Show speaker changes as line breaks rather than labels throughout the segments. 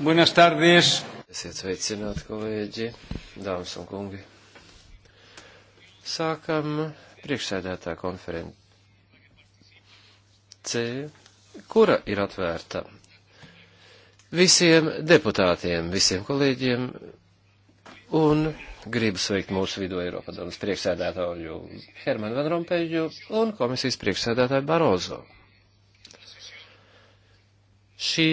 Buenas tardes. Esiet sveicināti, kolēģi, dāmas un kungi. Sākam priekšsēdētā konference, kura ir atvērta visiem deputātiem, visiem kolēģiem un gribu sveikt mūsu vidū Eiropadomas priekšsēdētāju Hermanu Van Rompēju un komisijas priekšsēdētāju Barozo. Šī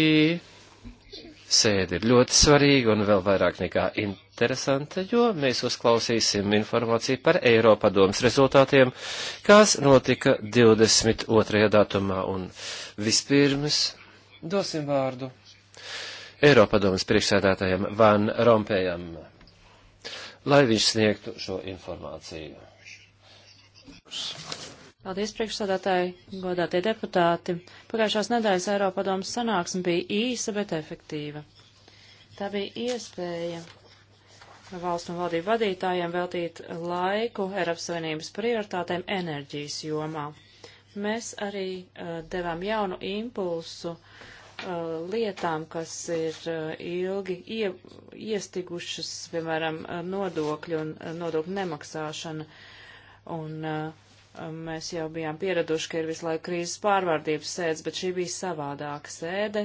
sēde ir ļoti svarīga un vēl vairāk nekā interesanta, jo mēs uzklausīsim informāciju par Eiropadomas rezultātiem, kas notika 22. datumā. Un vispirms dosim vārdu Eiropadomas priekšsēdētājiem Van Rompējam, lai viņš sniegtu šo informāciju.
Paldies priekšsādātāji, godātie deputāti. Pagājušās nedēļas Eiropadomas sanāksme bija īsa, bet efektīva. Tā bija iespēja valsts un valdību vadītājiem veltīt laiku Eiropas Savienības prioritātēm enerģijas jomā. Mēs arī uh, devām jaunu impulsu uh, lietām, kas ir uh, ilgi ie, iestigušas, piemēram, uh, nodokļu un uh, nodokļu nemaksāšana. Un, uh, Mēs jau bijām pieraduši, ka ir visu laiku krīzes pārvārdības sēdes, bet šī bija savādāka sēde.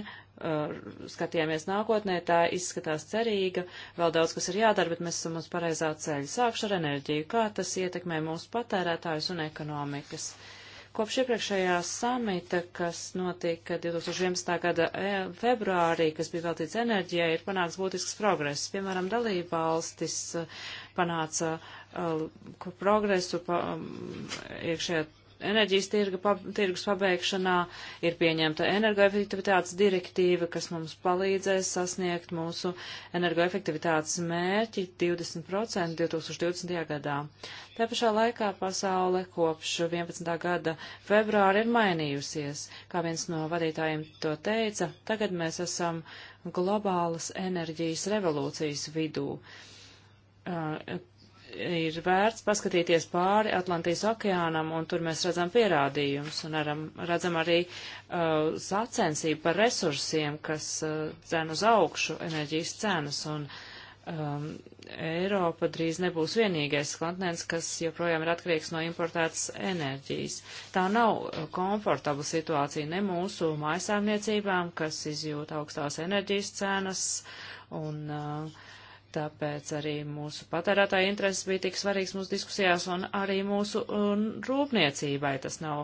Uh, skatījāmies nākotnē, tā izskatās cerīga, vēl daudz kas ir jādara, bet mēs esam uz pareizā ceļa. Sākšu ar enerģiju, kā tas ietekmē mūsu patērētājus un ekonomikas. Uh, Kopš iepriekšējā samita, kas notika 2011. gada e, februārī, kas bija veltīts enerģijai, ir panāks būtisks progress. Piemēram, dalība valstis e, panāca uh, progresu pa, um, iekšējā enerģijas tirga, pab, tirgus pabeigšanā, ir pieņemta energoefektivitātes direktīva, kas mums palīdzēs sasniegt mūsu energoefektivitātes mērķi 20% 2020. gadā. Tā pašā laikā pasaule kopš 11. gada februāra ir mainījusies. Kā viens no vadītājiem to teica, tagad mēs esam globālas enerģijas revolūcijas vidū uh, ir vērts paskatīties pāri Atlantijas okeānam, un tur mēs redzam pierādījumus un aram, redzam arī uh, sacensību par resursiem, kas uh, dzēn uz augšu enerģijas cenas, un um, Eiropa drīz nebūs vienīgais kontinents, kas joprojām ir atkarīgs no importētas enerģijas. Tā nav uh, komfortabla situācija ne mūsu mājasēmniecībām, kas izjūt augstās enerģijas cenas, un uh, Tāpēc arī mūsu patērētāja intereses bija tik svarīgs mūsu diskusijās un arī mūsu un, rūpniecībai. Tas nav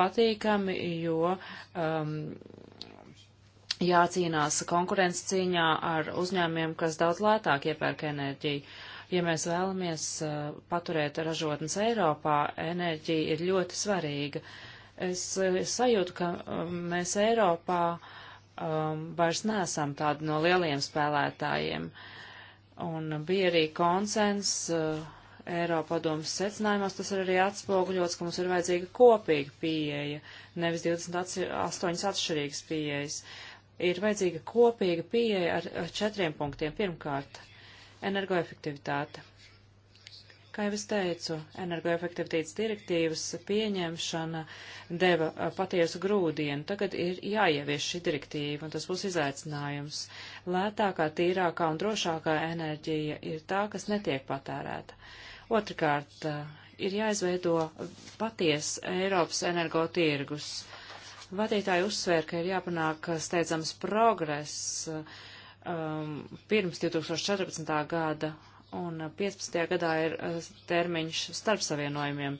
patīkami, jo um, jācīnās konkurences cīņā ar uzņēmiem, kas daudz lētāk iepērk enerģiju. Ja mēs vēlamies uh, paturēt ražotnes Eiropā, enerģija ir ļoti svarīga. Es, es sajūtu, ka um, mēs Eiropā um, vairs nesam tādi no lieliem spēlētājiem. Uh, Un bija arī konsens uh, Eiropadomas secinājumos, tas ir arī atspoguļots, ka mums ir vajadzīga kopīga pieeja, nevis 28 atšķirīgas pieejas. Ir vajadzīga kopīga pieeja ar, ar četriem punktiem. Pirmkārt, energoefektivitāte. Kā jau es teicu, energoefektivitātes direktīvas pieņemšana deva patiesu grūdienu. Tagad ir jāievieš šī direktīva, un tas būs izaicinājums. Lētākā, tīrākā un drošākā enerģija ir tā, kas netiek patērēta. Otrakārt, ir jāizveido paties Eiropas energotirgus. Vadītāji uzsvēr, ka ir jāpanāk steidzams progress um, pirms 2014. gada un 15. gadā ir eh, termiņš starp savienojumiem.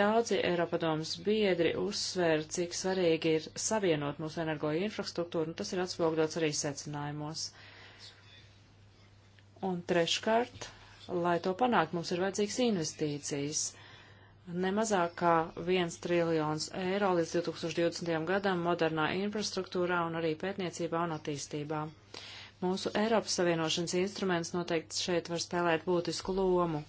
Daudzi Eiropadomas biedri uzsver, cik svarīgi ir savienot mūsu energo infrastruktūru, un tas ir atspoguļots arī secinājumos. Un treškārt, lai to panākt, mums ir vajadzīgs investīcijas. Nemazāk kā 1 triljons eiro līdz 2020. gadam modernā infrastruktūrā un arī pētniecībā un attīstībā. Uh, Mūsu Eiropas Savienošanas instruments noteikti šeit var spēlēt būtisku lomu.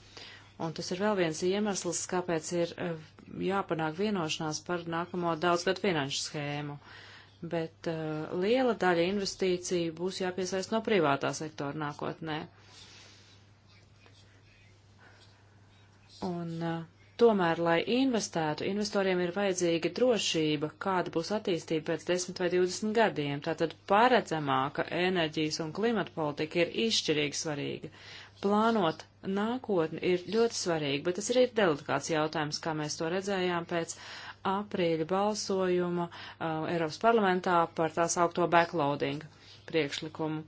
Un tas ir vēl viens iemesls, kāpēc ir eh, jāpanāk vienošanās par nākamo daudzgad finanšu schēmu. Bet uh, liela daļa investīciju būs jāpiesaist no privātā sektora nākotnē. Un uh, Tomēr, lai investētu, investoriem ir vajadzīga drošība, kāda būs attīstība pēc 10 vai 20 gadiem. Tātad paredzamāka enerģijas un klimata politika ir izšķirīgi svarīga. Plānot nākotni ir ļoti svarīgi, bet tas ir arī delikāts jautājums, kā mēs to redzējām pēc aprīļa balsojuma uh, Eiropas parlamentā par tās augto backloadingu priekšlikumu.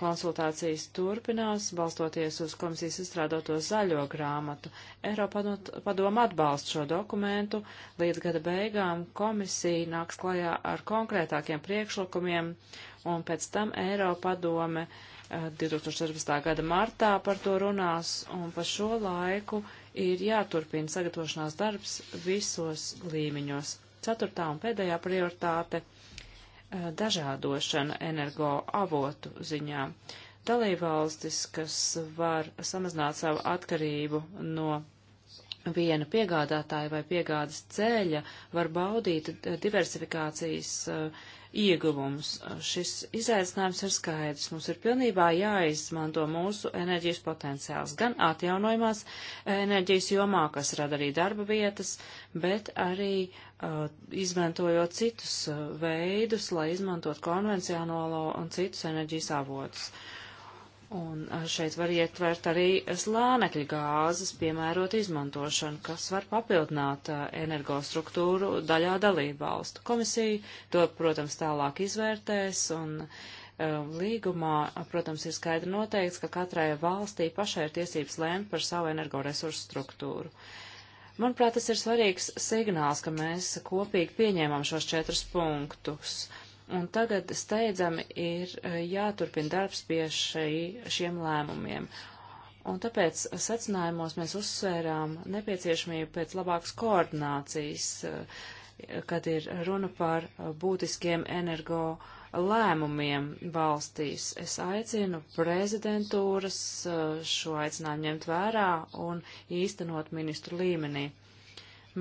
Konsultācijas turpinās, balstoties uz komisijas izstrādoto zaļo grāmatu. Eiropa padoma atbalsta šo dokumentu. Līdz gada beigām komisija nāks klajā ar konkrētākiem priekšlikumiem, un pēc tam Eiropa padome 2014. Eh, gada martā par to runās, un pa šo laiku ir jāturpina sagatavošanās darbs visos līmeņos. Ceturtā un pēdējā prioritāte Eh, dažādošana energoavotu ziņā. Dalībvalstis, kas var samazināt savu atkarību no viena piegādātāja vai piegādas ceļa, var baudīt diversifikācijas eh, ieguvumus. Šis izaicinājums ir skaidrs. Mums ir pilnībā jāizmanto mūsu enerģijas potenciāls gan atjaunojumās enerģijas jomā, kas rada arī darba vietas, bet arī uh, izmantojot citus uh, veidus, lai izmantot konvencionālo un citus enerģijas avotus. Uh, Un šeit var ietvert arī slānekļa gāzes piemērotu izmantošanu, kas var papildināt energostruktūru daļā dalībvalstu. Komisija to, protams, tālāk izvērtēs un līgumā, protams, ir skaidri noteikts, ka katrai valstī pašai ir tiesības lēmt par savu energoresursu struktūru. Manuprāt, tas ir svarīgs signāls, ka mēs kopīgi pieņēmām šos četrus punktus. Uh, Un tagad steidzami ir eh, jāturpina darbs pie šai, šiem lēmumiem. Un tāpēc secinājumos mēs uzsvērām nepieciešamību pēc labākas koordinācijas, eh, kad ir runa par eh, būtiskiem energo lēmumiem valstīs. Es aicinu prezidentūras šo aicinājumu ņemt vērā un īstenot ministru līmenī.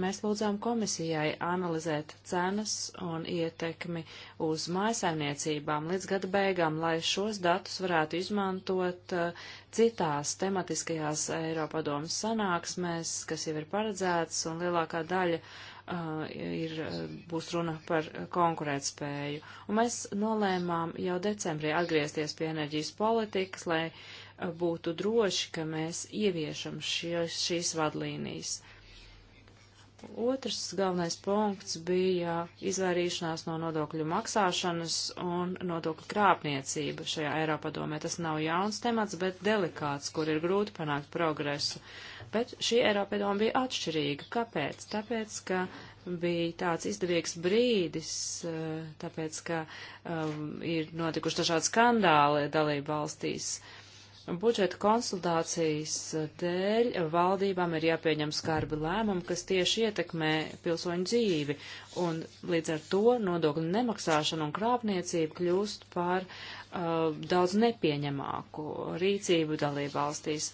Mēs lūdzām komisijai analizēt cenas un ietekmi uz mājasaimniecībām līdz gada beigām, lai šos datus varētu izmantot uh, citās tematiskajās Eiropadomas sanāksmēs, kas jau ir paredzētas, un lielākā daļa uh, ir, uh, būs runa par konkurētspēju. Un mēs nolēmām jau decembrī atgriezties pie enerģijas politikas, lai būtu droši, ka mēs ieviešam šie, šīs vadlīnijas. Otrs galvenais punkts bija izvairīšanās no nodokļu maksāšanas un nodokļu krāpniecība šajā Eiropadomē. Tas nav jauns temats, bet delikāts, kur ir grūti panākt progresu. Bet šī Eiropadoma bija atšķirīga. Kāpēc? Tāpēc, ka bija tāds izdevīgs brīdis, eh, tāpēc, ka um, ir notikuši dažādi skandāli dalība valstīs. Uh, Budžeta konsultācijas dēļ valdībām ir jāpieņem skarbi lēmumi, kas tieši ietekmē pilsoņu dzīvi, un līdz ar to nodokļu nemaksāšana un krāpniecība kļūst par uh, daudz nepieņemāku rīcību dalībvalstīs.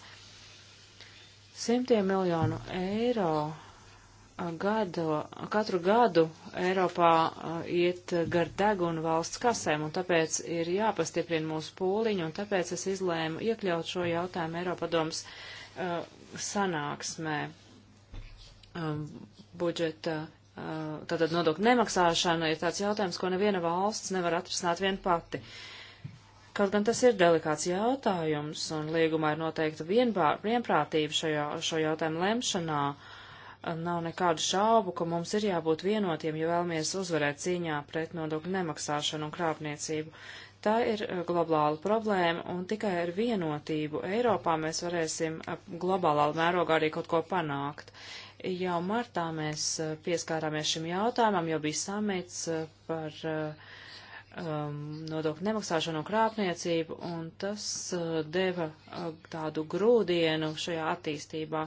Simtiem miljonu eiro gadu, katru gadu Eiropā iet gar degunu valsts kasēm, un tāpēc ir jāpastiprina mūsu pūliņi, un tāpēc es izlēmu iekļaut šo jautājumu Eiropadoms uh, sanāksmē um, budžeta. Uh, tātad nodokļu nemaksāšana ir tāds jautājums, ko neviena valsts nevar atrisināt vien pati. Kaut gan tas ir delikāts jautājums, un līgumā ir noteikta vienprātība šajā, šo jautājumu lemšanā, uh, nav nekādu šaubu, ka mums ir jābūt vienotiem, ja vēlamies uzvarēt cīņā pret nodokļu nemaksāšanu un krāpniecību. Tā ir eh, globāla problēma, un tikai ar vienotību Eiropā mēs varēsim eh, globālā mērogā arī kaut ko panākt. Jau martā mēs eh, pieskārāmies šim jautājumam, jau bija samits par uh, um, nodokļu nemaksāšanu un krāpniecību, un tas uh, deva uh, tādu grūdienu šajā attīstībā.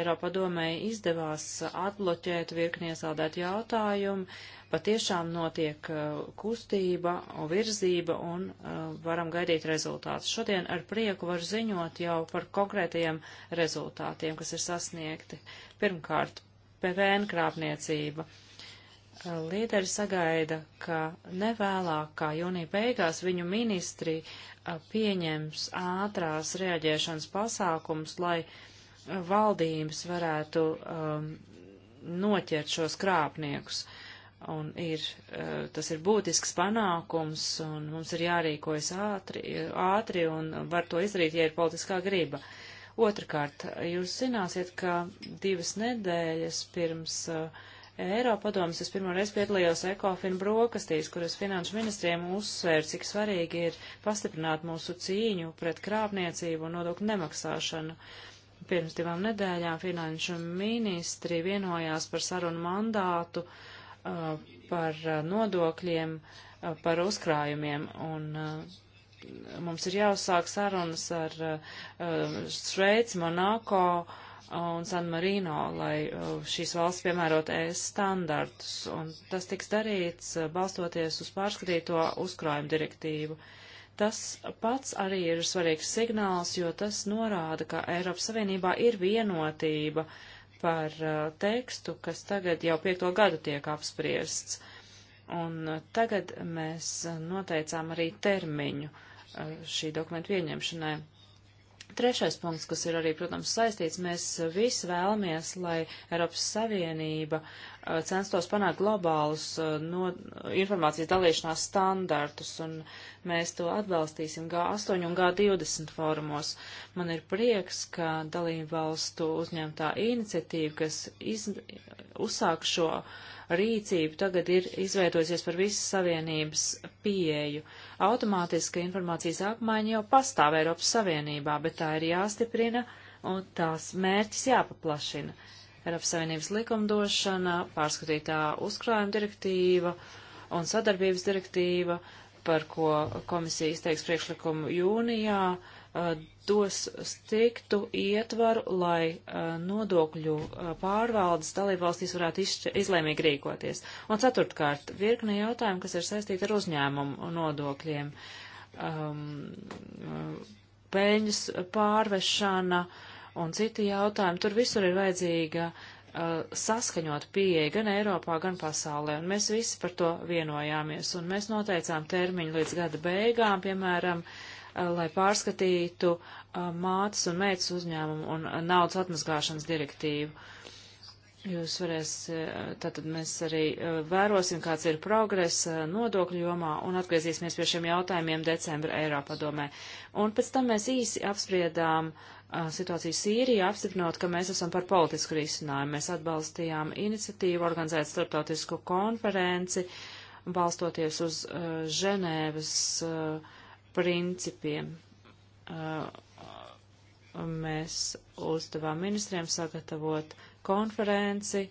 Eiropa domēji izdevās atbloķēt virkni iesaldēt jautājumu, patiešām notiek uh, kustība un virzība, un uh, varam gaidīt rezultātus. Šodien ar prieku var ziņot jau par konkrētajiem rezultātiem, kas ir sasniegti. Pirmkārt, PVN krāpniecība. Uh, Līderi sagaida, ka nevēlāk kā jūnija beigās viņu ministri pieņems ātrās reaģēšanas pasākums, lai valdības varētu um, noķert šos krāpniekus. Un ir, uh, tas ir būtisks panākums, un mums ir jārīkojas ātri, ātri, un var to izdarīt, ja ir politiskā griba. Otrakārt, jūs zināsiet, ka divas nedēļas pirms uh, Eiropadomas es pirmoreiz piedalījos Ekofin brokastīs, kuras finanšu ministriem uzsvēra, cik svarīgi ir pastiprināt mūsu cīņu pret krāpniecību un nodokļu nemaksāšanu. Pirms divām nedēļām finanšu ministri vienojās par sarunu mandātu uh, par uh, nodokļiem, uh, par uzkrājumiem un uh, mums ir jāuzsāk sarunas ar uh, uh, Šveici, Monako, uh, un San Marino, lai uh, šīs valsts piemērot ES standartus, un tas tiks darīts uh, balstoties uz pārskatīto uzkrājumu direktīvu. Tas pats arī ir svarīgs signāls, jo tas norāda, ka Eiropas Savienībā ir vienotība par uh, tekstu, kas tagad jau piekto gadu tiek apspriests. Un tagad mēs noteicām arī termiņu šī dokumentu pieņemšanai. Trešais punkts, kas ir arī, protams, saistīts, mēs visi vēlamies, lai Eiropas Savienība Uh, censtos panākt globālus uh, no, informācijas dalīšanās standartus, un mēs to atbalstīsim G8 un G20 fórumos. Man ir prieks, ka dalību valstu uzņemtā iniciatīva, kas iz, uzsāk šo rīcību, tagad ir izveidojusies par visas Savienības pieeju. Automātiska informācijas apmaiņa jau pastāv Eiropas Savienībā, bet tā ir jāstiprina un tās mērķis jāpaplašina. Eiropas Savienības likumdošana, pārskatītā uzkrājuma direktīva un sadarbības direktīva, par ko komisija izteiks priekšlikumu jūnijā, uh, dos striktu ietvaru, lai uh, nodokļu uh, pārvaldes dalībvalstīs varētu izšķi, izlēmīgi rīkoties. Un ceturtkārt, virkne jautājumu, kas ir saistīti ar uzņēmumu nodokļiem. Um, Pēļņas pārvešana, uh, un citi jautājumi. Tur visur ir vajadzīga uh, saskaņot pieeja gan Eiropā, gan pasaulē, un mēs visi par to vienojāmies, un mēs noteicām termiņu līdz gada beigām, piemēram, uh, lai pārskatītu uh, mātes un meitas uzņēmumu un uh, naudas atmazgāšanas direktīvu. Jūs varēs, uh, tātad mēs arī uh, vērosim, kāds ir progress nodokļu jomā un atgriezīsimies pie šiem jautājumiem decembra Eiropadomē. Un pēc tam mēs īsi apspriedām uh, situāciju Sīrijā apstiprinot, ka mēs esam par politisku risinājumu. Mēs atbalstījām iniciatīvu organizēt starptautisku konferenci, balstoties uz uh, Ženēvas uh, principiem. Uh, mēs uzdevām ministriem sagatavot konferenci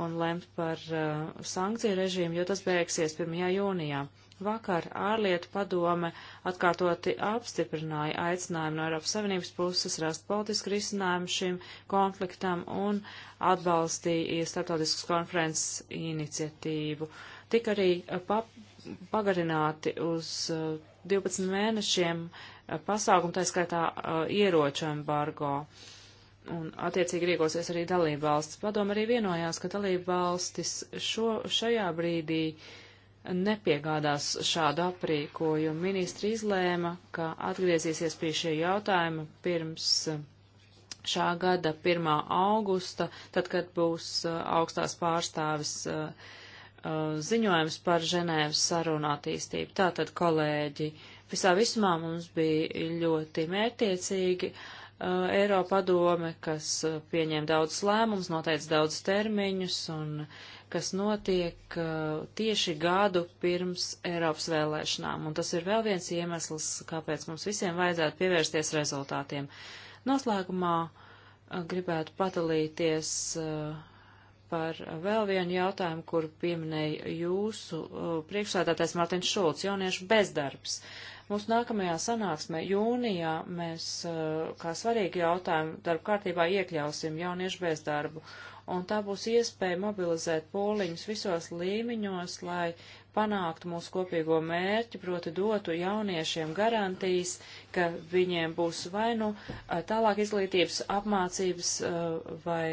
un lemt par uh, sankciju režīmu, jo tas beigsies 1. jūnijā. Uh, Vakar ārlietu padome atkārtoti apstiprināja aicinājumu no Eiropas Savienības puses rast politisku risinājumu šim konfliktam un atbalstīja starptautiskas konferences iniciatīvu. Tik arī eh, pa pagarināti uz 12 eh, mēnešiem eh, pasākumu, tā skaitā ieroču embargo un attiecīgi rīkosies arī dalība valsts. Padoma arī vienojās, ka dalība valstis šo, šajā brīdī nepiegādās šādu aprīkojumu. Ministri izlēma, ka atgriezīsies pie šī jautājuma pirms eh, šā gada 1. augusta, tad, kad būs eh, augstās pārstāvis eh, ziņojums par Ženēvas sarunu attīstību. Tātad, kolēģi, visā vismā mums bija ļoti mērtiecīgi. Eiropadome, kas pieņēma daudz lēmums, noteica daudz termiņus un uh, kas notiek uh, tieši gadu pirms Eiropas vēlēšanām, un tas ir vēl viens iemesls, kāpēc mums visiem vajadzētu pievērsties rezultātiem. Noslēgumā uh, gribētu padalīties uh, par vēl vienu jautājumu, kur pieminēja jūsu uh, priekšsēdātais Mārtiņš Šulcs, jauniešu bezdarbs. Mūsu nākamajā sanāksmē jūnijā mēs eh, kā svarīgu jautājumu darba kārtībā iekļausim jauniešu bezdarbu, un tā būs iespēja mobilizēt pūliņus visos līmeņos, lai panāktu mūsu kopīgo mērķi, proti dotu jauniešiem garantijas, ka viņiem būs vai nu eh, tālāk izglītības, apmācības eh, vai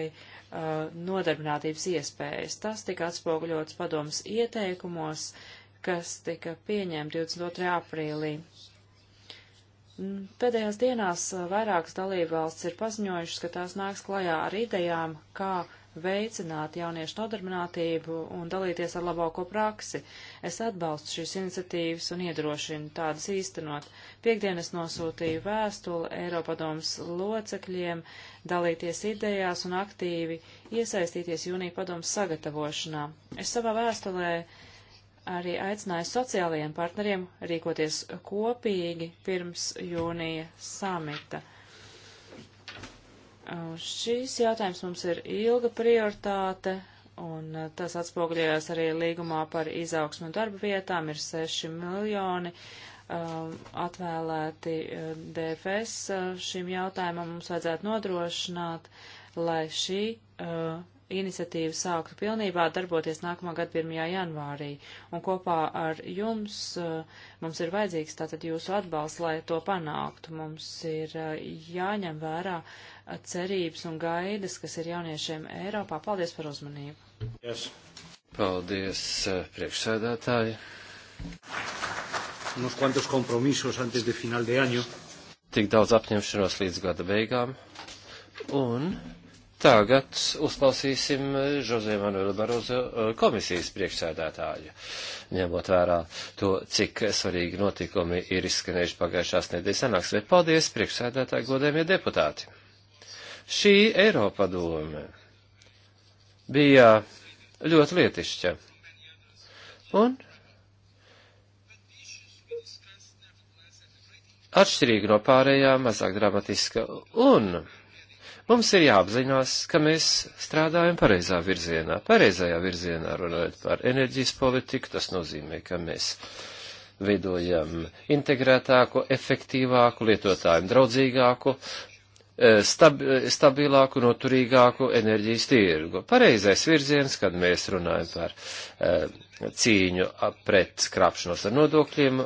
nodarbinātības iespējas. Tas tika atspoguļots padomas ieteikumos, kas tika pieņemti 22. aprīlī. Pēdējās dienās vairākas dalībvalsts ir paziņojušas, ka tās nāks klajā ar idejām, kā veicināt jauniešu nodarbinātību un dalīties ar labāko praksi. Es atbalstu šīs iniciatīvas un iedrošinu tādas īstenot. Piektdien es nosūtīju vēstuli Eiropadomas locekļiem dalīties idejās un aktīvi iesaistīties jūnija padomas sagatavošanā. Es savā vēstulē uh, arī aicināja sociālajiem partneriem rīkoties kopīgi pirms jūnija samita. Šīs jautājums mums ir ilga prioritāte, un uh, tas atspoguļojās arī līgumā par izaugsmu un darba vietām ir 6 miljoni um, atvēlēti uh, DFS uh, šim jautājumam mums vajadzētu nodrošināt, lai šī uh, iniciatīva sāktu pilnībā darboties nākamā gada 1. janvārī, un kopā ar jums eh, mums ir vajadzīgs tātad jūsu atbalsts, lai to panāktu. Mums ir eh, jāņem vērā eh, cerības un gaidas, kas ir jauniešiem Eiropā. Paldies par uzmanību!
Yes. Paldies, priekšsēdētāji! Unos cuantos compromisos antes de final de año. Tik daudz apņemšanos līdz gada beigām. Un Tagad uzklausīsim Žozē Manuelu Barozu eh, komisijas priekšsēdētāju, ņemot vērā to, cik svarīgi notikumi ir izskanējuši pagājušās nedēļas sanāksmē. Paldies, priekšsēdētāji, godējumie deputāti! Šī Eiropa doma bija ļoti lietišķa. Un atšķirīgi no pārējām, mazāk dramatiska. Un Mums ir jāapzinās, ka mēs strādājam pareizā virzienā. Pareizajā virzienā runājot par enerģijas politiku, tas nozīmē, ka mēs veidojam integrētāku, efektīvāku, lietotājiem draudzīgāku, e, stab, stabilāku, noturīgāku enerģijas tirgu. Pareizais virziens, kad mēs runājam par e, cīņu pret krāpšanos ar nodokļiem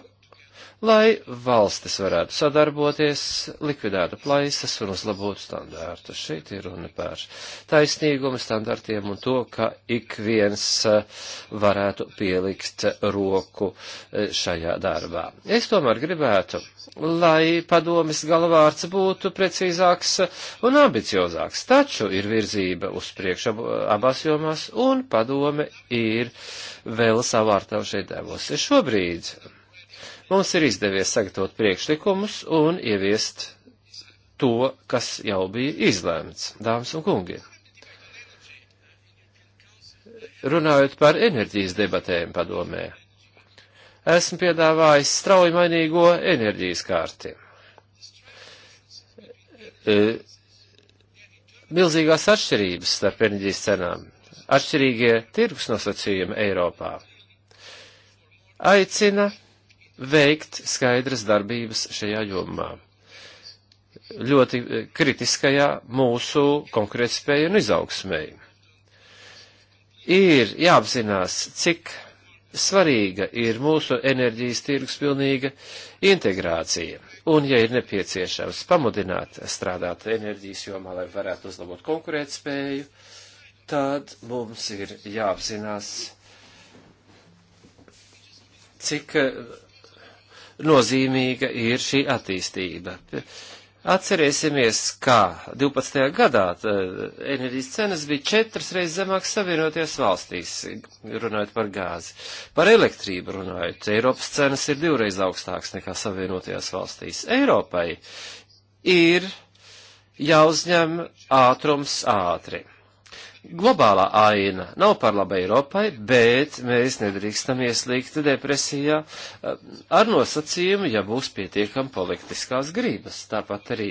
lai valstis varētu sadarboties, likvidētu plaisas un uzlabotu standārtu. Šeit ir runa par taisnīgumu standartiem un to, ka ik viens eh, varētu pielikt roku eh, šajā darbā. Es tomēr gribētu, lai padomis galvārds būtu precīzāks un ambiciozāks, taču ir virzība uz priekšu abās jomās un padome ir vēl savārtā šeit devusi. Šobrīd Mums ir izdevies sagatavot priekšlikumus un ieviest to, kas jau bija izlēmts, dāmas un kungi. Runājot par enerģijas debatēm padomē, esmu piedāvājis strauji mainīgo enerģijas kārti. E, milzīgās atšķirības starp enerģijas cenām, atšķirīgie tirgus nosacījumi Eiropā aicina veikt skaidras darbības šajā jomā. Ļoti eh, kritiskajā mūsu konkurētspēju un izaugsmēji. Ir jāapzinās, cik svarīga ir mūsu enerģijas tirgus pilnīga integrācija. Un, ja ir nepieciešams pamudināt strādāt enerģijas jomā, lai varētu uzlabot konkurētspēju, tad mums ir jāapzinās, cik eh, nozīmīga ir šī attīstība. Atcerēsimies, kā 12. gadā eh, enerģijas cenas bija četras reizes zemākas savienoties valstīs, runājot par gāzi. Par elektrību runājot, Eiropas cenas ir divreiz augstākas nekā savienotajās valstīs. Eiropai ir jāuzņem ātrums ātri globālā aina nav par labu Eiropai, bet mēs nedrīkstam ieslīgt depresijā eh, ar nosacījumu, ja būs pietiekam politiskās grības. Tāpat arī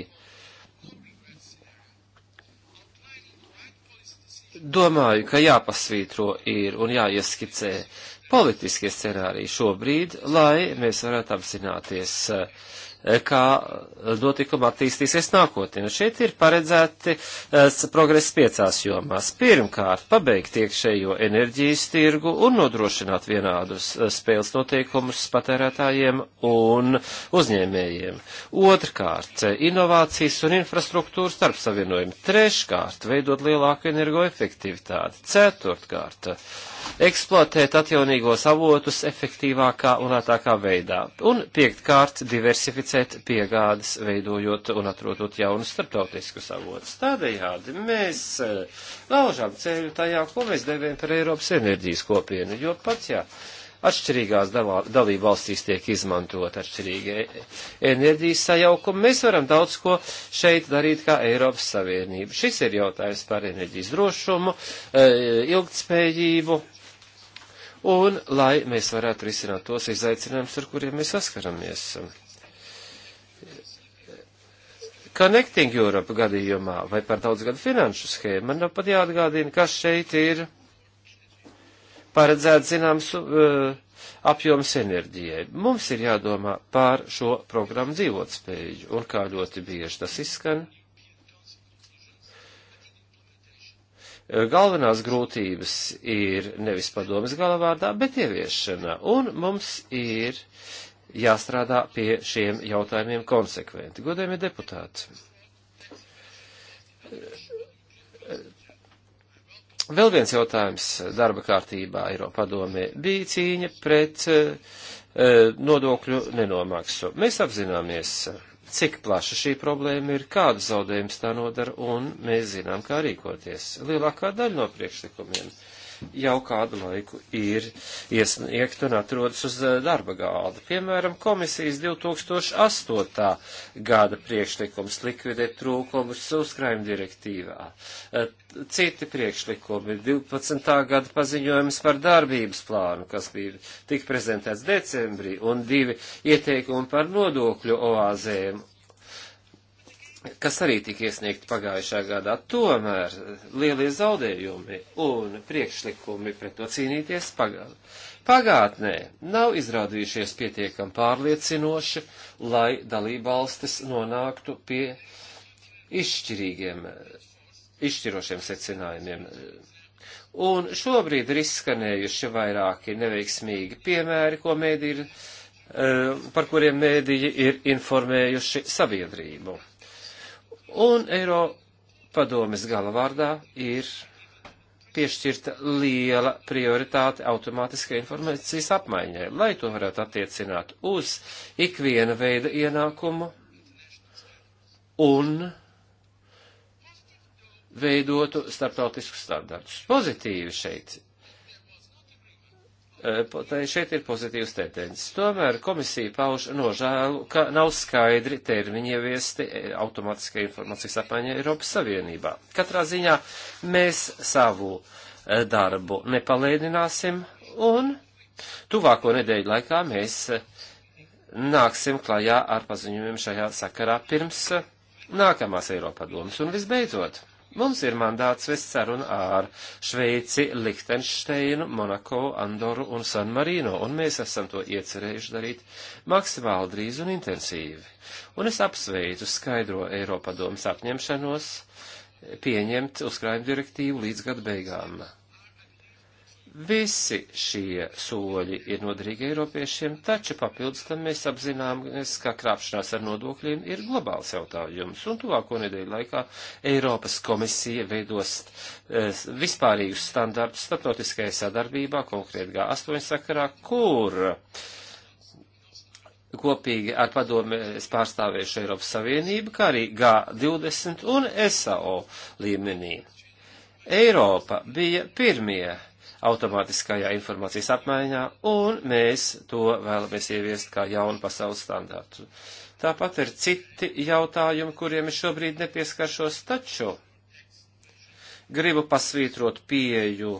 domāju, ka jāpasvītro ir un jāieskicē politiskie scenāriji šobrīd, lai mēs varētu apzināties uh, kā notikuma attīstīsies nākotnē. Nu, šeit ir paredzēti eh, progress piecās jomās. Pirmkārt, pabeigt iekšējo enerģijas tirgu un nodrošināt vienādus eh, spēles noteikumus patērētājiem un uzņēmējiem. Otrkārt, inovācijas un infrastruktūras starp savienojumu. Treškārt, veidot lielāku energoefektivitāti. Ceturtkārt, uh, eksploatēt atjaunīgos avotus efektīvākā un lētākā veidā. Un piektkārt, diversificēt piegādes, veidojot un atrotot jaunus starptautiskus avotus. Tādējādi mēs eh, laužām ceļu tajā, ko mēs devējam par Eiropas enerģijas kopienu, jo pats jā. Atšķirīgās dalība valstīs tiek izmantot atšķirīgi e, enerģijas sajaukumi. Mēs varam daudz ko šeit darīt kā Eiropas Savienība. Šis ir jautājums par enerģijas drošumu, e, ilgtspējību, un lai mēs varētu risināt tos izaicinājumus, ar kuriem mēs saskaramies. Connecting Europe gadījumā vai par daudz gadu finanšu schēmu, man nav pat jāatgādina, kas šeit ir paredzēts zināms uh, apjoms enerģijai. Mums ir jādomā pār šo programmu dzīvotspēju un kā ļoti bieži tas izskan Galvenās grūtības ir nevis padomas galvārdā, bet ieviešanā, un mums ir jāstrādā pie šiem jautājumiem konsekventi. Godējumie deputāti. Vēl viens jautājums darba kārtībā Eiropa padomē bija cīņa pret eh, nodokļu nenomāksu. Mēs apzināmies, cik plaša šī problēma ir, kādu zaudējumus tā nodara, un mēs zinām, kā rīkoties. Lielākā daļa no priekšlikumiem jau kādu laiku ir iesniegt un atrodas uz eh, darba galda. Piemēram, komisijas 2008. gada priekšlikums likvidēt trūkumus uzkrājuma direktīvā. Eh, citi priekšlikumi, 12. gada paziņojums par darbības plānu, kas bija tik prezentēts decembrī, un divi ieteikumi par nodokļu oāzēm kas arī tika iesniegti pagājušā gadā. Tomēr lielie zaudējumi un priekšlikumi pret to cīnīties pagājušā. Pagātnē nav izrādījušies pietiekami pārliecinoši, lai dalībvalstis nonāktu pie izšķirīgiem, izšķirošiem secinājumiem. Un šobrīd ir izskanējuši vairāki neveiksmīgi piemēri, ko mēdī ir, eh, par kuriem mēdīji ir informējuši sabiedrību. Un Eiro padomes galvārdā ir piešķirta liela prioritāte automātiskai informācijas apmaiņai, lai to varētu attiecināt uz ikviena veida ienākumu un veidotu starptautiskus standartus. Pozitīvi šeit Eh, šeit ir pozitīvas tendences. Tomēr komisija pauž nožēlu, ka nav skaidri termiņi ieviesti eh, automātiskai informācijas apmaiņai Eiropas Savienībā. Katrā ziņā mēs savu eh, darbu nepalēdināsim un tuvāko nedēļu laikā mēs nāksim klajā ar paziņojumiem šajā sakarā pirms nākamās Eiropadomas. Un visbeidzot. Mums ir mandāts vest sarunu ar Šveici, Lihtenšteinu, Monako, Andoru un San Marino, un mēs esam to iecerējuši darīt maksimāli drīz un intensīvi. Un es apsveicu skaidro Eiropadomas apņemšanos pieņemt uzkrājumu direktīvu līdz gada beigām. Visi šie soļi ir noderīgi Eiropiešiem, taču papildus tam mēs apzināmies, ka krāpšanās ar nodokļiem ir globāls jautājums, un tuvāko nedēļu laikā Eiropas komisija veidos e, vispārīgus standartus starptautiskajai sadarbībā, konkrēti G8 sakarā, kur kopīgi ar padomi es pārstāvēšu Eiropas Savienību, kā arī G20 un SAO līmenī. Eiropa bija pirmie automātiskajā informācijas apmaiņā, un mēs to vēlamies ieviest kā jaunu pasaules standārtu. Tāpat ir citi jautājumi, kuriem es šobrīd nepieskaršos, taču gribu pasvītrot pieju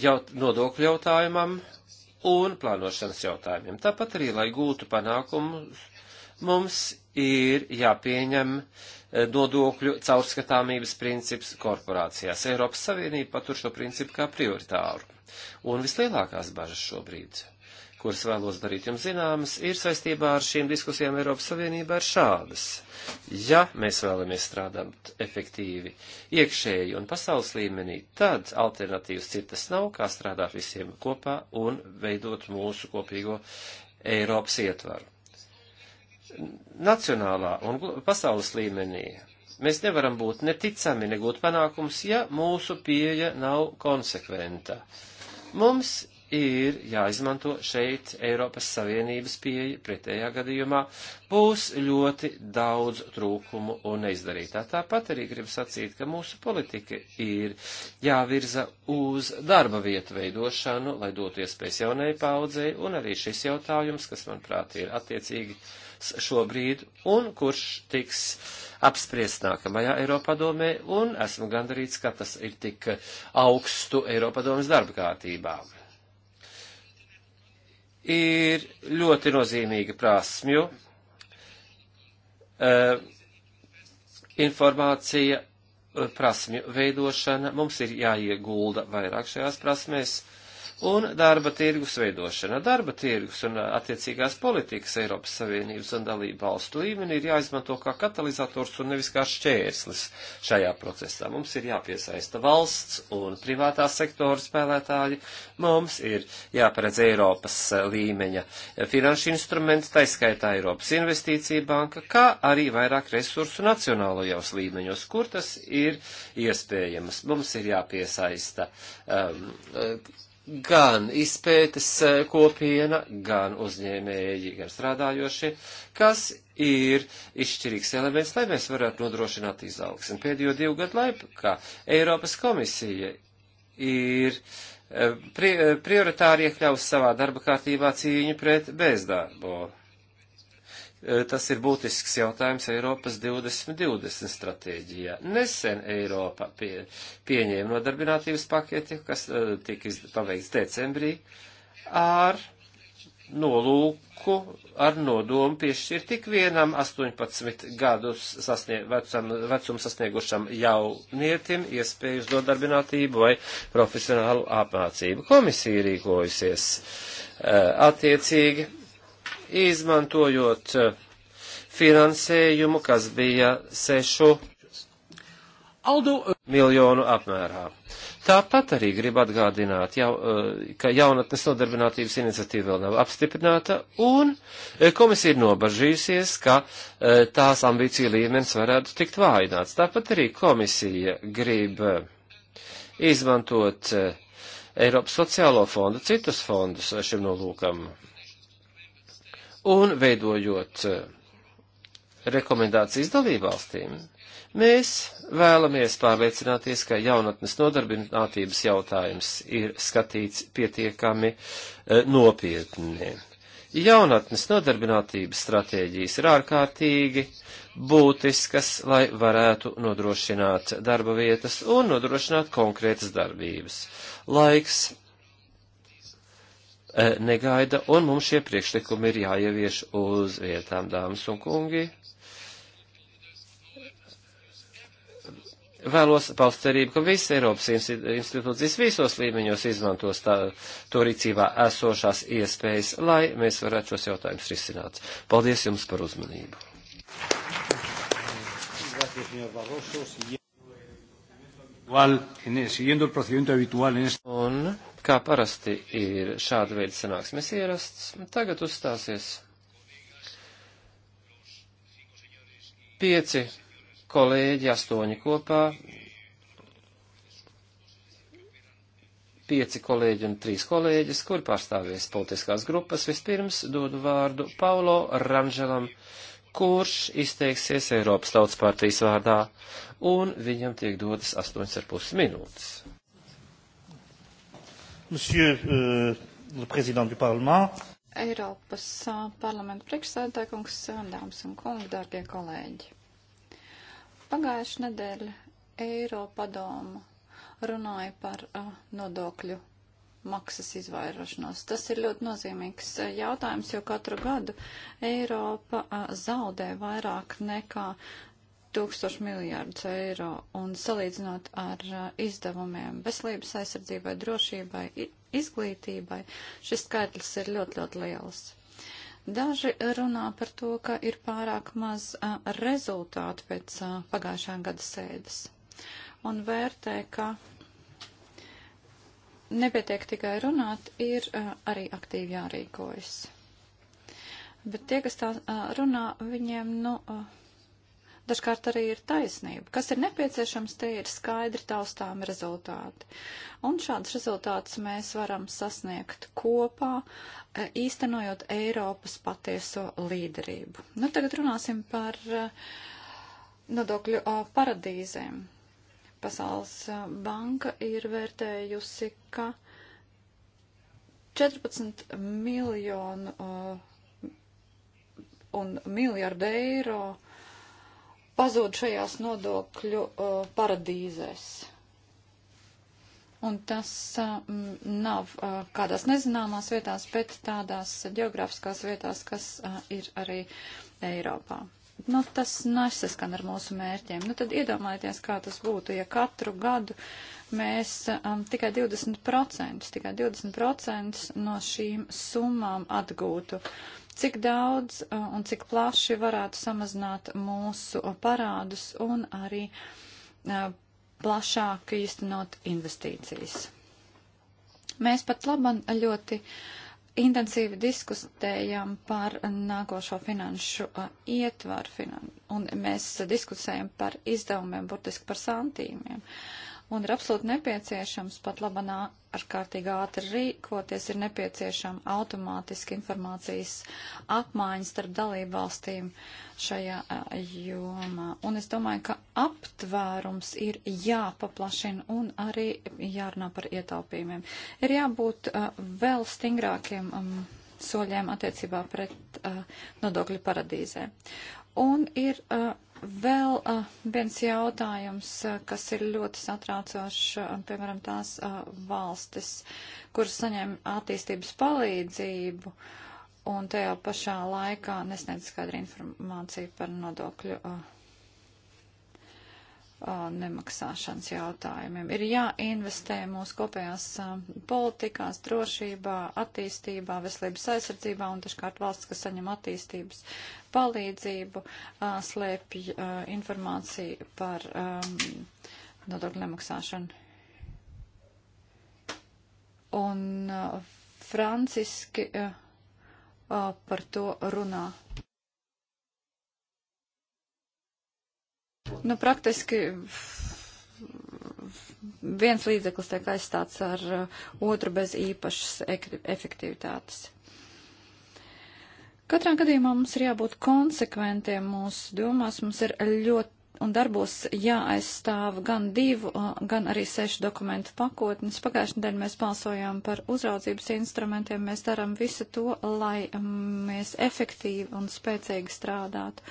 jaut nodokļu jautājumam un plānošanas jautājumiem. Tāpat arī, lai gūtu panākumus, mums ir jāpieņem uh, Eh, nodokļu caurskatāmības princips korporācijās. Eiropas Savienība patur šo principu kā prioritāru. Un vislielākās bažas šobrīd, kuras vēlos darīt jums zināmas, ir saistībā ar šīm diskusijām Eiropas Savienībā ir šādas. Ja mēs vēlamies strādāt efektīvi iekšēji un pasaules līmenī, tad alternatīvas citas nav, kā strādāt visiem kopā un veidot mūsu kopīgo Eiropas ietvaru nacionālā un pasaules līmenī mēs nevaram būt neticami, negūt panākums, ja mūsu pieeja nav konsekventa. Mums ir jāizmanto šeit Eiropas Savienības pieeja, pretējā gadījumā būs ļoti daudz trūkumu un neizdarītā. Tāpat arī gribu sacīt, ka mūsu politika ir jāvirza uz darba vietu veidošanu, lai dotu iespējas jaunai paudzei, un arī šis jautājums, kas, manuprāt, ir attiecīgi šobrīd un kurš tiks apspriest nākamajā Eiropadomē, un esmu gandarīts, ka tas ir tik augstu Eiropadomas darba kārtībā. Ir ļoti nozīmīga prasmju uh, informācija, e, prasmju veidošana. Mums ir jāiegulda vairāk šajās prasmēs. Uh, un darba tirgus veidošana. Darba tirgus un uh, attiecīgās politikas Eiropas Savienības un dalību valstu līmenī ir jāizmanto kā katalizators un nevis kā šķērslis šajā procesā. Mums ir jāpiesaista valsts un privātā sektora spēlētāji, mums ir jāparedz Eiropas uh, līmeņa uh, finanšu instruments, taiskaitā Eiropas investīcija banka, kā arī vairāk resursu nacionālajos līmeņos, kur tas ir iespējams. Mums ir jāpiesaista um, gan izpētes e, kopiena, gan uzņēmēji, gan strādājošie, kas ir izšķirīgs elements, lai mēs varētu nodrošināt izaugsmu. Pēdējo divu gadu laikā Eiropas komisija ir e, pri e, prioritāri iekļaus savā darba kārtībā cīņu pret bezdarbu Eh, tas ir būtisks jautājums Eiropas 2020 stratēģijā. Nesen Eiropa pie, pieņēma nodarbinātības paketi, kas eh, tika paveikts decembrī, ar nolūku, ar nodomu piešķirt tik vienam 18 gadus sasnieg, vecam, vecumu sasniegušam jaunietim iespēju uz nodarbinātību vai profesionālu apmācību. Komisija rīkojusies eh, attiecīgi izmantojot eh, finansējumu, kas bija sešu eh, miljonu apmērā. Tāpat arī gribu atgādināt, jau, eh, ka jaunatnes nodarbinātības iniciatīva vēl nav apstiprināta, un komisija ir nobažījusies, ka tās ambīcija līmenis varētu tikt vājināts. Tāpat arī komisija grib izmantot Eiropas sociālo fondu, citus fondus šim nolūkam un veidojot eh, rekomendācijas dalībvalstīm, mēs vēlamies pārliecināties, ka jaunatnes nodarbinātības jautājums ir skatīts pietiekami eh, nopietni. Jaunatnes nodarbinātības stratēģijas ir ārkārtīgi būtiskas, lai varētu nodrošināt darba vietas un nodrošināt konkrētas darbības. Laiks Eh, negaida, un mums šie priekšlikumi ir jāievieš uz vietām, dāmas un kungi. Vēlos paust cerību, ka visas Eiropas institūcijas visos līmeņos izmantos tā, to rīcībā esošās iespējas, lai mēs varētu šos jautājumus risināt. Paldies jums par uzmanību. Un kā parasti ir šāda veida sanāksmes ierasts, tagad uzstāsies pieci kolēģi, astoņi kopā, pieci kolēģi un trīs kolēģis, kur pārstāvies politiskās grupas. Vispirms dodu vārdu Paulo Ranželam, kurš izteiksies Eiropas tautas partijas vārdā, un viņam tiek dotas astoņas ar pus minūtes. Monsieur uh, le Président du Parlement.
Eiropas uh, parlamenta priekšsēdētājs, dāmas un kungi, dārgie kolēģi. Pagājušā nedēļa Eiropadoma runāja par uh, nodokļu maksas izvairošanos. Tas ir ļoti nozīmīgs jautājums, jo katru gadu Eiropa zaudē vairāk nekā tūkstoši miljārdus eiro un salīdzinot ar uh, izdevumiem veselības aizsardzībai, drošībai, izglītībai, šis skaitlis ir ļoti, ļoti liels. Daži runā par to, ka ir pārāk maz a, uh, rezultātu pēc a, uh, pagājušā gada sēdes un vērtē, ka nepietiek tikai runāt, ir a, arī aktīvi jārīkojas. Bet tie, kas tā runā, viņiem, nu, dažkārt arī ir taisnība. Kas ir nepieciešams, tie ir skaidri taustāmi rezultāti. Un šādus rezultātus mēs varam sasniegt kopā, e, īstenojot Eiropas patieso līderību. Nu, tagad runāsim par e, nodokļu e, paradīzēm. Pasaules banka ir vērtējusi, ka 14 miljonu uh, un miljardu eiro uh, pazūd šajās nodokļu uh, paradīzēs. Un tas uh, nav uh, kādās nezināmās vietās, bet tādās geogrāfiskās vietās, kas uh, ir arī Eiropā. Nu, tas nesaskan ar mūsu mērķiem. Nu, tad iedomājieties, kā tas būtu, ja katru gadu mēs um, tikai 20%, tikai 20% no šīm summām atgūtu. Uh, cik daudz uh, un cik plaši varētu samazināt mūsu parādus un arī uh, plašāk īstenot investīcijas. Mēs pat laban ļoti intensīvi diskutējām par nākošo finanšu uh, ietvaru, finan un mēs diskusējam par izdevumiem, burtiski par santīmiem. Uh, un ir absolūti nepieciešams pat labanā ar kārtīgi ātri rīkoties, ir nepieciešama automātiski informācijas apmaiņas starp dalībvalstīm šajā jomā. Un es domāju, ka aptvērums ir jāpaplašina un arī jārunā par ietaupījumiem. Ir jābūt uh, vēl stingrākiem. Um, soļiem attiecībā pret uh, nodokļu paradīzēm. Un ir uh, vēl uh, viens jautājums, uh, kas ir ļoti satraucošs, uh, piemēram, tās uh, valstis, kuras saņem attīstības palīdzību un tajā pašā laikā nesniedz skaidru informāciju par nodokļu uh, nemaksāšanas jautājumiem. Ir jāinvestē mūsu kopējās politikās, drošībā, attīstībā, veselības aizsardzībā un dažkārt valsts, kas saņem attīstības palīdzību, slēpj informāciju par nodokļu nemaksāšanu. Un franciski par to runā. Nu, praktiski viens līdzeklis tiek aizstāts ar uh, otru bez īpašas efektivitātes. Katrā gadījumā mums ir jābūt konsekventiem mūsu domās, mums ir ļoti un darbos jāaizstāv gan divu, gan arī sešu dokumentu pakotnes. Pagājušajā nedēļā mēs balsojām par uzraudzības instrumentiem. Mēs darām visu to, lai mēs efektīvi un spēcīgi strādātu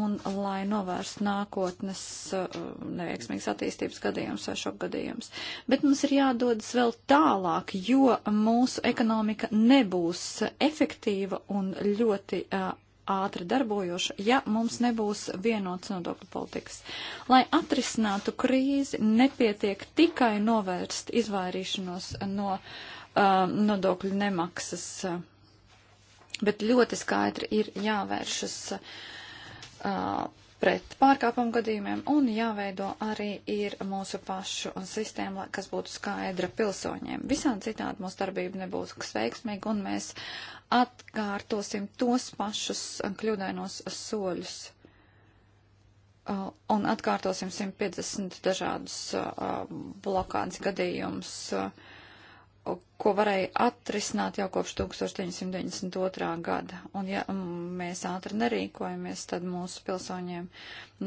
un lai novērstu nākotnes neveiksmīgas attīstības gadījumus vai šoku gadījumus. Bet mums ir jādodas vēl tālāk, jo mūsu ekonomika nebūs efektīva un ļoti ātri darbojoša, ja mums nebūs vienots nodokļu politikas. Lai atrisinātu krīzi, nepietiek tikai novērst izvairīšanos no uh, nodokļu nemaksas, uh, bet ļoti skaidri ir jāvēršas. Uh, pret pārkāpumu gadījumiem un jāveido arī ir mūsu pašu sistēma, kas būtu skaidra pilsoņiem. Visām citādi mūsu darbība nebūs veiksmīga un mēs atkārtosim tos pašus kļūdainos soļus un atkārtosim 150 dažādus blokādes gadījumus, ko varēja atrisināt jau kopš 1992. gada. Un ja mēs ātri nerīkojamies, tad mūsu pilsoņiem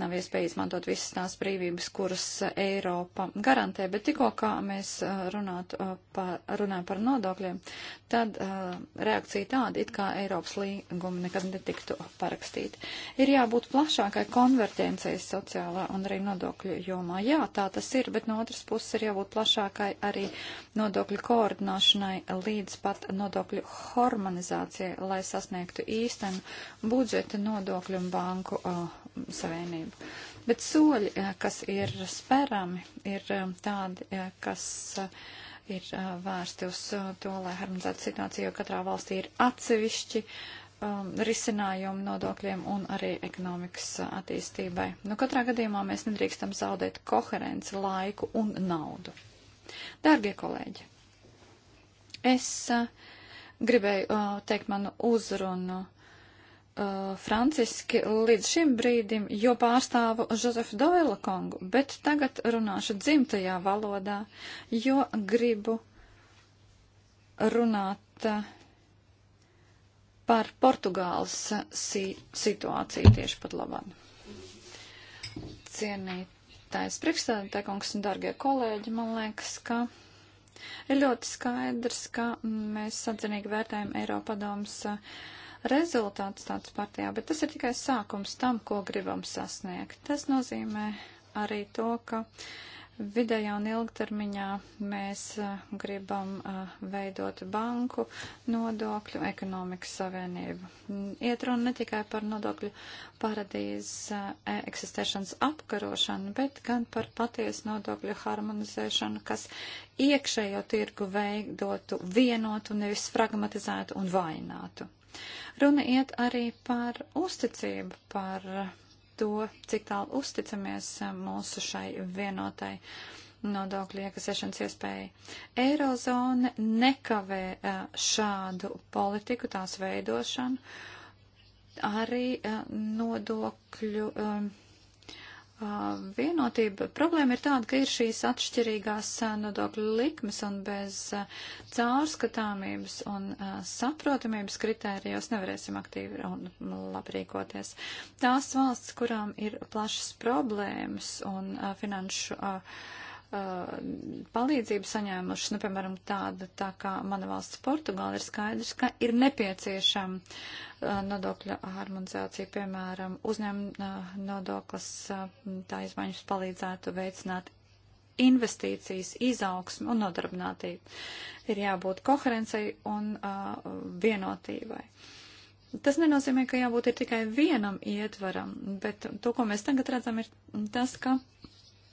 nav iespēja izmantot visas tās brīvības, kuras Eiropa garantē. Bet tikko kā mēs runāt, par, runājam par nodokļiem, tad uh, reakcija tāda, it kā Eiropas līguma nekad netiktu parakstīta. Ir jābūt plašākai konvertencei sociālā un arī nodokļu jomā. Jā, tā tas ir, bet no otras puses ir jābūt plašākai arī nodokļu koordinācijai samazināšanai līdz pat nodokļu harmonizācijai, lai sasniegtu īstenu budžeta nodokļu un banku uh, savienību. Bet soļi, uh, kas ir sperami, ir um, tādi, uh, kas uh, ir vērsti uz to, lai harmonizētu situāciju, jo katrā valstī ir atsevišķi um, risinājumu nodokļiem un arī ekonomikas attīstībai. Nu, katrā gadījumā mēs nedrīkstam zaudēt koherenci, laiku un naudu. Dārgie kolēģi, Es uh, gribēju uh, teikt manu uzrunu uh, franciski līdz šim brīdim, jo pārstāvu Žozefu Doila Kongu, bet tagad runāšu dzimtajā valodā, jo gribu runāt uh, par Portugāles uh, si situāciju tieši pat labāk. Cienītājs priekšstādātāj, kungs un dargie kolēģi, man liekas, ka Ir ļoti skaidrs, ka mēs sadzinīgi vērtējam Eiropadomas uh, rezultātus tāds partijā, bet tas ir tikai sākums tam, ko gribam sasniegt. Tas nozīmē arī to, ka Vidējā un ilgtermiņā mēs gribam veidot banku nodokļu ekonomikas savienību. Iet runa ne tikai par nodokļu paradīzes eksistēšanas apkarošanu, bet gan par patiesu nodokļu harmonizēšanu, kas iekšējo tirgu veidotu vienotu, nevis fragmatizētu un vainātu. Runa iet arī par uzticību, par to, cik tālu uzticamies eh, mūsu šai vienotai nodokļu iekasēšanas iespēja. Eirozone nekavē eh, šādu politiku, tās veidošanu, arī eh, nodokļu vienotība. Problēma ir tāda, ka ir šīs atšķirīgās nodokļu likmes un bez caurskatāmības un saprotamības kritērijos nevarēsim aktīvi un labi rīkoties. Tās valsts, kurām ir plašas problēmas un finanšu. Uh, Uh, palīdzību saņēmušas, nu, piemēram, tāda tā kā mana valsts Portugāla, ir skaidrs, ka ir nepieciešama uh, nodokļa harmonizācija, piemēram, uzņēmuma uh, nodoklis, uh, tā izmaiņas palīdzētu veicināt investīcijas, izaugsmu un nodarbinātību. Ir jābūt koherencei un uh, vienotībai. Tas nenozīmē, ka jābūt ir tikai vienam ietvaram, bet to, ko mēs tagad redzam, ir tas, ka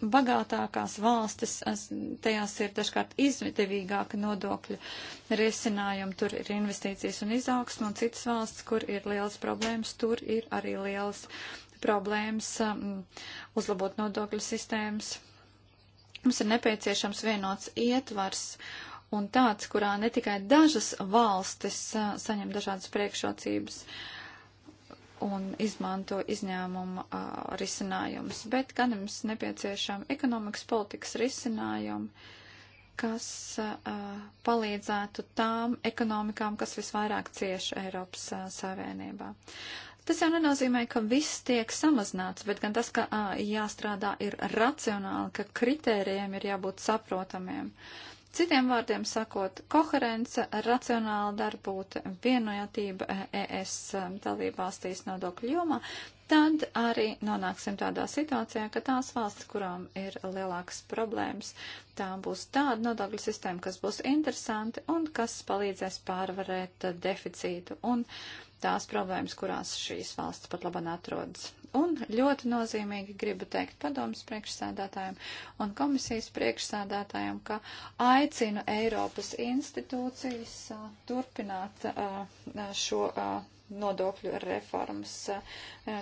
bagātākās valstis, tajās ir dažkārt izdevīgāka nodokļa risinājuma, tur ir investīcijas un izaugsme, un citas valsts, kur ir lielas problēmas, tur ir arī lielas problēmas um, uzlabot nodokļu sistēmas. Mums ir nepieciešams vienots ietvars un tāds, kurā ne tikai dažas valstis uh, saņem dažādas priekšrocības, uh, un izmanto izņēmuma uh, risinājumus, bet gan mums nepieciešama ekonomikas politikas risinājumi, kas uh, palīdzētu tām ekonomikām, kas visvairāk cieši Eiropas uh, Savienībā. Tas jau nenozīmē, ka viss tiek samazināts, bet gan tas, ka uh, jāstrādā ir racionāli, ka kritērijiem ir jābūt saprotamiem. Uh, Citiem vārdiem sakot, koherence, racionāla darbūta, vienojatība e, e, ES um, dalību valstīs nodokļu jomā, tad arī nonāksim tādā situācijā, ka tās valsts, kurām ir lielākas problēmas, tām būs tāda nodokļu sistēma, kas būs interesanti un kas palīdzēs pārvarēt deficītu un tās problēmas, kurās šīs valsts pat labāk atrodas. Un ļoti nozīmīgi gribu teikt padomus priekšsēdātājiem un komisijas priekšsēdātājiem, ka aicinu Eiropas institūcijas uh, turpināt uh, šo uh, nodokļu reformas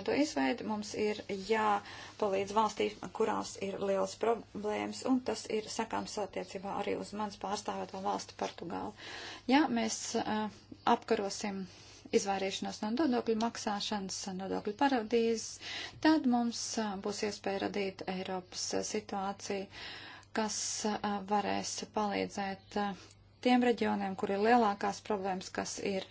to izveidi. Mums ir jāpalīdz valstīs, kurās ir liels problēmas, un tas ir sakāms attiecībā arī uz mans pārstāvēto valstu Portugālu. Ja mēs apkarosim izvairīšanos no nodokļu maksāšanas, nodokļu paradīzes, tad mums būs iespēja radīt Eiropas situāciju, kas varēs palīdzēt tiem reģioniem, kur ir lielākās problēmas, kas ir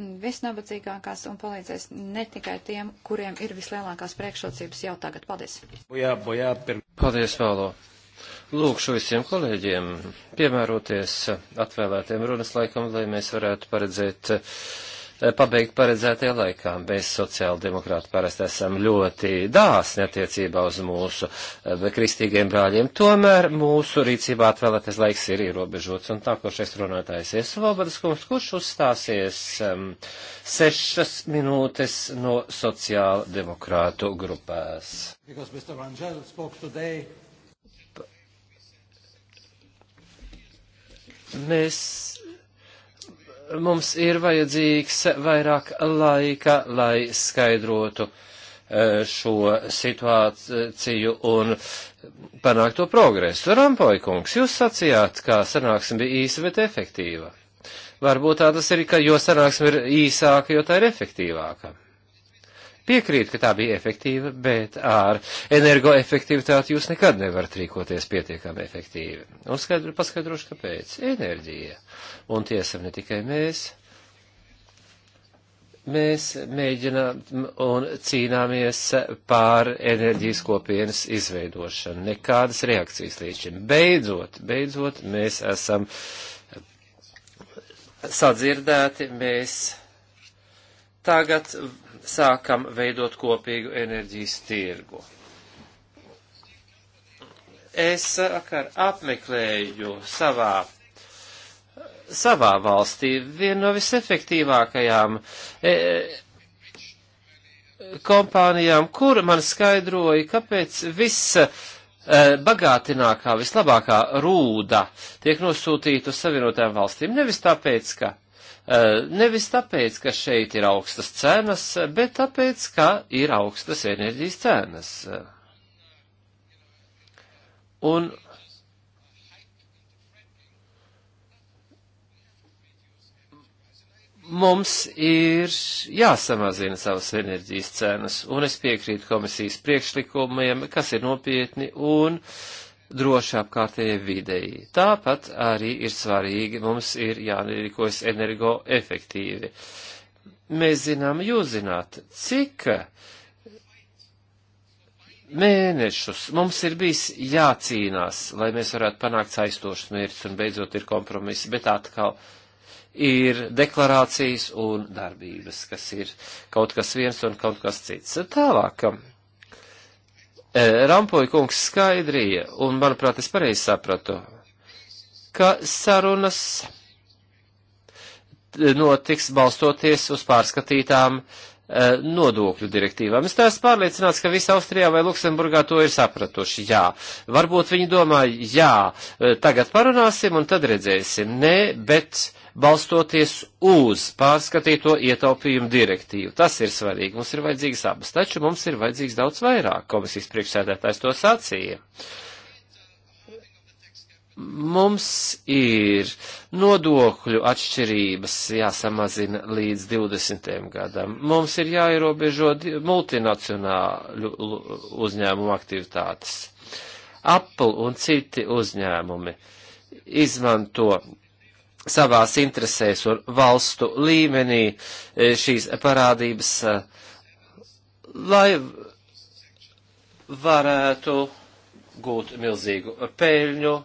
visnabadzīgākās un palīdzēs ne tikai tiem, kuriem ir vislielākās priekšrocības jau tagad. Paldies!
Bojā, bojā, pir... Paldies, Pālo! Lūkšu visiem kolēģiem piemēroties atvēlētiem runas laikam, lai mēs varētu paredzēt pabeigt paredzētajā laikā. Mēs sociāldemokrāti parasti esam ļoti dāsni attiecībā uz mūsu eh, kristīgiem brāļiem. Tomēr mūsu rīcībā atvēlētais laiks ir ierobežots. Un tā, kurš es runātājs ir Svobodas kungs, kurš uzstāsies um, sešas minūtes no sociāldemokrātu grupās. Mēs mums ir vajadzīgs vairāk laika, lai skaidrotu e, šo situāciju un panākto progresu. Rampoja kungs, jūs sacījāt, ka sanāksim bija īsa, bet efektīva. Varbūt tā tas ir, ka jo sanāksim ir īsāka, jo tā ir efektīvāka. Piekrīt, ka tā bija efektīva, bet ar energoefektivitāti jūs nekad nevarat rīkoties pietiekami efektīvi. Un skaidru, paskaidrošu, kāpēc. Enerģija. Un tiesam ne tikai mēs. Mēs mēģinām un cīnāmies pār enerģijas kopienas izveidošanu. Nekādas reakcijas līdz šim. Beidzot, beidzot, mēs esam sadzirdēti, mēs tagad sākam veidot kopīgu enerģijas tirgu. Es vakar apmeklēju savā, savā valstī vienu no visefektīvākajām e, kompānijām, kur man skaidroja, kāpēc viss e, bagātinākā, vislabākā rūda tiek nosūtīta uz Savienotām valstīm. Nevis tāpēc, ka Eh, nevis tāpēc, ka šeit ir augstas cenas, bet tāpēc, ka ir augstas enerģijas cenas. Un mums ir jāsamazina savas enerģijas cenas, un es piekrītu komisijas priekšlikumiem, kas ir nopietni un uh, droši apkārtējai videi. Tāpat arī ir svarīgi, mums ir jānirīkojas energoefektīvi. Mēs zinām, jūs zināt, cik mēnešus mums ir bijis jācīnās, lai mēs varētu panākt saistošus mērķus un beidzot ir kompromisi, bet atkal ir deklarācijas un darbības, kas ir kaut kas viens un kaut kas cits. Tālākam E, Rampoja kungs skaidrīja, un manuprāt, es pareizi sapratu, ka sarunas notiks balstoties uz pārskatītām e, nodokļu direktīvām. Es tās pārliecināts, ka visi Austrijā vai Luksemburgā to ir sapratuši. Jā, varbūt viņi domā, jā, e, tagad parunāsim un tad redzēsim. Nē, bet balstoties uz pārskatīto ietaupījumu direktīvu. Tas ir svarīgi. Mums ir vajadzīgas abas, taču mums ir vajadzīgs daudz vairāk, komisijas priekšsēdētājs to sacīja. Mums ir nodokļu atšķirības jāsamazina līdz 20. gadam. Mums ir jāierobežo multinacionāļu uzņēmumu aktivitātes. Apple un citi uzņēmumi izmanto savās interesēs un valstu līmenī e, šīs parādības, e, lai varētu gūt milzīgu peļņu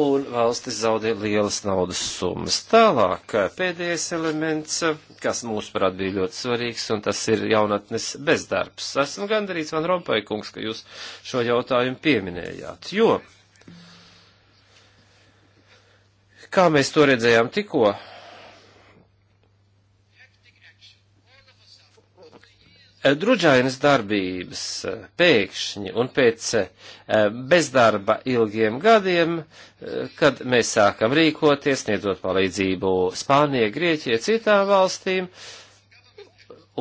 un valstis zaudē lielas naudas summas. Tālāk, e, pēdējais elements, kas mūsuprāt bija ļoti svarīgs, un tas ir jaunatnes bezdarbs. Esmu gandarīts, Van Rompai kungs, ka jūs šo jautājumu pieminējāt, jo Kā mēs to redzējām tikko, Druģainas darbības pēkšņi un pēc eh, bezdarba ilgiem gadiem, eh, kad mēs sākam rīkoties, sniedzot palīdzību Spānijai, Grieķijai, citām valstīm,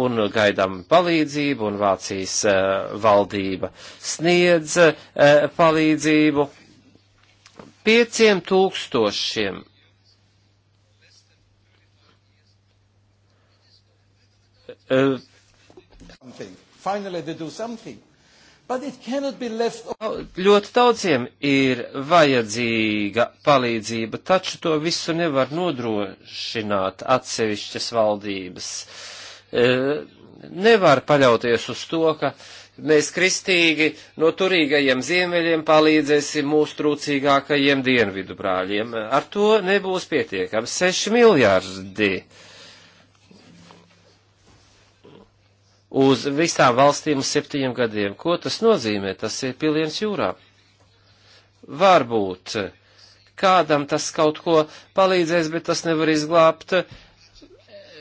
un gaidām palīdzību, un Vācijas eh, valdība sniedz palīdzību pieciem tūkstošiem. Uh, Finally, they do something. Ļoti daudziem ir vajadzīga palīdzība, taču to visu nevar nodrošināt atsevišķas valdības. E, nevar paļauties uz to, ka mēs kristīgi no turīgajiem ziemeļiem palīdzēsim mūsu trūcīgākajiem dienvidu brāļiem. Ar to nebūs pietiekams. 6 miljārdi uz visām valstīm uz septiņiem gadiem. Ko tas nozīmē? Tas ir piliens jūrā. Varbūt kādam tas kaut ko palīdzēs, bet tas nevar izglābt uh,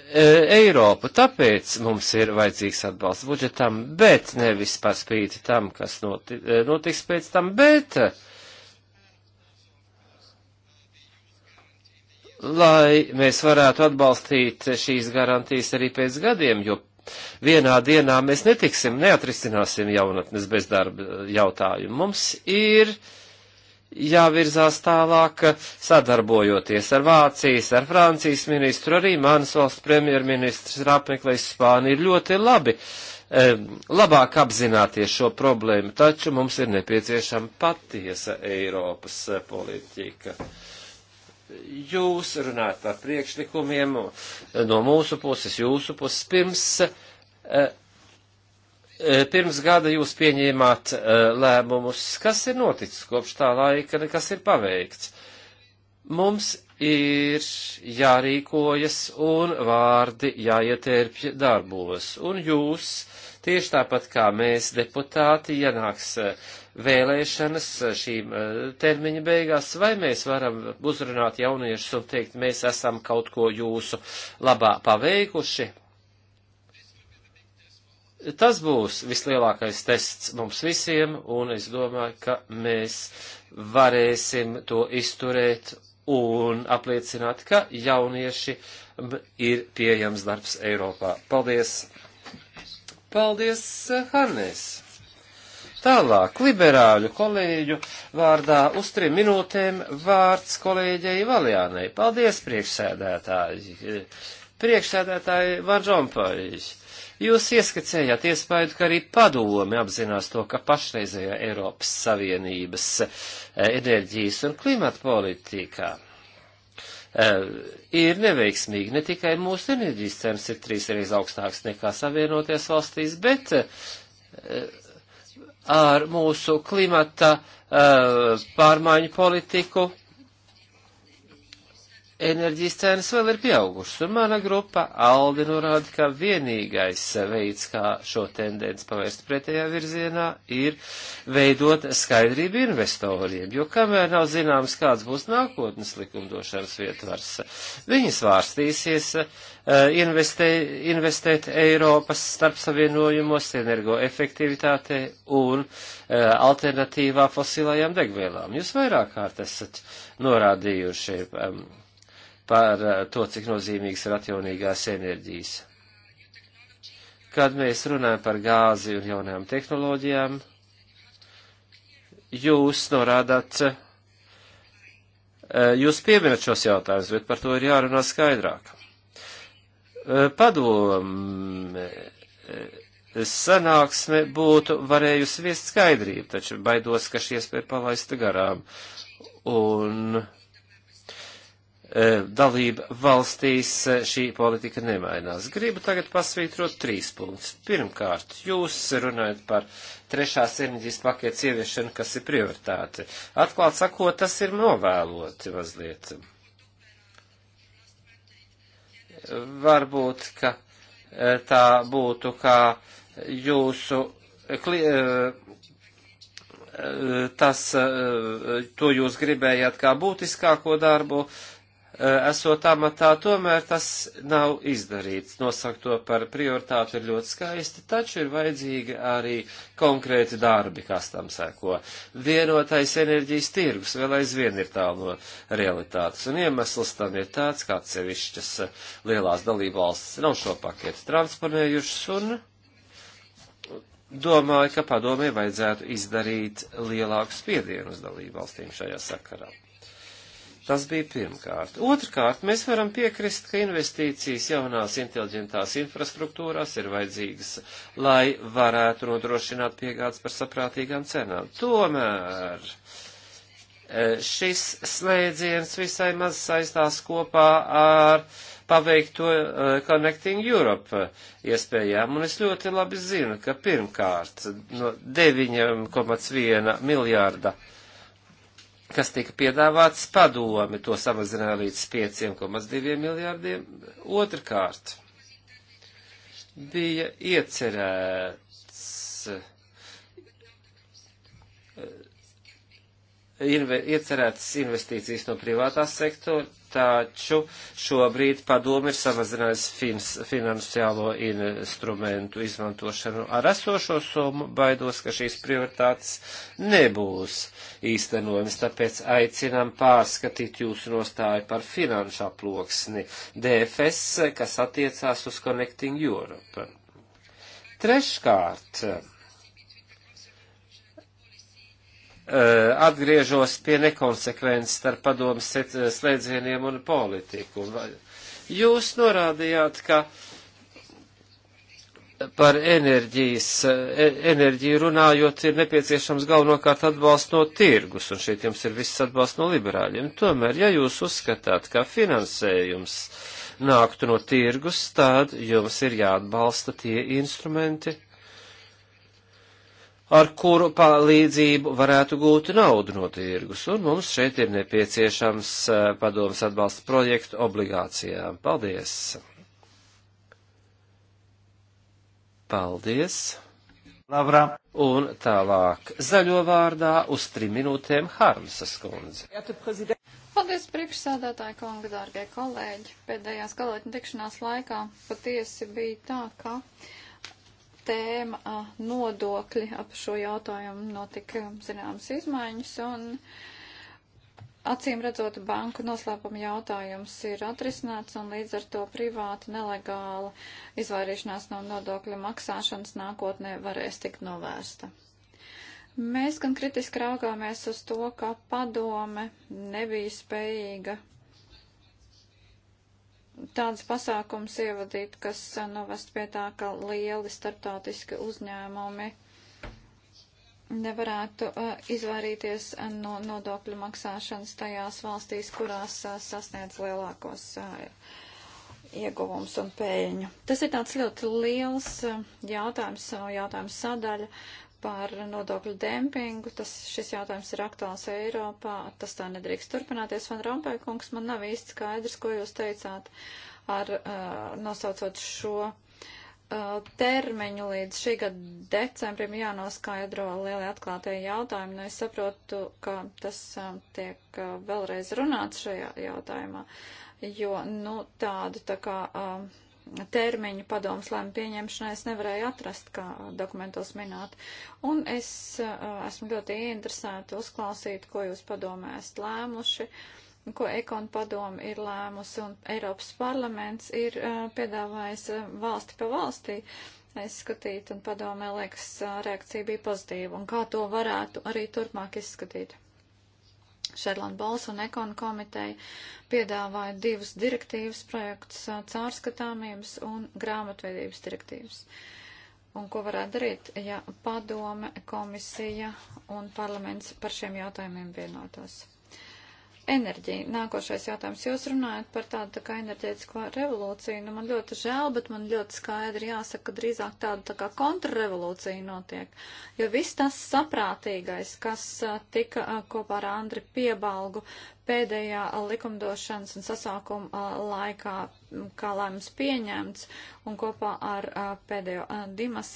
E, Eiropu. Tāpēc mums ir vajadzīgs atbalsts budžetam, bet nevis par spīti tam, kas noti, e, notiks pēc tam, bet lai mēs varētu atbalstīt šīs garantijas arī pēc gadiem, jo vienā dienā mēs netiksim, neatrisināsim jaunatnes bezdarba jautājumu. Mums ir uh, jāvirzās tālāk, sadarbojoties ar Vācijas, ar Francijas ministru, arī manas valsts premjerministrs ir apmeklējis Spāniju, ir ļoti labi labāk apzināties šo problēmu, taču mums ir nepieciešama patiesa Eiropas eh, politika. Jūs runājat par priekšlikumiem eh, no mūsu puses, jūsu puses pirms eh, E, pirms gada jūs pieņēmāt e, lēmumus, kas ir noticis kopš tā laika, kas ir paveikts. Mums ir jārīkojas un vārdi jāietērpj darbos, un jūs Tieši tāpat kā mēs, deputāti, ienāks e, vēlēšanas šīm termiņa beigās, vai mēs varam uzrunāt jauniešus un teikt, mēs esam kaut ko jūsu labā paveikuši? Tas būs vislielākais tests mums visiem, un es domāju, ka mēs varēsim to izturēt un apliecināt, ka jaunieši ir pieejams darbs Eiropā. Paldies! Paldies, Hannes! Tālāk, liberāļu kolēģu vārdā uz trim minūtēm vārds kolēģei Valjānai. Paldies, priekšsēdētāji! Priekšsēdētāji Van Džompaļs! Jūs ieskicējāt iespēju, ka arī padomi apzinās to, ka pašreizējā Eiropas Savienības eh, enerģijas un klimata politikā eh, ir neveiksmīgi. Ne tikai mūsu enerģijas cenas ir trīsreiz augstākas nekā Savienoties valstīs, bet eh, ar mūsu klimata pārmaiņu politiku enerģijas cenas vēl ir pieaugušas, un mana grupa Aldi norāda, ka vienīgais veids, kā šo tendenci pavērst pretējā virzienā, ir veidot skaidrību investoriem, jo kamēr nav zināms, kāds būs nākotnes likumdošanas vietvars, viņi svārstīsies eh, investē, investēt Eiropas starpsavienojumos, energoefektivitātē un eh, alternatīvā fosilajām degvielām. Jūs vairāk kārt esat norādījuši. Um, par eh, to, cik nozīmīgs ir atjaunīgās enerģijas. Kad mēs runājam par gāzi un jaunajām tehnoloģijām, jūs norādāt, eh, jūs pieminat šos jautājumus, bet par to ir jārunā skaidrāk. Eh, padome sanāksme būtu varējusi viest skaidrību, taču baidos, ka šī iespēja palaista garām. Un uh, E, dalība valstīs e, šī politika nemainās. Gribu tagad pasvītrot trīs punktus. Pirmkārt, jūs runājat par trešās enerģijas paketes ieviešanu, kas ir prioritāte. Atklāt sakot, tas ir novēloti mazliet. Varbūt, ka e, tā būtu kā jūsu kli, tas, to jūs gribējāt kā būtiskāko darbu, Eh, esot amatā, tomēr tas nav izdarīts. Nosakt to par prioritāti ir ļoti skaisti, taču ir vajadzīgi arī konkrēti darbi, kas tam sēko. Vienotais enerģijas tirgus vēl aizvien ir tālu no realitātes, un iemesls tam ir tāds, ka atsevišķas lielās dalībvalstis nav šo paketu transponējušas, un domāju, ka padomē vajadzētu izdarīt lielāku spiedienu uz dalībvalstīm šajā sakarā. Tas bija pirmkārt. Otrkārt, mēs varam piekrist, ka investīcijas jaunās inteliģentās infrastruktūrās ir vajadzīgas, lai varētu nodrošināt piegādes par saprātīgām cenām. Tomēr e, šis slēdziens visai maz saistās kopā ar paveikto e, Connecting Europe iespējām, un es ļoti labi zinu, ka pirmkārt no 9,1 miljārda eiro kas tika piedāvāts padomi, to samazināja līdz 5,2 miljārdiem. Otrkārt, bija iecerēts, eh, inve, iecerētas investīcijas no privātās sektora, taču šobrīd padomi ir samazinājis finansiālo instrumentu izmantošanu ar esošo summu. Baidos, ka šīs prioritātes nebūs īstenojamas, tāpēc aicinām pārskatīt jūsu nostāju par finanšu aploksni DFS, kas attiecās uz Connecting Europe. Treškārt, Eh, atgriežos pie nekonsekvences starp padomu eh, slēdzieniem un politiku. Jūs norādījāt, ka par enerģijas, eh, e, enerģiju runājot ir nepieciešams galvenokārt atbalsts no tirgus, un šeit jums ir viss atbalsts no liberāļiem. Tomēr, ja jūs uzskatāt, ka finansējums nāktu no tirgus, tad jums ir jāatbalsta tie instrumenti, ar kuru palīdzību varētu gūt naudu no tirgus, un mums šeit ir nepieciešams eh, padomas atbalsta projektu obligācijām. Paldies! Paldies! Labrā. Un tālāk zaļo vārdā uz trim minūtēm Harmsas
kundze. Paldies priekšsādātāji kungi, dārgie kolēģi. Pēdējās kolēģi tikšanās laikā patiesi bija tā, ka tēma nodokļi ap šo jautājumu notika zināmas izmaiņas un acīm redzot banku noslēpuma jautājums ir atrisināts un līdz ar to privāta nelegāla izvairīšanās no nodokļa maksāšanas nākotnē varēs tikt novērsta. Mēs gan kritiski raugāmies uz to, ka padome nebija spējīga tāds pasākums ievadīt, kas uh, novest pie tā, ka lieli startautiski uzņēmumi nevarētu uh, izvairīties uh, no nodokļu maksāšanas tajās valstīs, kurās sasniedz lielākos ieguvums un pēļņu. Tas ir tāds ļoti liels jautājums, jautājums sadaļa, par nodokļu dempingu. Tas, šis jautājums ir aktuāls Eiropā. Tas tā nedrīkst turpināties. Van Rompai kungs, man nav īsti skaidrs, ko jūs teicāt ar uh, nosaucot šo uh, termiņu līdz šī gada decembrim jānoskaidro lielie atklātie jautājumi. Nu, es saprotu, ka tas uh, tiek uh, vēlreiz runāts šajā jautājumā, jo, nu, tādu tā kā. Uh, termiņu padomus lēmu pieņemšanai es nevarēju atrast, kā dokumentos minēt. Un es uh, esmu ļoti ieinteresēta uzklausīt, ko jūs padomē esat lēmuši, ko Ekon padomu ir lēmusi, un Eiropas parlaments ir uh, piedāvājis uh, valsti pa valstī izskatīt, un padomē liekas uh, reakcija bija pozitīva, un kā to varētu arī turpmāk izskatīt. Šerlanda Bols un Ekon komiteja piedāvāja divus direktīvas projektus - caurskatāmības un grāmatvedības direktīvas. Un ko varētu darīt, ja padome, komisija un parlaments par šiem jautājumiem vienotos? enerģiju. Nākošais jautājums. Jūs runājat par tādu tā kā enerģētisko revolūciju. Nu, man ļoti žēl, bet man ļoti skaidri jāsaka, ka drīzāk tāda tā kā kontrrevolūcija notiek. Jo viss tas saprātīgais, kas tika kopā ar Andri Piebalgu pēdējā likumdošanas un sasākuma laikā, kā lēmums pieņemts, un kopā ar pēdējo Dimas,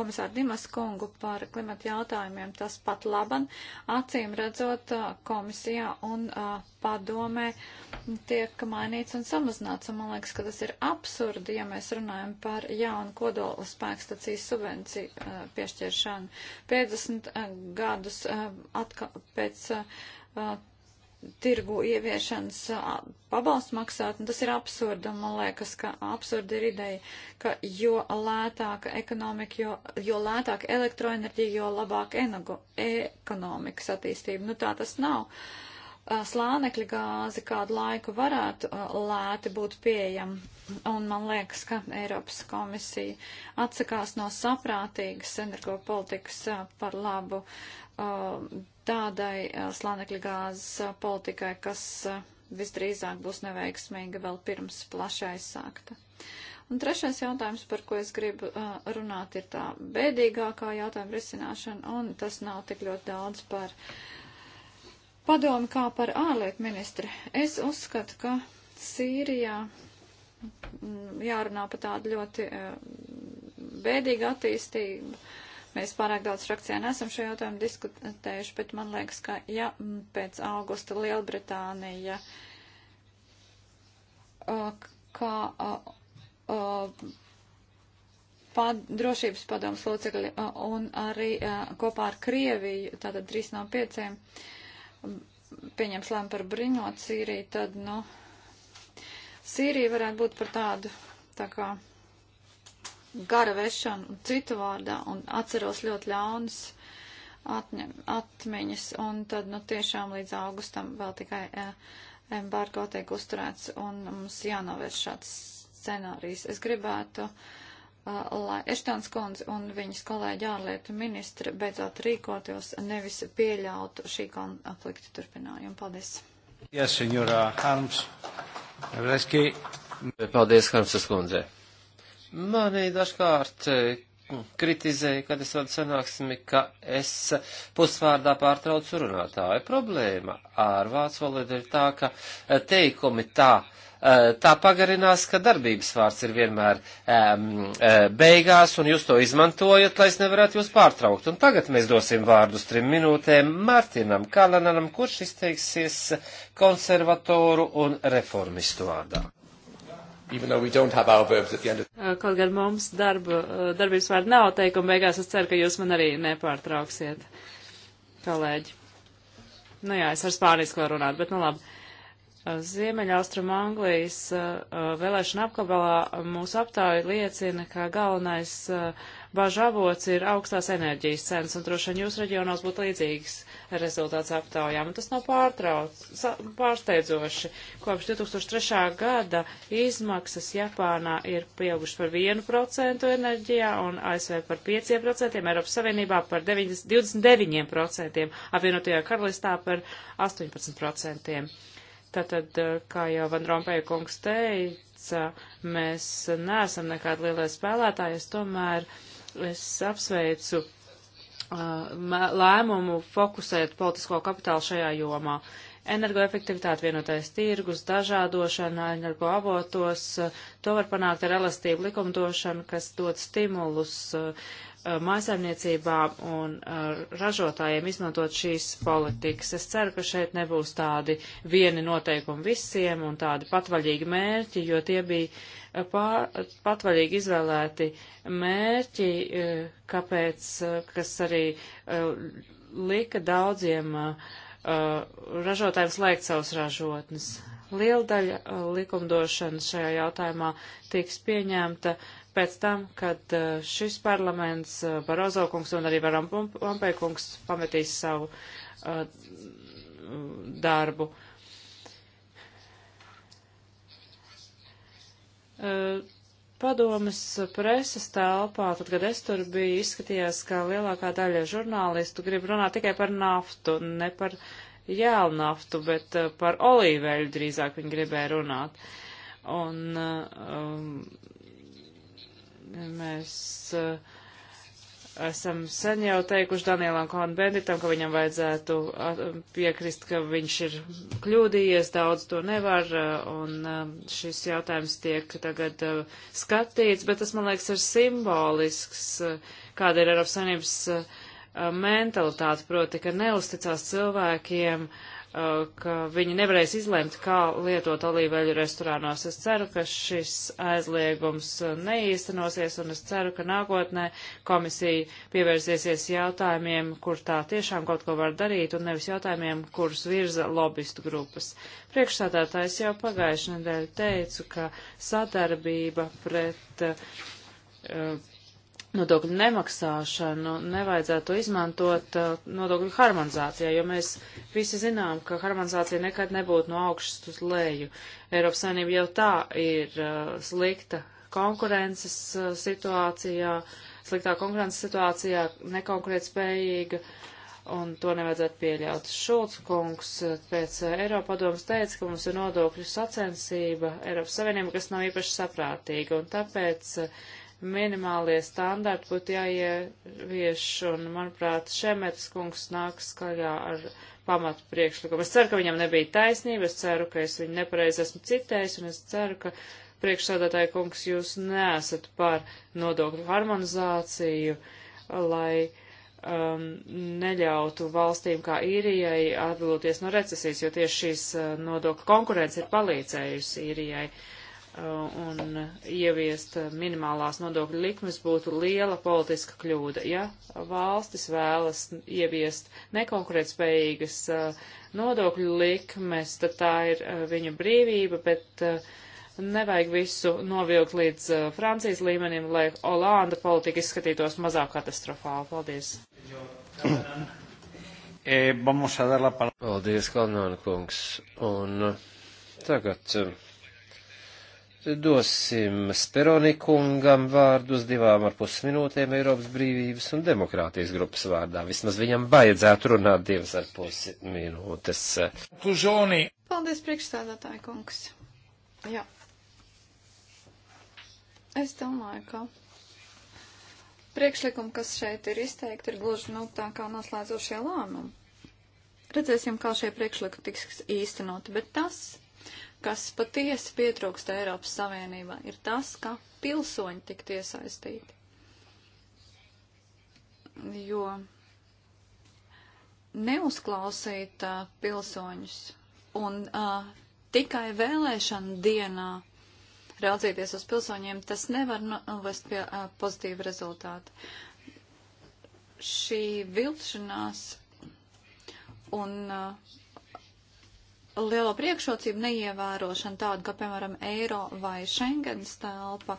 komisāru Dimas kungu par klimata jautājumiem tas pat laban, acīm redzot, komisijā un padomē tiek mainīts un samazināts, un man liekas, ka tas ir absurdi, ja mēs runājam par jaunu kodola spēkstacijas subvenciju piešķiršanu. 50 gadus atka, pēc tirgu ieviešanas pabalstu maksāt, un tas ir absurda, man liekas, ka absurda ir ideja, ka jo lētāka ekonomika, jo, jo lētāka elektroenerģija, jo labāka energo, ekonomikas attīstība. Nu tā tas nav. Slānekļa gāzi kādu laiku varētu lēti būt pieejama, un man liekas, ka Eiropas komisija atsakās no saprātīgas energo politikas par labu uh, Uh, tādai uh, slānekļa gāzes uh, politikai, kas visdrīzāk būs neveiksmīga vēl pirms plaši aizsākta. Un trešais jautājums, par ko es gribu runāt, ir tā bēdīgākā jautājuma risināšana, un tas nav tik ļoti daudz par padomu kā par ārlietu ministri. Es uzskatu, ka Sīrijā mm, jārunā par tādu ļoti bēdīgu attīstību Mēs pārāk daudz frakcijā nesam šo jautājumu diskutējuši, bet man liekas, ka ja pēc augusta Lielbritānija kā pad, drošības padomas locekļi un arī kopā ar Krieviju, tātad 3 no 5, pieņems lēmu par bruņot Sīriju, tad, nu, Sīrija varētu būt par tādu, tā kā gara vešanu un citu vārdā, un atceros ļoti ļaunas atņem, atmiņas, un tad, nu, tiešām līdz augustam vēl tikai eh, embargo tiek uzturēts, un mums jānovērš šāds scenārijs. Es gribētu, uh, lai Eštāns kundze un viņas kolēģi ārlietu ministri beidzot rīkotos, nevis pieļautu šī konflikta turpinājumu. Paldies!
Yes, senora Harms. Paldies, Harmsas kundze. Mani dažkārt eh, kritizēja, kad es vadu sanāksmi, ka es pusvārdā pārtraucu runātāju. Problēma ar vācu valodu ir tā, ka eh, teikumi tā, eh, tā pagarinās, ka darbības vārds ir vienmēr um, beigās, un jūs to izmantojat, lai es nevarētu jūs pārtraukt. Un tagad mēs dosim vārdus trim minūtēm Martinam Kalananam, kurš izteiksies konservatoru un reformistu vārdā.
Uh, kaut gan mums darba, uh, darbības vārdu nav teikuma beigās, es ceru, ka jūs man arī nepārtrauksiet, kolēģi. Nu jā, es ar spāniski varu runāt, bet nu labi. Uh, Ziemeļaustrum Anglijas vēlēšana apkabalā mūsu aptāja liecina, ka galvenais bažu avots ir augstās enerģijas cenas, un droši vien jūs reģionos būtu līdzīgs rezultāts aptaujām, un tas nav pārtrauc, pārsteidzoši. Kopš 2003. gada izmaksas Japānā ir pieaugušas par 1% enerģijā, un ASV par 5%, Eiropas Savienībā par 90, 29%, apvienotajā karalistā par 18%. Tātad, eh, kā jau Van Rompēja kungs teica, mēs neesam nekādi lielie spēlētāji, es tomēr es apsveicu Uh, lēmumu fokusēt politisko kapitālu šajā jomā. Energoefektivitāte, vienotais tirgus, dažādošana energoavotos, uh, to var panākt ar elastību likumdošanu, kas dod stimulus uh, Uh, mājsaimniecībā un uh, ražotājiem izmantot šīs politikas. Es ceru, ka šeit nebūs tādi vieni noteikumi visiem un tādi patvaļīgi mērķi, jo tie bija uh, pār, patvaļīgi izvēlēti mērķi, kāpēc, kas arī lika daudziem ražotājiem slēgt savus ražotnes. Liela daļa likumdošanas šajā jautājumā tiks pieņemta uh, pēc tam, kad uh, šis parlaments, uh, Barozo kungs un arī Varam Pompei kungs pametīs savu uh, darbu. Uh, padomas preses telpā, tad, kad es tur biju, izskatījās, ka lielākā daļa žurnālistu grib runāt tikai par naftu, ne par jēlu naftu, bet uh, par olīveļu drīzāk viņi gribēja runāt. Un um, Mēs uh, esam sen jau teikuši Danielam Kohn-Benditam, ka viņam vajadzētu eh, piekrist, ka viņš ir kļūdījies, daudz to nevar, eh, un šis jautājums tiek tagad skatīts, bet tas, man liekas, ir simbolisks, kāda ir Eiropas Savienības mentalitāte, proti, ka neusticās cilvēkiem uh, Uh, ka viņi nevarēs izlemt, kā lietot olīveļu restorānos. Es ceru, ka šis aizliegums uh, neīstenosies, un es ceru, ka nākotnē komisija pievērsiesies jautājumiem, kur tā tiešām kaut ko var darīt, un nevis jautājumiem, kurus virza lobistu grupas. Priekšsādātājs jau pagājušajā nedēļā teicu, ka sadarbība pret uh, nodokļu nemaksāšanu nevajadzētu izmantot uh, nodokļu harmonizācijai, jo mēs visi zinām, ka harmonizācija nekad nebūtu no augšas uz leju. Eiropas saimnība jau tā ir uh, slikta konkurences uh, situācijā, sliktā konkurences situācijā, nekonkurētspējīga, un to nevajadzētu pieļaut. Šulc kungs pēc Eiropadomas teica, ka mums ir nodokļu sacensība Eiropas Savienība, kas nav īpaši saprātīga, un tāpēc uh, minimālie standarti būtu jāievieš, un, manuprāt, Šemets kungs nāks skaļā ar pamatu priekšlikumu. Es ceru, ka viņam nebija taisnība, es ceru, ka es viņu nepareizi esmu citējis, un es ceru, ka priekšsādātāja kungs jūs nesat par nodokļu harmonizāciju, lai um, neļautu valstīm kā īrijai atbildoties no recesijas, jo tieši šīs uh, nodokļu konkurence ir palīdzējusi īrijai. Uh, Uh, un ieviest minimālās nodokļu likmes būtu liela politiska kļūda. Ja valstis vēlas ieviest nekonkurētspējīgas uh, nodokļu likmes, tad tā ir uh, viņu brīvība, bet nevajag visu novilkt līdz Francijas līmenim, lai Olanda politika izskatītos mazāk katastrofāli. Paldies!
Eh, Paldies, Kalnāna kungs. Un tagad. Uh, dosim Speronikungam vārdu uz divām ar pus minūtēm Eiropas brīvības un demokrātijas grupas vārdā. Vismaz viņam baidzētu runāt divas ar pus minūtes. Klužoni.
Paldies, priekšstādātāji kungs. Jā. Es domāju, ka priekšlikumi, kas šeit ir izteikti, ir gluži nu tā kā noslēdzošie lēmumi. Redzēsim, kā šie priekšlikumi tiks īstenoti, bet tas kas patiesi pietrūkst Eiropas Savienībā, ir tas, ka pilsoņi tiktu iesaistīti. Jo neuzklausīt uh, pilsoņus un uh, tikai vēlēšana dienā raudzīties uz pilsoņiem, tas nevar novest pie uh, pozitīva rezultāta. Šī vilšanās un uh, lielo priekšrocību neievērošana tāda, kā piemēram eiro vai Schengens telpa.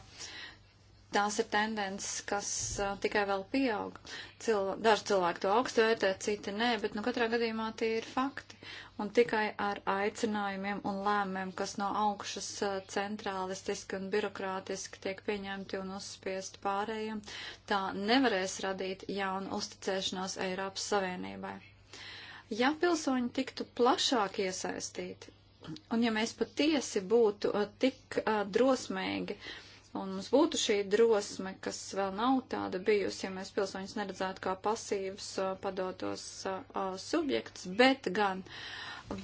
Tās ir tendences, kas uh, tikai vēl pieaug. Cilv daži cilvēki to augstu vērtē, citi nē, bet nu katrā gadījumā tie ir fakti. Un tikai ar aicinājumiem un lēmumiem, kas no augšas uh, centrālistiski un birokrātiski tiek pieņemti un uzspiest pārējiem, tā nevarēs radīt jaunu uzticēšanos Eiropas Savienībai. Ja pilsoņi tiktu plašāk iesaistīti, un ja mēs patiesi būtu uh, tik uh, drosmīgi, un mums būtu šī drosme, kas vēl nav tāda bijusi, ja mēs pilsoņus neredzētu kā pasīvus uh, padotos subjekts, bet gan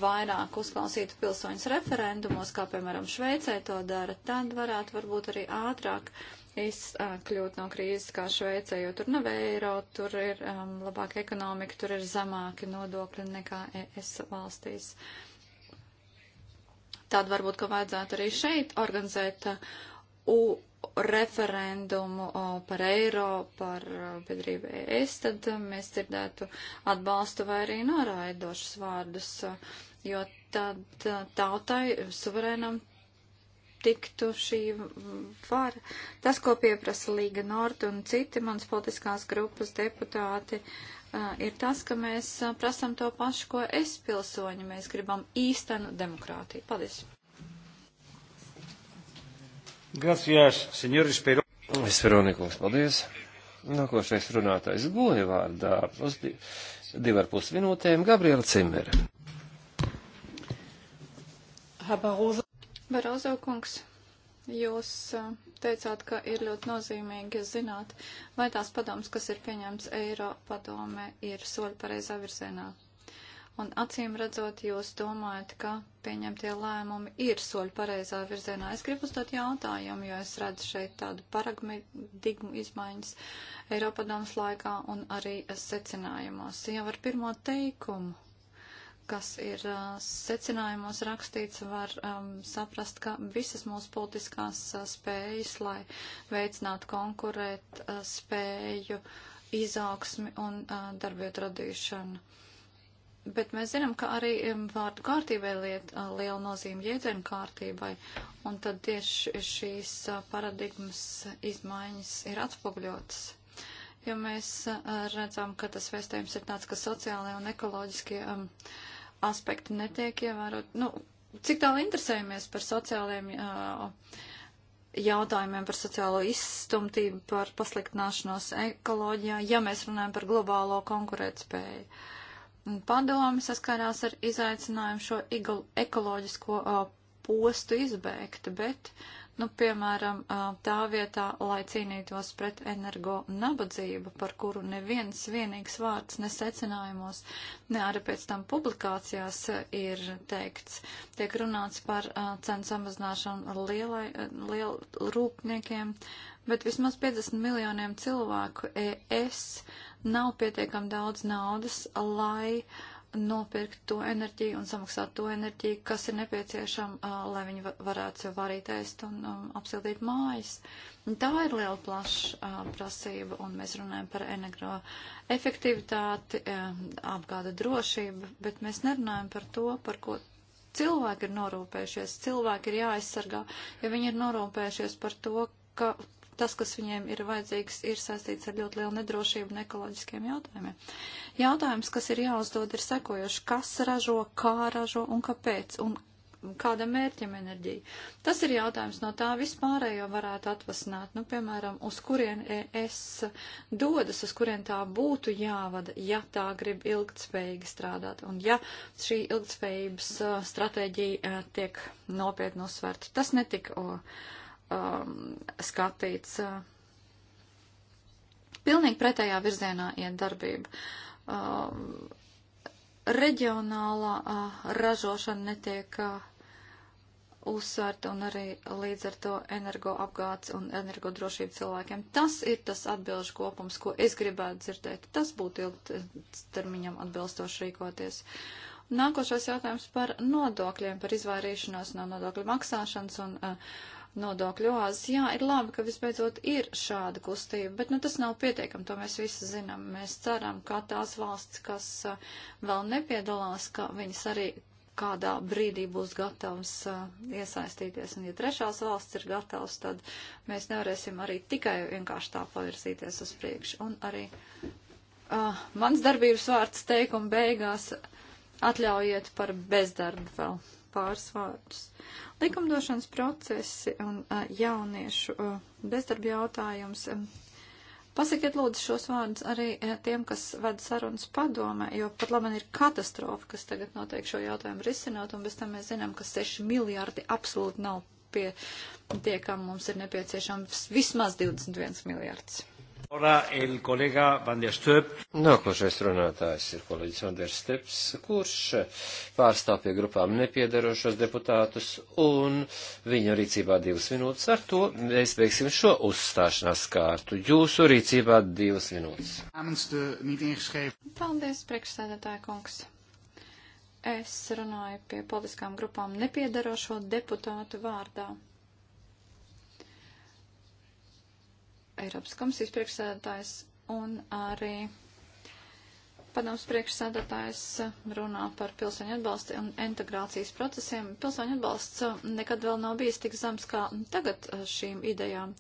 vairāk uzklausītu pilsoņus referendumos, kā piemēram Šveicē to dara, tad varētu varbūt arī ātrāk izkļūt no krīzes kā Šveicē, jo tur nav eiro, tur ir um, labāka ekonomika, tur ir zemāki nodokļi nekā ES valstīs. Tad varbūt, ka vajadzētu arī šeit organizēt uh, U referendumu par eiro, par biedrību ES, tad um, mēs dzirdētu atbalstu vai arī noraidošus vārdus, jo tad uh, tautai suverēnam tiktu šī vara. Tas, ko pieprasa Līga Nord un citi mans politiskās grupas deputāti, ir tas, ka mēs prasam to pašu, ko es pilsoņi. Mēs gribam īstenu demokrātiju. Paldies!
Gracias, senjoris Peru. Es Veronikungs, paldies. Nākošais runātājs goja vārdā uz di divu ar pus minūtēm Gabriela Cimere.
Herr Barroso, Barozo kungs, jūs uh, teicāt, ka ir ļoti nozīmīgi zināt, vai tās padoms, kas ir pieņemts Eiro padome, ir soļi pareizā virzienā. Un acīm redzot, jūs domājat, ka pieņemtie lēmumi ir soļi pareizā virzienā. Es gribu uzdot jautājumu, jo es redzu šeit tādu paradigmu izmaiņas Eiropadomas laikā un arī secinājumos. Jau ar pirmo teikumu kas ir secinājumos rakstīts, var um, saprast, ka visas mūsu politiskās spējas, lai veicinātu konkurēt spēju, izaugsmi un uh, darbietu radīšanu. Bet mēs zinām, ka arī vārdu kārtībai liet liela nozīme jēdzienu kārtībai, un tad tieši šīs paradigmas izmaiņas ir atspoguļotas. Jo mēs redzam, ka tas vēstījums ir tāds, ka sociālajie un ekoloģiskie um, uh, aspekti netiek ievērot. Nu, cik tālu interesējamies par sociālajiem uh, jautājumiem, par sociālo izstumtību, par pasliktināšanos ekoloģijā, ja mēs runājam par globālo konkurētspēju. Padomi saskārās ar izaicinājumu šo ekoloģisko uh, postu izbeigt, bet Nu, piemēram, tā vietā, lai cīnītos pret energo nabadzību, par kuru neviens vienīgs vārds nesecinājumos, ne arī pēc tam publikācijās ir teikts, tiek runāts par cenu samazināšanu lielai, liel rūpniekiem, bet vismaz 50 miljoniem cilvēku ES nav pietiekam daudz naudas, lai uh, nopirkt to enerģiju un samaksāt to enerģiju, kas ir nepieciešama, lai viņi varētu sev varīt ēst un um, apsildīt mājas. Un tā ir liela plaša uh, prasība, un mēs runājam par energo efektivitāti, um, apgāda drošību, bet mēs nerunājam par to, par ko cilvēki ir norūpējušies. Cilvēki ir jāaizsargā, ja viņi ir norūpējušies par to, ka tas, kas viņiem ir vajadzīgs, ir saistīts ar ļoti lielu nedrošību un ekoloģiskiem jautājumiem. Jautājums, kas ir jāuzdod, ir sekojoši, kas ražo, kā ražo un kāpēc un kādam mērķim enerģija. Tas ir jautājums no tā vispārējo varētu atvasināt, nu, piemēram, uz kurien es dodas, uz kurien tā būtu jāvada, ja tā grib ilgtspējīgi strādāt un ja šī ilgtspējības uh, stratēģija uh, tiek nopietni uzsverta. Tas netika. O, um, skatīts. Uh, pilnīgi pretējā virzienā iet darbība. Um, reģionālā uh, ražošana netiek uh, uzsvērta un arī līdz ar to energoapgāds un energodrošība cilvēkiem. Tas ir tas atbilžu kopums, ko es gribētu dzirdēt. Tas būtu ilgtermiņam atbilstoši rīkoties. Nākošais jautājums par nodokļiem, par izvairīšanos no nodokļu maksāšanas un uh, nodokļu oāzes. Jā, ir labi, ka visbeidzot ir šāda kustība, bet nu, tas nav pietiekami, to mēs visi zinām. Mēs ceram, ka tās valsts, kas uh, vēl nepiedalās, ka viņas arī kādā brīdī būs gatavs uh, iesaistīties. Un ja trešās valsts ir gatavs, tad mēs nevarēsim arī tikai vienkārši tā pavirzīties uz priekšu. Un arī uh, mans darbības vārds teikuma beigās atļaujiet par bezdarbu vēl pāris vārdus. Likumdošanas procesi un uh, jauniešu uh, bezdarba jautājums. Um, pasakiet lūdzu šos vārdus arī uh, tiem, kas ved sarunas padome, jo pat labi ir katastrofa, kas tagad notiek šo jautājumu risināt, un bez tam mēs zinām, ka 6 miljardi absolūti nav pietiekami, mums ir nepieciešams vismaz 21 miljards.
Nākošais runātājs ir kolēģis Vanders Steps, kurš pārstāv pie grupām nepiedarošos deputātus, un viņa rīcībā divas minūtes. Ar to mēs beigsim šo uzstāšanās kārtu. Jūsu rīcībā divas minūtes.
Paldies, priekšsēdētāja kungs. Es runāju pie politiskām grupām nepiedarošo deputātu vārdā. Eiropas komisijas priekšsēdētājs un arī padoms priekšsēdētājs runā par pilsoņu atbalstu un integrācijas procesiem. Pilsoņu atbalsts uh, nekad vēl nav bijis tik zems kā tagad uh, šīm idejām.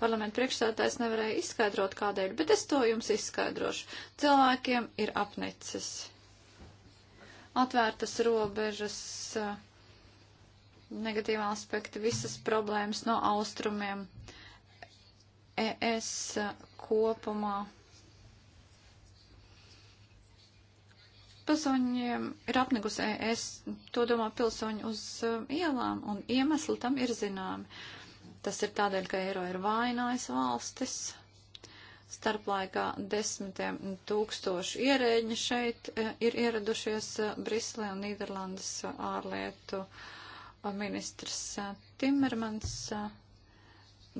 Parlamenta priekšsēdētājs nevarēja izskaidrot kādēļ, bet es to jums izskaidrošu. Cilvēkiem ir apnicis. Atvērtas robežas, uh, negatīvā aspekta, visas problēmas no austrumiem ES kopumā pilsoņiem ir apnikusi ES, to domā pilsoņi uz uh, ielām, un iemesli tam ir zināmi. Tas ir tādēļ, ka eiro ir vainājis valstis, starplaikā desmitiem tūkstoši ierēģi šeit uh, ir ieradušies uh, Briselē un Nīderlandes ārlietu ministrs Timermans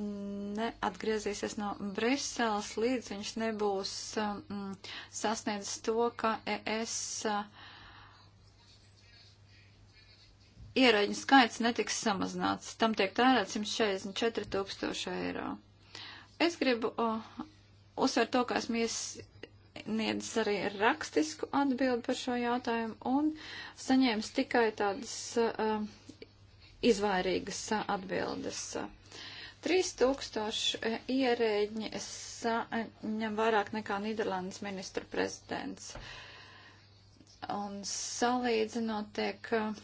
neatgriezīsies no Briseles, līdz viņš nebūs mm, sasniedzis to, ka es uh, ierēģu skaits netiks samazināts. Tam tiek tērēts 164 tūkstoši eiro. Es gribu uh, uzsvērt to, ka esmu iesniedzis arī rakstisku atbildi par šo jautājumu un saņēmis tikai tādas uh, izvairīgas uh, atbildes. Uh, 3000 eh, ierēģi saņem vairāk nekā Nīderlandes ministra prezidents. Un salīdzinot tiek eh,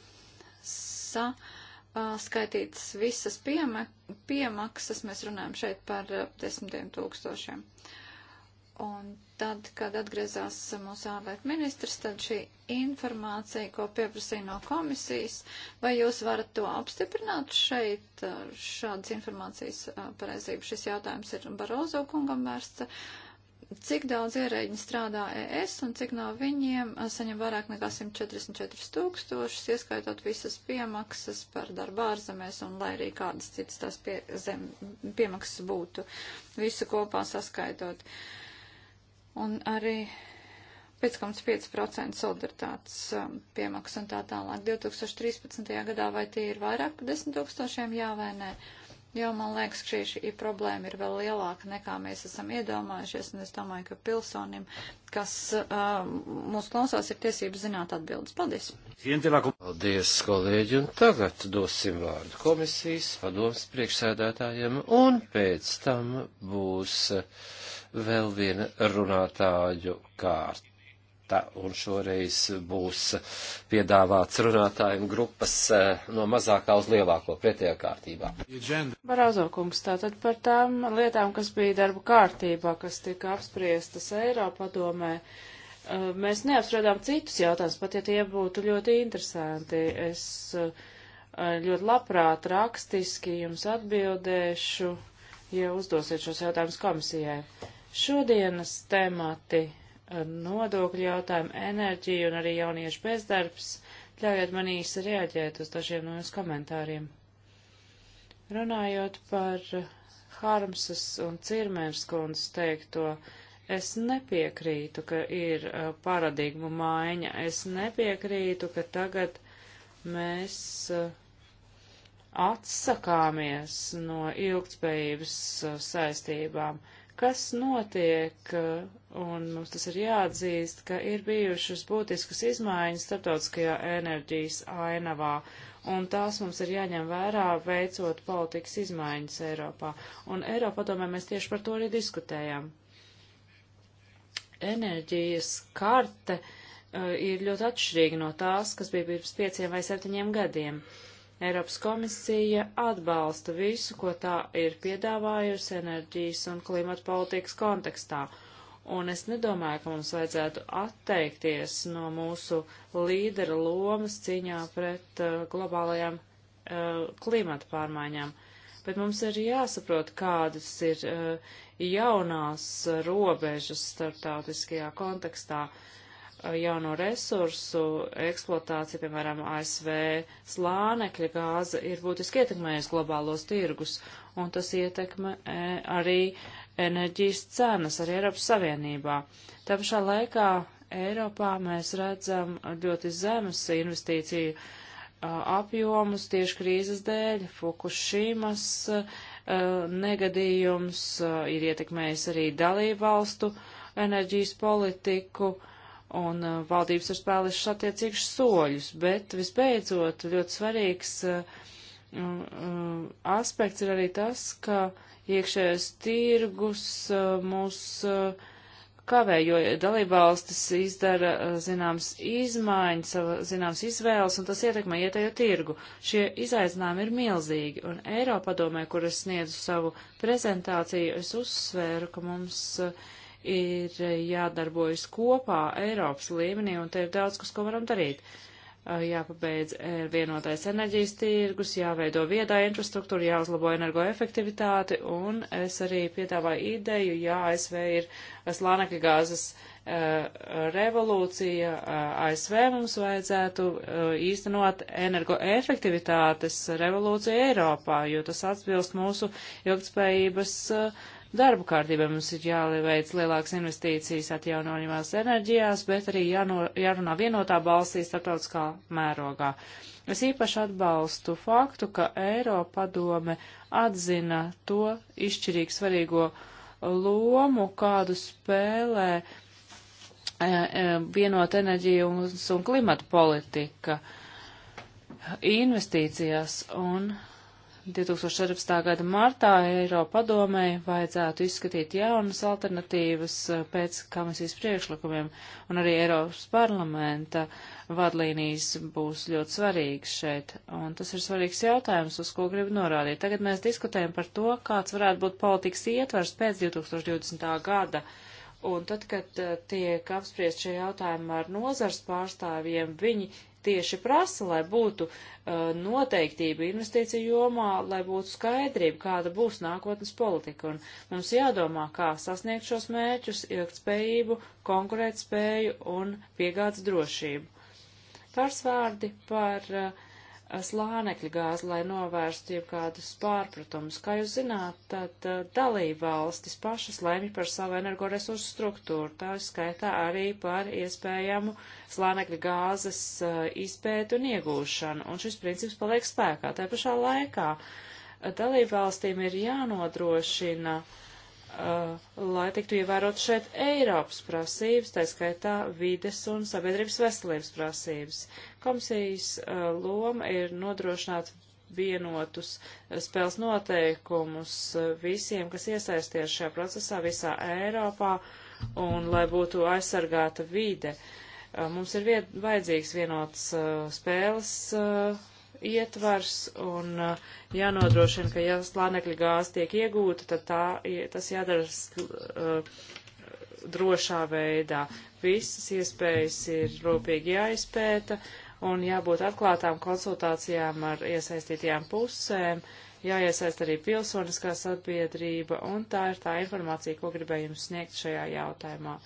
sa, eh, skaitītas visas piema, piemaksas, mēs runājam šeit par desmitiem tūkstošiem. Uh, Un tad, kad atgriezās mūsu ārlietu ministrs, tad šī informācija, ko pieprasīja no komisijas, vai jūs varat to apstiprināt šeit, uh, šādas informācijas uh, pareizību? Šis jautājums ir Barozo kungam vērsts. Cik daudz ierēģi strādā ES un cik no viņiem uh, saņem vairāk nekā 144 tūkstošus, ieskaitot visas piemaksas par darbu ārzemēs un lai arī kādas citas tās pie, zem, piemaksas būtu, visu kopā saskaitot. Uh, un arī 5,5% solidaritātes um, piemaksa un tā tālāk. 2013. gadā vai tie ir vairāk par 10 tūkstošiem, jā vai nē? Jo man liekas, ka šī problēma ir vēl lielāka nekā mēs esam iedomājušies, un es domāju, ka pilsonim, kas uh, mūs klausās, ir tiesības zināt atbildes. Paldies!
Paldies, kolēģi, un tagad dosim vārdu komisijas padomas priekšsēdētājiem, un pēc tam būs. Uh, vēl viena runātāju kārta tā, un šoreiz būs piedāvāts runātājiem grupas eh, no mazākā uz lielāko pretējā kārtībā.
Barāzokungs, tātad par tām lietām, kas bija darba kārtībā, kas tika apspriestas Eiropadomē, eh, mēs neapspriedām citus jautājumus, pat ja tie būtu ļoti interesanti. Es eh, ļoti labprāt rakstiski jums atbildēšu, ja uzdosiet šos jautājumus komisijai. Šodienas temati eh, - nodokļu jautājumi, enerģija un arī jauniešu bezdarbs - ļaujiet man īsi reaģēt uz dažiem no jūsu komentāriem. Runājot par Harmsas un Cirmērs kundzes teikto, es nepiekrītu, ka ir eh, paradigmu maiņa. Es nepiekrītu, ka tagad mēs eh, atsakāmies no ilgtspējības saistībām. Uh, kas notiek, uh, un mums tas ir jāatzīst, ka ir bijušas būtiskas izmaiņas starptautiskajā enerģijas ainavā, un tās mums ir jāņem vērā, veicot politikas izmaiņas Eiropā. Un Eiropā, domāju, mēs tieši par to arī diskutējam. Enerģijas karte uh, ir ļoti atšķirīga no tās, kas bija pirms pieciem vai septiņiem gadiem. Uh, Eiropas komisija atbalsta visu, ko tā ir piedāvājusi enerģijas un klimata politikas kontekstā. Un es nedomāju, ka mums vajadzētu atteikties no mūsu līdera lomas cīņā pret uh, globālajām uh, klimata pārmaiņām. Bet mums ir jāsaprot, kādas ir uh, jaunās robežas starptautiskajā kontekstā. Uh, Uh, jauno resursu eksploatācija, piemēram, ASV slānekļa gāze, ir būtiski ietekmējusi globālos tirgus, un tas ietekme arī enerģijas cenas arī Eiropas Savienībā. Tā pašā laikā Eiropā mēs redzam ļoti zemes investīciju uh, apjomus tieši krīzes dēļ, Fukushimas uh, negadījums ir ietekmējis arī dalību valstu enerģijas politiku, uh, un uh, valdības ir spēlējušas attiecīgus soļus, bet visbeidzot ļoti svarīgs uh, uh, aspekts ir arī tas, ka iekšējais tirgus mūs kavē, jo dalībvalstis izdara zināmas izmaiņas, zināmas izvēles, un tas ietekmē ietējo tirgu. Šie izaicinājumi ir milzīgi, un Eiropadomē, kur es sniedzu savu prezentāciju, es uzsvēru, ka mums uh, ir eh, jādarbojas kopā Eiropas līmenī, un te ir daudz, kas, ko varam darīt. Eh, jāpabeidz eh, vienotais enerģijas tirgus, jāveido viedā infrastruktūra, jāuzlabo energoefektivitāti, un es arī piedāvāju ideju, ja ASV ir slānekļa gāzes revolūcija ASV mums vajadzētu īstenot energoefektivitātes revolūciju Eiropā, jo tas atbilst mūsu ilgtspējības uh, darbu kārtībai. Mums ir jāveic lielākas investīcijas atjaunojumās enerģijās, bet arī jāno, jārunā vienotā balsī starptautiskā mērogā. Es īpaši atbalstu faktu, ka Eiropadome atzina to izšķirīgi svarīgo lomu, kādu spēlē e, e, vienot enerģiju un, un klimata politika investīcijās un 2014. gada martā Eiropadomei vajadzētu izskatīt jaunas alternatīvas eh, pēc komisijas priekšlikumiem, un arī Eiropas parlamenta vadlīnijas būs ļoti svarīgas šeit. Un tas ir svarīgs jautājums, uz ko gribu norādīt. Tagad mēs diskutējam par to, kāds varētu būt politikas ietvers pēc 2020. gada. Un tad, kad eh, tiek apspriest šie jautājumi ar nozars pārstāvjiem, viņi tieši prasa, lai būtu uh, noteiktība investīciju jomā, lai būtu skaidrība, kāda būs nākotnes politika. Un mums jādomā, kā sasniegt šos mērķus - ilgtspējību, konkurētspēju un piegādes drošību. Pārsvārdi par uh, Eh, slānekļa gāzi, lai novērstu jau kādus pārpratumus. Kā jūs zināt, tad eh, dalība valstis pašas lemj par savu energoresursu struktūru, tā skaitā arī par iespējamu slānekļa gāzes eh, izpētu un iegūšanu, un šis princips paliek spēkā. Tā pašā laikā dalība valstīm ir jānodrošina uh, Uh, lai tiktu ievērot šeit Eiropas prasības, tā skaitā vides un sabiedrības veselības prasības. Komisijas uh, loma ir nodrošināt vienotus uh, spēles noteikumus visiem, kas iesaisties šajā procesā visā Eiropā un lai būtu aizsargāta vide. Mums ir vied, vajadzīgs vienots spēles ietvars un uh, jānodrošina, ka ja slānekļa gāze tiek iegūta, tad tā, tas jādara uh, drošā veidā. Visas iespējas ir rūpīgi jāizpēta un jābūt atklātām konsultācijām ar iesaistītajām pusēm, jāiesaist arī pilsoniskā sabiedrība, un tā ir tā informācija, ko gribēju jums sniegt šajā jautājumā.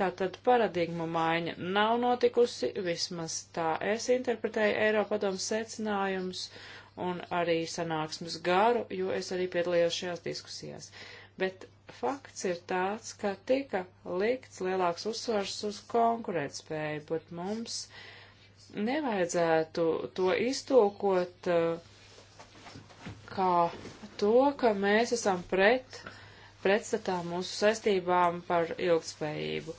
Tātad paradigmu maiņa nav notikusi, vismaz tā es interpretēju Eiropadomu secinājumus un arī sanāksmes garu, jo es arī piedalījos šajās diskusijās. Bet fakts ir tāds, ka tika likts lielāks uzsvars uz konkurētspēju, bet mums nevajadzētu to iztūkot uh, kā to, ka mēs esam pret uh, pretstatā mūsu saistībām par ilgspējību,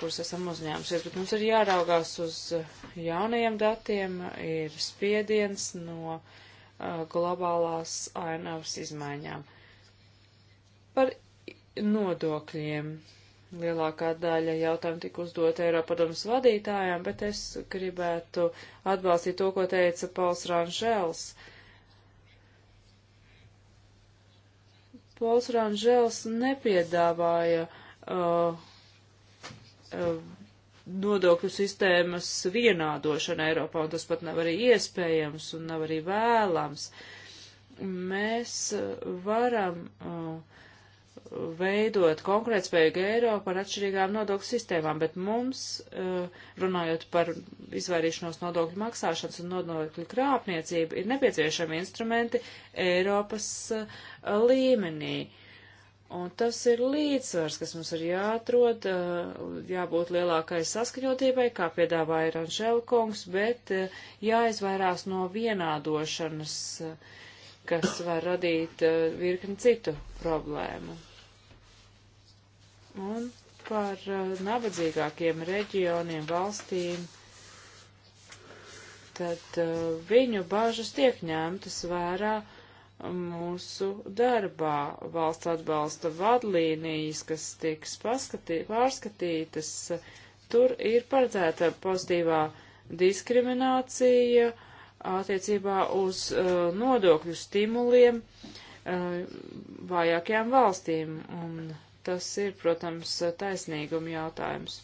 kuras esam uzņēmušies. Bet mums ir jāraugās uz eh, jaunajiem datiem, ir spiediens no uh, globālās ainavas izmaiņām. Par nodokļiem. Lielākā daļa jautājumu tika uzdota Eiropadomas vadītājām, bet es gribētu atbalstīt to, ko teica Pauls Ranžēls. Uh, Pols Ranžēls nepiedāvāja uh, uh, nodokļu sistēmas vienādošana Eiropā, un tas pat nav arī iespējams un nav arī vēlams. Mēs varam uh, veidot konkurētspējīgu Eiropu ar atšķirīgām nodokļu sistēmām, bet mums, eh, runājot par izvairīšanos nodokļu maksāšanas un nodokļu krāpniecību, ir nepieciešami instrumenti Eiropas eh, līmenī. Un tas ir līdzsvars, kas mums ir jāatrod, eh, jābūt lielākai saskaņotībai, kā piedāvāja Ranžēla kungs, bet jāizvairās no vienādošanas, kas var radīt virkni citu problēmu un par eh, nabadzīgākiem reģioniem, valstīm, tad eh, viņu bažas tiek ņemtas vērā mūsu darbā. Valsts atbalsta vadlīnijas, kas tiks paskatī, pārskatītas, tur ir paredzēta pozitīvā diskriminācija attiecībā uz uh, nodokļu stimuliem uh, vājākajām valstīm. Un Tas ir, protams, taisnīguma jautājums.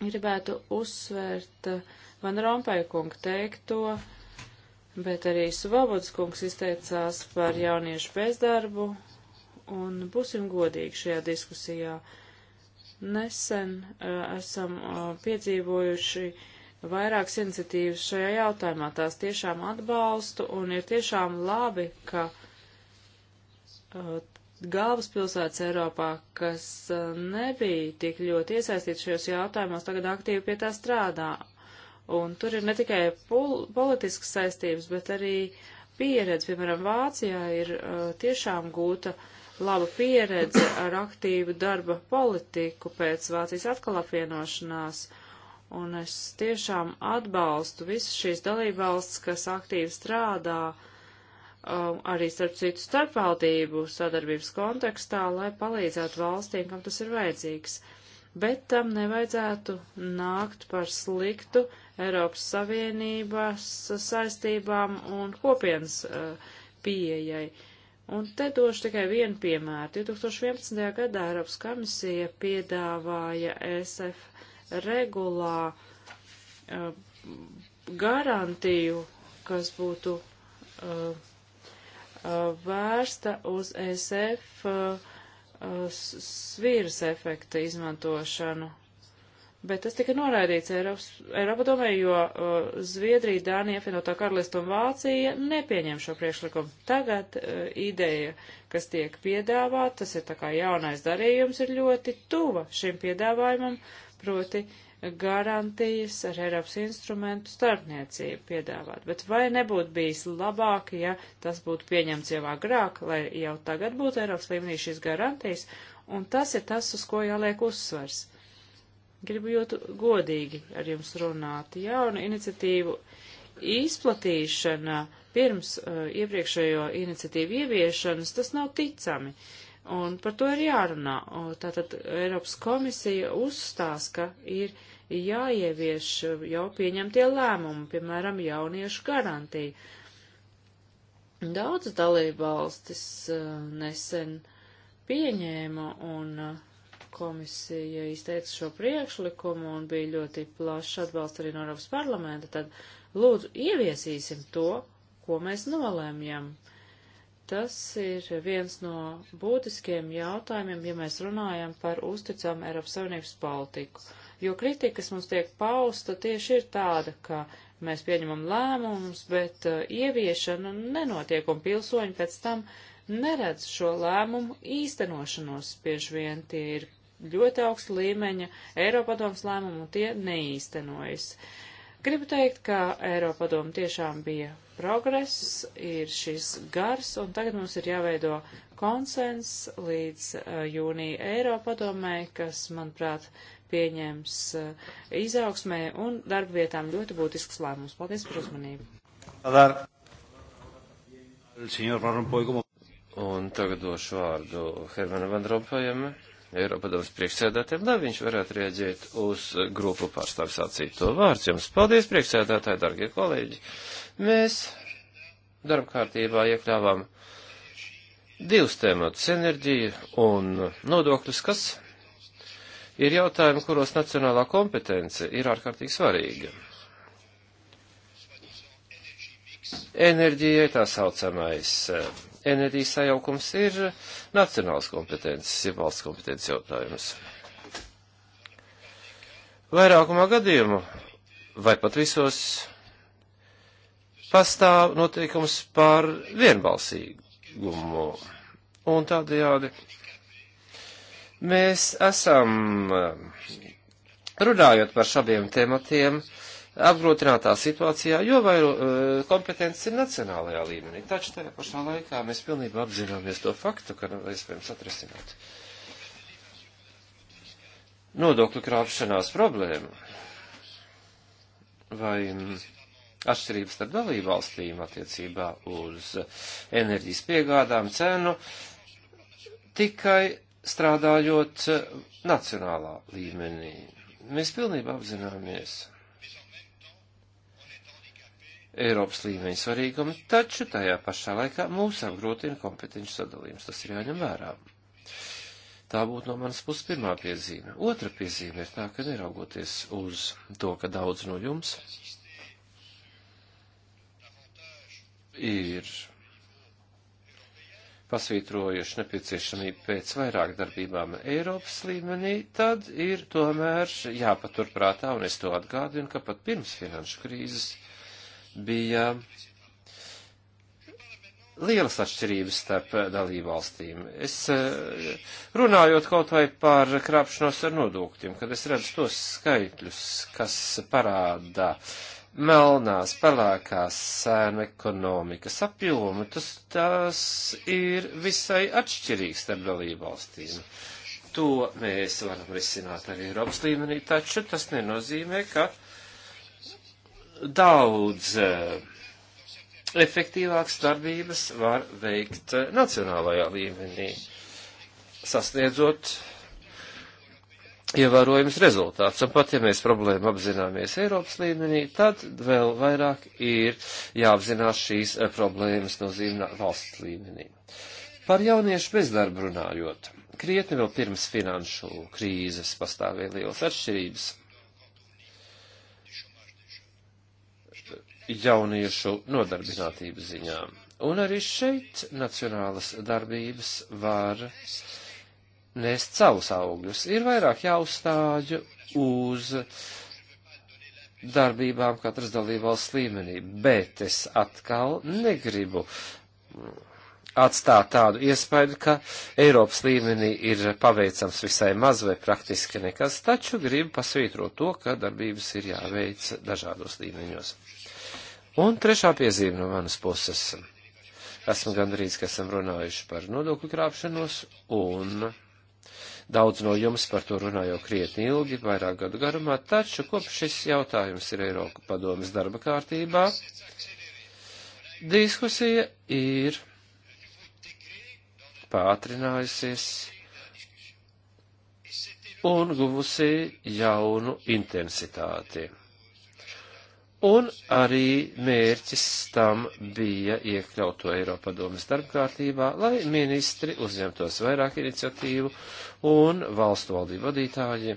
Gribētu uzsvērt eh, Van Rompēkunga teikto, bet arī Svobods kungs izteicās par jauniešu bezdarbu, un būsim godīgi šajā diskusijā. Nesen uh, esam uh, piedzīvojuši vairākas iniciatīvas šajā jautājumā. Tās tiešām atbalstu un ir tiešām labi, ka uh, galvaspilsētas Eiropā, kas eh, nebija tik ļoti iesaistīts šajos jautājumos, tagad aktīvi pie tā strādā. Un tur ir ne tikai pol politiskas saistības, bet arī pieredze. Piemēram, Vācijā ir uh, tiešām gūta laba pieredze ar aktīvu darba politiku pēc Vācijas atkal apvienošanās. Un es tiešām atbalstu visas šīs dalībvalsts, kas aktīvi strādā uh, Um, arī starp citu starpvaldību sadarbības kontekstā, lai palīdzētu valstīm, kam tas ir vajadzīgs. Bet tam nevajadzētu nākt par sliktu Eiropas Savienības saistībām un kopienas uh, pieejai. Un te došu tikai vienu piemēru. 2011. gadā Eiropas komisija piedāvāja SF regulā uh, garantiju, kas būtu uh, Uh, vērsta uz ESF uh, uh, svīras efekta izmantošanu. Bet tas tika noraidīts Eiropas, Eiropa domē, jo uh, Zviedrija, Dānija, apvienotā karalista un Vācija nepieņem šo priekšlikumu. Tagad uh, ideja, kas tiek piedāvāta, tas ir tā kā jaunais darījums, ir ļoti tuva šim piedāvājumam, proti uh, garantijas ar Eiropas instrumentu starpniecību piedāvāt. Bet vai nebūtu bijis labāk, ja tas būtu pieņemts jau agrāk, lai jau tagad būtu Eiropas līmenī šīs garantijas? Un tas ir tas, uz ko jāliek uzsvers. Gribu jūt godīgi ar jums runāt. Jaunu iniciatīvu izplatīšana pirms uh, iepriekšējo iniciatīvu ieviešanas, tas nav ticami. Uh, Un par to ir jārunā. Tātad Eiropas komisija uzstās, ka ir jāievieš jau pieņemtie lēmumi, piemēram, jauniešu garantija. Daudz dalībvalstis uh, nesen pieņēma un uh, komisija izteica šo priekšlikumu un bija ļoti plašs atbalsts arī no Eiropas parlamenta, tad lūdzu ieviesīsim to, ko mēs nolēmjam. Tas ir viens no būtiskiem jautājumiem, ja mēs runājam par uzticamu Eiropas Savienības politiku jo kritika, kas mums tiek pausta, tieši ir tāda, ka mēs pieņemam lēmumus, bet uh, ieviešana nenotiek, un pilsoņi pēc tam neredz šo lēmumu īstenošanos. Bieži vien tie ir ļoti augsta līmeņa Eiropadoms lēmumu, un tie neīstenojas. Gribu teikt, ka Eiropadoma tiešām bija progress, ir šis gars, un tagad mums ir jāveido konsens līdz uh, jūnija Eiropadomē, kas, manuprāt, pieņems eh, izaugsmē un darba vietām ļoti būtisks lēmums. Paldies par uzmanību.
Un tagad došu vārdu Hermanam Vandrompajam, Eiropadomas priekšsēdētājiem, lai viņš varētu rieģēt uz grupu pārstāvis sacīto vārds. Jums paldies, priekšsēdētāji, darbie kolēģi. Mēs darba kārtībā iekļāvām divus tēmatus - enerģiju un nodokļus, kas ir jautājumi, kuros nacionālā kompetence ir ārkārtīgi svarīga. Enerģijai tā saucamais eh, enerģijas sajaukums ir nacionāls kompetences, ir valsts kompetences jautājums. Vairākumā gadījumu, vai pat visos, pastāv noteikums par vienbalsīgumu, un tādējādi Mēs esam, eh, runājot par šabiem tematiem, apgrūtinātā situācijā, jo vairu eh, kompetences ir nacionālajā līmenī. Taču tajā pašā laikā mēs pilnībā apzināmies to faktu, ka nav nu, iespējams atrisināt nodokļu krāpšanās problēmu vai mm, atšķirības starp dalību valstīm attiecībā uz enerģijas piegādām cenu tikai strādājot eh, nacionālā līmenī. Mēs pilnībā apzināmies Eiropas līmeņa svarīgumu, taču tajā pašā laikā mūs apgrūtina kompetenci sadalījums. Tas ir jāņem vērā. Tā būtu no manas puses pirmā piezīme. Otra piezīme ir tā, ka neraugoties uz to, ka daudz no jums ir pasvītrojuši nepieciešamību pēc vairāk darbībām Eiropas līmenī, tad ir tomēr jāpaturprātā, un es to atgādinu, ka pat pirms finanšu krīzes bija lielas atšķirības starp dalību valstīm. Es eh, runājot kaut vai par krāpšanos ar nodokļiem, kad es redzu tos skaitļus, kas parāda uh, melnās, pelēkās sēnu ekonomikas apjomu, tas, tas ir visai atšķirīgs starp dalībvalstīm. To mēs varam risināt arī Eiropas līmenī, taču tas nenozīmē, ka daudz eh, efektīvākas darbības var veikt eh, nacionālajā līmenī, sasniedzot ievērojams rezultāts. Un pat ja mēs problēmu apzināmies Eiropas līmenī, tad vēl vairāk ir jāapzinās šīs eh, problēmas nozīmē valsts līmenī. Par jauniešu bezdarbu runājot, krietni vēl pirms finanšu krīzes pastāvēja lielas atšķirības. jauniešu nodarbinātības ziņām. Un arī šeit nacionālas darbības var uh, nest savus augļus. Ir vairāk jāuzstāj uz darbībām katras dalībvalsts līmenī, bet es atkal negribu atstāt tādu iespēju, ka Eiropas līmenī ir paveicams visai maz vai praktiski nekas, taču gribu pasvītrot to, ka darbības ir jāveic dažādos līmeņos. Un trešā piezīme no manas puses. Esmu gandrīz, ka esam runājuši par nodokļu krāpšanos un Daudz no jums par to runā jau krietni ilgi, vairāk gadu garumā, taču kopš šis jautājums ir Eiropa padomas darba kārtībā, diskusija ir pātrinājusies un guvusi jaunu intensitāti. Un arī mērķis tam bija iekļaut to Eiropadomas darbkārtībā, lai ministri uzņemtos vairāk iniciatīvu un valstu valdību vadītāji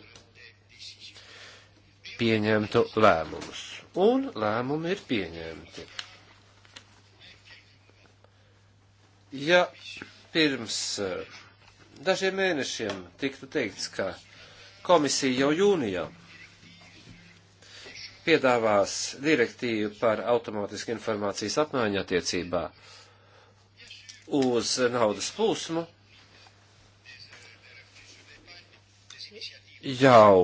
pieņemtu lēmumus. Un lēmumi ir pieņemti. Ja pirms eh, dažiem mēnešiem tiktu teikts, ka komisija jau jūnijā piedāvās direktīvu par automātisku informācijas apmaiņu attiecībā uz naudas plūsmu, jau,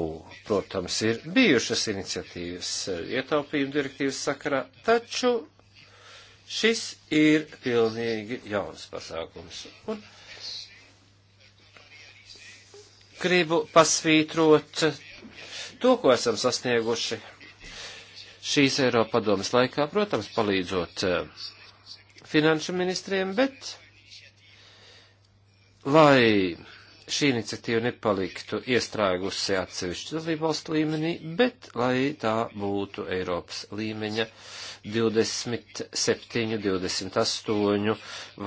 protams, ir bijušas iniciatīvas ietaupījuma direktīvas sakarā, taču šis ir pilnīgi jauns pasākums. Un gribu pasvītrot to, ko esam sasnieguši šīs Eiropa padomas laikā, protams, palīdzot eh, finanšu ministriem, bet lai šī iniciatīva nepaliktu iestrēgusi atsevišķu dalībvalstu līmenī, bet lai tā būtu Eiropas līmeņa 27, 28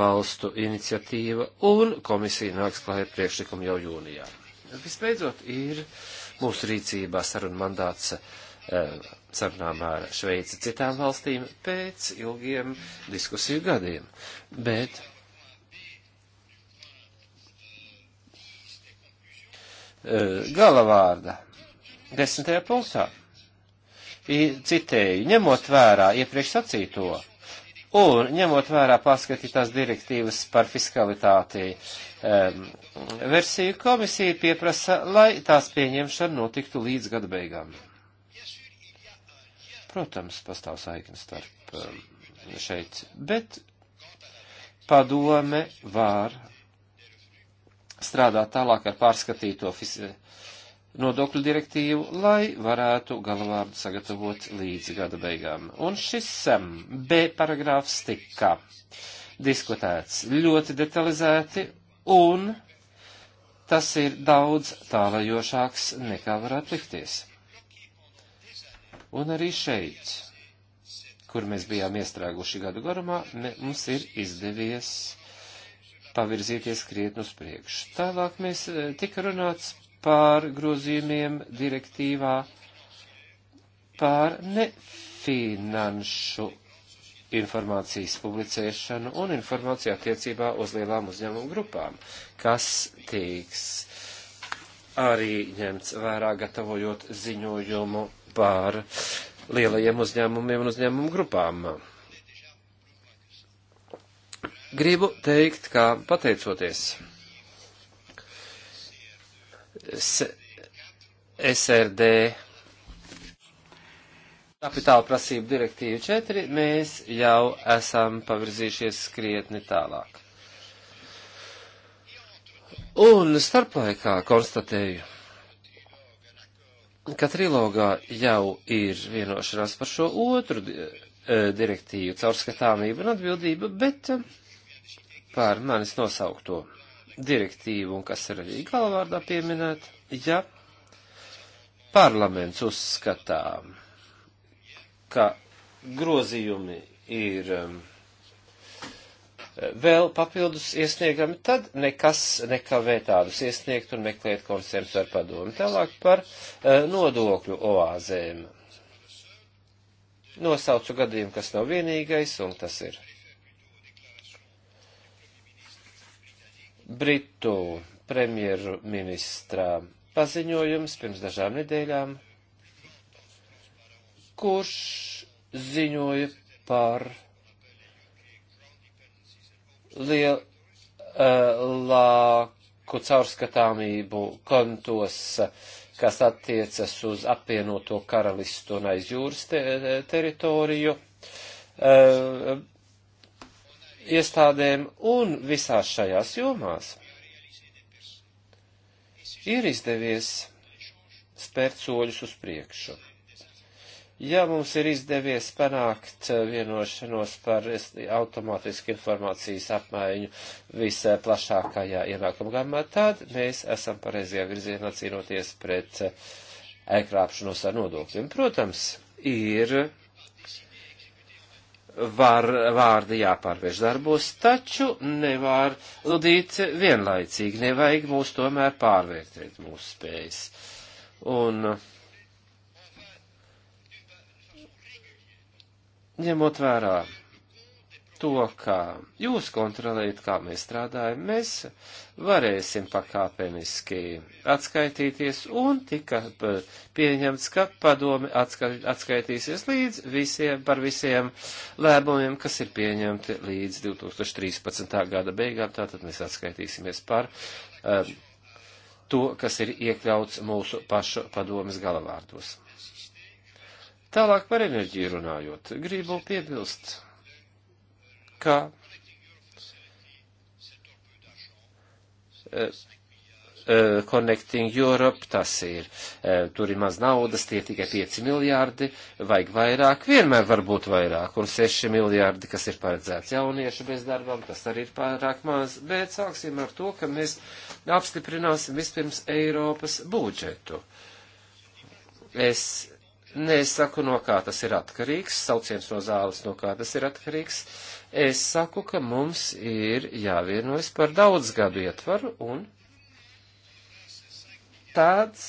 valstu iniciatīva, un komisija nāks klāja priekšlikumu jau jūnijā. Visbeidzot, ir mūsu rīcībā saruna mandāts Eh, sarunām ar Šveici citām valstīm pēc ilgiem diskusiju gadiem. Bet eh, galavārda desmitajā punktā citēju, ņemot vērā iepriekš sacīto un ņemot vērā paskatītās direktīvas par fiskalitāti um, versiju komisija pieprasa, lai tās pieņemšana notiktu līdz gada beigām. Protams, pastāv saiknes starp um, šeit, bet padome var strādāt tālāk ar pārskatīto eh, nodokļu direktīvu, lai varētu galvārdu sagatavot līdz gada beigām. Un šis um, B paragrāfs tika diskutēts ļoti detalizēti, un tas ir daudz tālajošāks nekā varētu likties. Un arī šeit, kur mēs bijām iestrēguši gadu garumā, ne, mums ir izdevies pavirzīties krietni uz priekšu. Tālāk mēs e, tika runāts pār grozījumiem direktīvā pār nefinanšu informācijas publicēšanu un informāciju attiecībā uz lielām uzņēmumu grupām, kas tiks arī ņemts vērā gatavojot ziņojumu pār lielajiem uzņēmumiem un uzņēmumu grupām. Gribu teikt, ka pateicoties SRD kapitāla prasību direktīvu 4, mēs jau esam pavirzījušies skrietni tālāk. Un starplaikā konstatēju, ka trilogā jau ir vienošanās par šo otru e, direktīvu caurskatāmību un atbildību, bet e, par manis nosaukto direktīvu, un kas ir arī galvārdā pieminēt, ja parlaments uzskatām, ka grozījumi ir e, vēl papildus iesniegami, tad nekas nekavē tādus iesniegt un meklēt konsensu ar padomu. Tālāk par eh, nodokļu oāzēm. Nosaucu gadījumu, kas nav vienīgais, un tas ir Britu premjeru ministrā paziņojums pirms dažām nedēļām, kurš ziņoja par lielāku caurskatāmību kontos, kas attiecas uz apvienoto karalistu un aiz jūras te teritoriju uh, iestādēm un visās šajās jomās ir izdevies spērt soļus uz priekšu. Ja mums ir izdevies panākt eh, vienošanos par automātisku informācijas apmaiņu visā plašākajā ienākuma gammā, tad mēs esam pareizajā virzienā cīnoties pret eh, krāpšanos ar nodokļiem. Protams, ir var, vārdi jāpārvērš darbos, taču nevar ludīt vienlaicīgi, nevajag mūs tomēr pārvērtēt mūsu spējas. Un uh, ņemot vērā to, kā jūs kontrolējat, kā mēs strādājam, mēs varēsim pakāpeniski atskaitīties un tika pieņemts, ka padomi atskaitīsies līdz visiem, par visiem lēmumiem, kas ir pieņemti līdz 2013. gada beigām, tātad mēs atskaitīsimies par um, to, kas ir iekļauts mūsu pašu padomas galavārdos. Tālāk par enerģiju runājot, gribu piebilst, ka eh, eh, Connecting Europe, tas ir, eh, tur ir maz naudas, tie tikai 5 miljārdi, vajag vairāk, vienmēr var būt vairāk, un 6 miljārdi, kas ir paredzēts jauniešu bezdarbam, tas arī ir pārāk maz, bet sāksim ar to, ka mēs apstiprināsim vispirms Eiropas budžetu. Es Nē, es saku, no kā tas ir atkarīgs, sauciens no zāles, no kā tas ir atkarīgs. Es saku, ka mums ir jāvienojas par daudz gadu ietvaru un tāds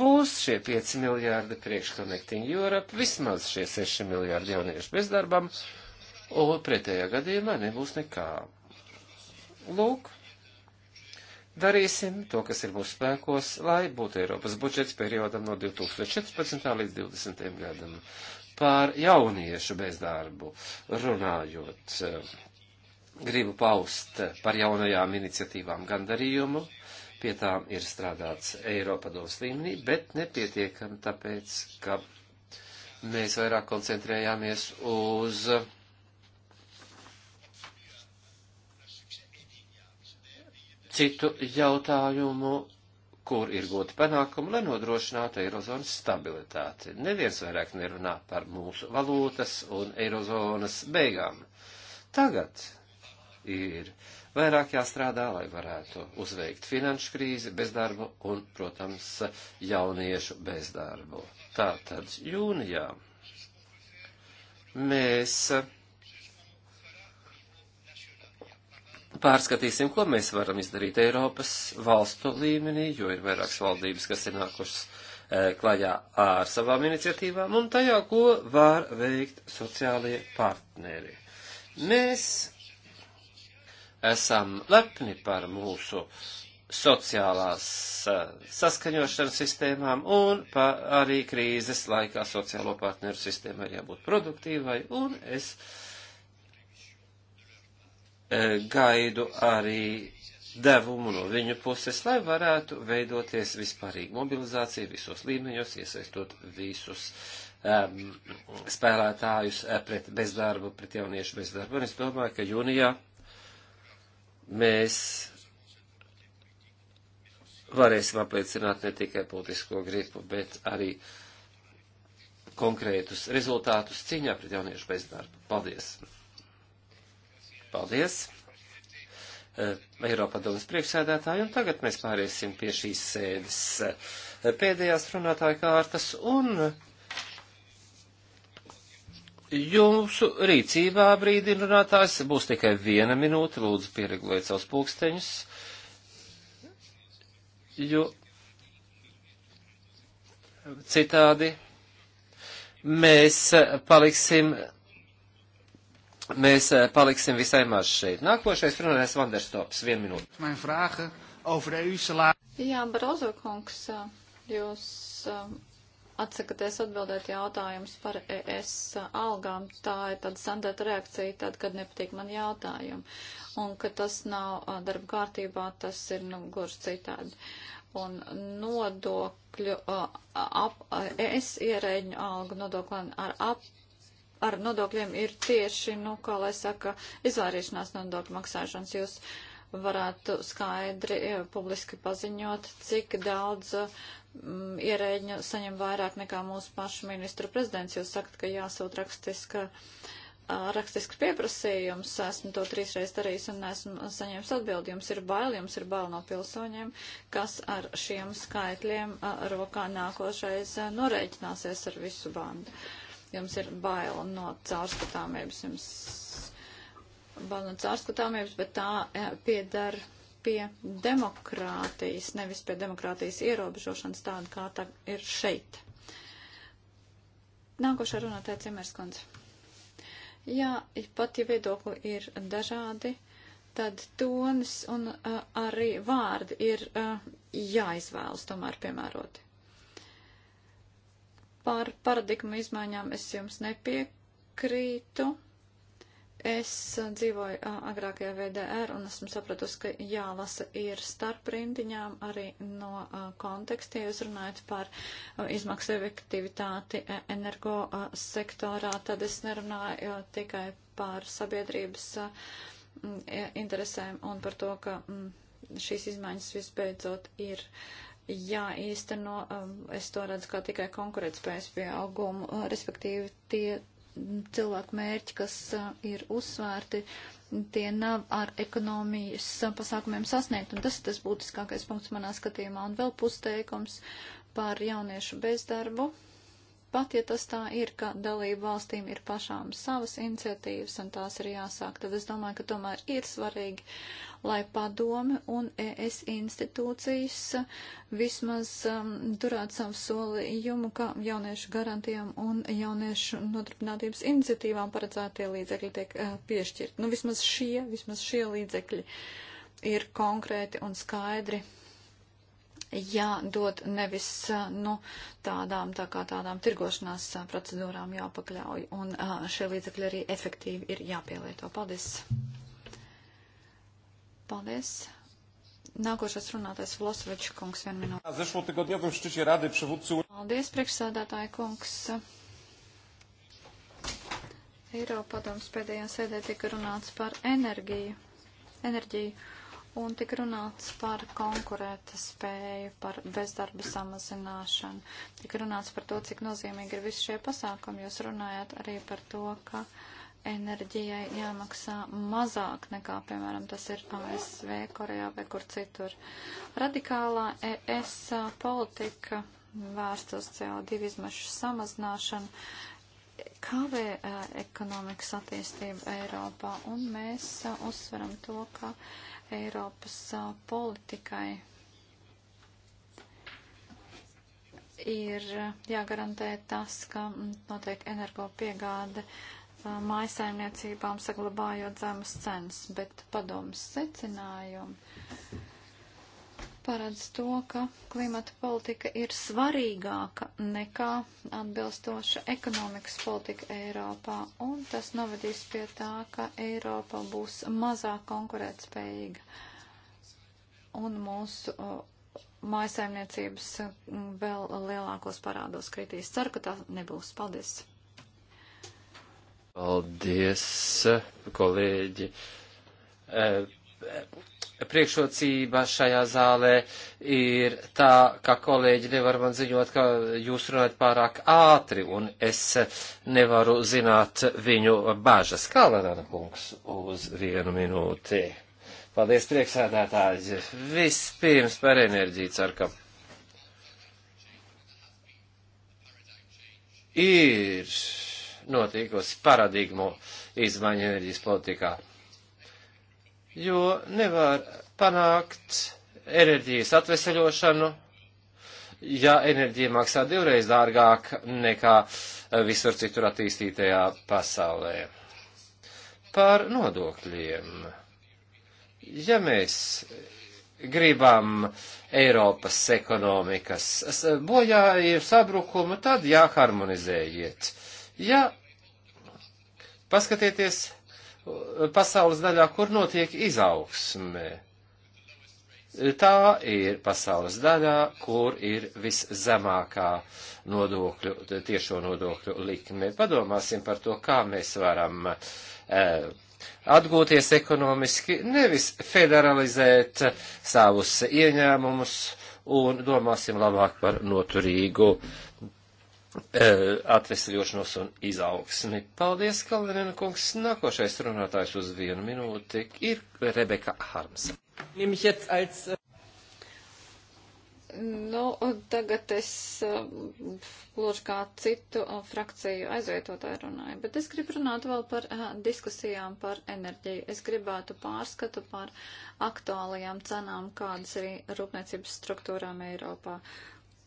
būs šie 5 miljārdi priekškonektiņu Europe, vismaz šie 6 miljārdi jauniešu bezdarbam, un pretējā gadījumā nebūs nekā. Lūk, Darīsim to, kas ir mūsu spēkos, lai būtu Eiropas budžets periodam no 2014. līdz 2020. gadam. Pār jauniešu bezdarbu runājot, eh, gribu paust par jaunajām iniciatīvām gandarījumu. Pie tām ir strādāts Eiropadoms līmenī, bet nepietiekam tāpēc, ka mēs vairāk koncentrējāmies uz uh, citu jautājumu, kur ir gūti panākumi, lai nodrošinātu eirozonas stabilitāti. Neviens vairāk nerunā par mūsu valūtas un eirozonas beigām. Tagad ir vairāk jāstrādā, lai varētu uzveikt finanšu krīzi, bezdarbu un, protams, jauniešu bezdarbu. Tātad jūnijā mēs pārskatīsim, ko mēs varam izdarīt Eiropas valstu līmenī, jo ir vairākas valdības, kas ir nākušas e, klajā ar savām iniciatīvām, un tajā, ko var veikt sociālie partneri. Mēs esam lepni par mūsu sociālās e, saskaņošanas sistēmām un arī krīzes laikā sociālo partneru sistēma ir jābūt produktīvai, un es uh, E, gaidu arī devumu no viņu puses, lai varētu veidoties vispārīga mobilizācija visos līmeņos, iesaistot visus um, spēlētājus e, pret bezdarbu, pret jauniešu bezdarbu. Un es domāju, ka jūnijā mēs varēsim apliecināt ne tikai politisko gripu, bet arī konkrētus rezultātus cīņā pret jauniešu bezdarbu. Paldies! Paldies! Eh, Eiropa domas priekšsēdētāji, un tagad mēs pāriesim pie šīs sēdes eh, pēdējās runātāja kārtas, un jūsu rīcībā brīdī runātājs būs tikai viena minūte, lūdzu piereguliet savus pulksteņus, jo citādi mēs paliksim mēs eh, paliksim visai maz šeit. Nākošais runājas Vanderstops, vienu minūti.
Jā, Barozo kungs, eh, jūs eh, atsakaties atbildēt jautājumus par ES algām. Tā ir tāda sandēta reakcija, tad, kad nepatīk man jautājumi. Un, ka tas nav darba kārtībā, tas ir, nu, gluži citādi. Un nodokļu, ap, ES ierēģņu algu nodokli ar ap ar nodokļiem ir tieši, nu, kā lai saka, izvairīšanās nodokļu maksāšanas. Jūs varētu skaidri eh, publiski paziņot, cik daudz mm, ierēģiņu saņem vairāk nekā mūsu pašu ministru prezidents. Jūs sakat, ka jāsūt rakstiska. Eh, rakstisks pieprasījums, esmu to trīsreiz darījis un esmu saņēmis atbildi. Jums ir bail, jums ir bail no pilsoņiem, kas ar šiem skaitļiem eh, rokā nākošais norēķināsies ar visu bandu. Uh, jums ir baila no caurskatāmības, jums baila no caurskatāmības, bet tā e, piedara pie demokrātijas, nevis pie demokrātijas ierobežošanas tāda, kā tā ir šeit. Nākošā runātāja Cimerskundze. Jā, pat ja viedokli ir dažādi, tad tonis un uh, arī vārdi ir uh, jāizvēlas tomēr piemēroti. Par paradigmu izmaiņām es jums nepiekrītu. Es uh, dzīvoju uh, agrākajā VDR un esmu sapratusi, ka jālasa ir starp rindiņām arī no uh, konteksta, ja jūs runājat par izmaksu efektivitāti e, energo sektorā, tad es nerunāju tikai par sabiedrības e, interesēm un par to, ka mm, šīs izmaiņas visbeidzot ir uh, jāīsteno, um, es to redzu kā tikai konkurētspējas pieaugumu, uh, respektīvi tie cilvēku mērķi, kas uh, ir uzsvērti, tie nav ar ekonomijas uh, pasākumiem sasniegt, un tas ir tas būtiskākais punkts manā skatījumā. Un vēl pusteikums par jauniešu bezdarbu. Pat ja tas tā ir, ka dalību valstīm ir pašām savas iniciatīvas un tās ir jāsāk, tad es domāju, ka tomēr ir svarīgi, lai padome un ES institūcijas vismaz um, turētu savu solījumu, ka jauniešu garantijām un jauniešu nodarbinātības iniciatīvām paredzētie līdzekļi tiek uh, piešķirti. Nu, vismaz šie, vismaz šie līdzekļi ir konkrēti un skaidri jādod nevis nu, tādām, tā kā tādām tirgošanās procedūrām jāpakļauj. Un šie līdzekļi arī efektīvi ir jāpielieto. Paldies! Paldies! Nākošais runātais Vlosovičs kungs vienu
minūti.
Paldies, priekšsādātāja kungs. Eiropadoms pēdējā sēdē tika runāts par enerģiju. enerģiju un tik runāts par konkurēta spēju, par bezdarba samazināšanu. Tik runāts par to, cik nozīmīgi ir visi šie pasākumi. Jūs runājat arī par to, ka enerģijai jāmaksā mazāk nekā, piemēram, tas ir ASV, Korejā vai kur citur. Radikālā ES politika vērsta uz CO2 izmešu samazināšanu kavē ekonomikas attīstību Eiropā, un mēs uzsveram to, ka uh, Eiropas uh, politikai ir jāgarantē tas, ka notiek energo piegāde uh, mājasaimniecībām saglabājot zemes cenas, bet padomas secinājumi paredz to, ka klimata politika ir svarīgāka nekā atbilstoša ekonomikas politika Eiropā, un tas novadīs pie tā, ka Eiropa būs mazāk konkurētspējīga, un mūsu mājasaimniecības vēl lielākos parādos kritīs. Ceru, ka tā nebūs. Paldies!
Paldies, kolēģi! Uh priekšrocība šajā zālē ir tā, ka kolēģi nevar man ziņot, ka jūs runājat pārāk ātri, un es nevaru zināt viņu bāžas. Kā Lenana kungs uz vienu minūti? Paldies, priekšsēdētāji. Vispirms par enerģiju ceru, ka ir notikusi paradigmu izmaiņa enerģijas politikā jo nevar panākt enerģijas atveseļošanu, ja enerģija maksā divreiz dārgāk nekā eh, visur citur attīstītajā pasaulē. Par nodokļiem. Ja mēs gribam Eiropas ekonomikas eh, bojāju sabrukumu, tad jāharmonizējiet. Ja paskatieties pasaules daļā, kur notiek izaugsme. Tā ir pasaules daļā, kur ir viszemākā nodokļu, tiešo nodokļu likme. Padomāsim par to, kā mēs varam eh, atgūties ekonomiski, nevis federalizēt savus ieņēmumus un domāsim labāk par noturīgu E, atvesļošanos un izaugsmi. Paldies, Kalerina kungs. Nākošais runātājs uz vienu minūti ir Rebeka Harms.
Äh, nu, tagad es äh, gluži kā citu uh, frakciju aizvietotāju runāju, bet es gribu runāt vēl par uh, diskusijām par enerģiju. Es gribētu pārskatu par aktuālajām cenām, kādas ir rūpniecības struktūrām Eiropā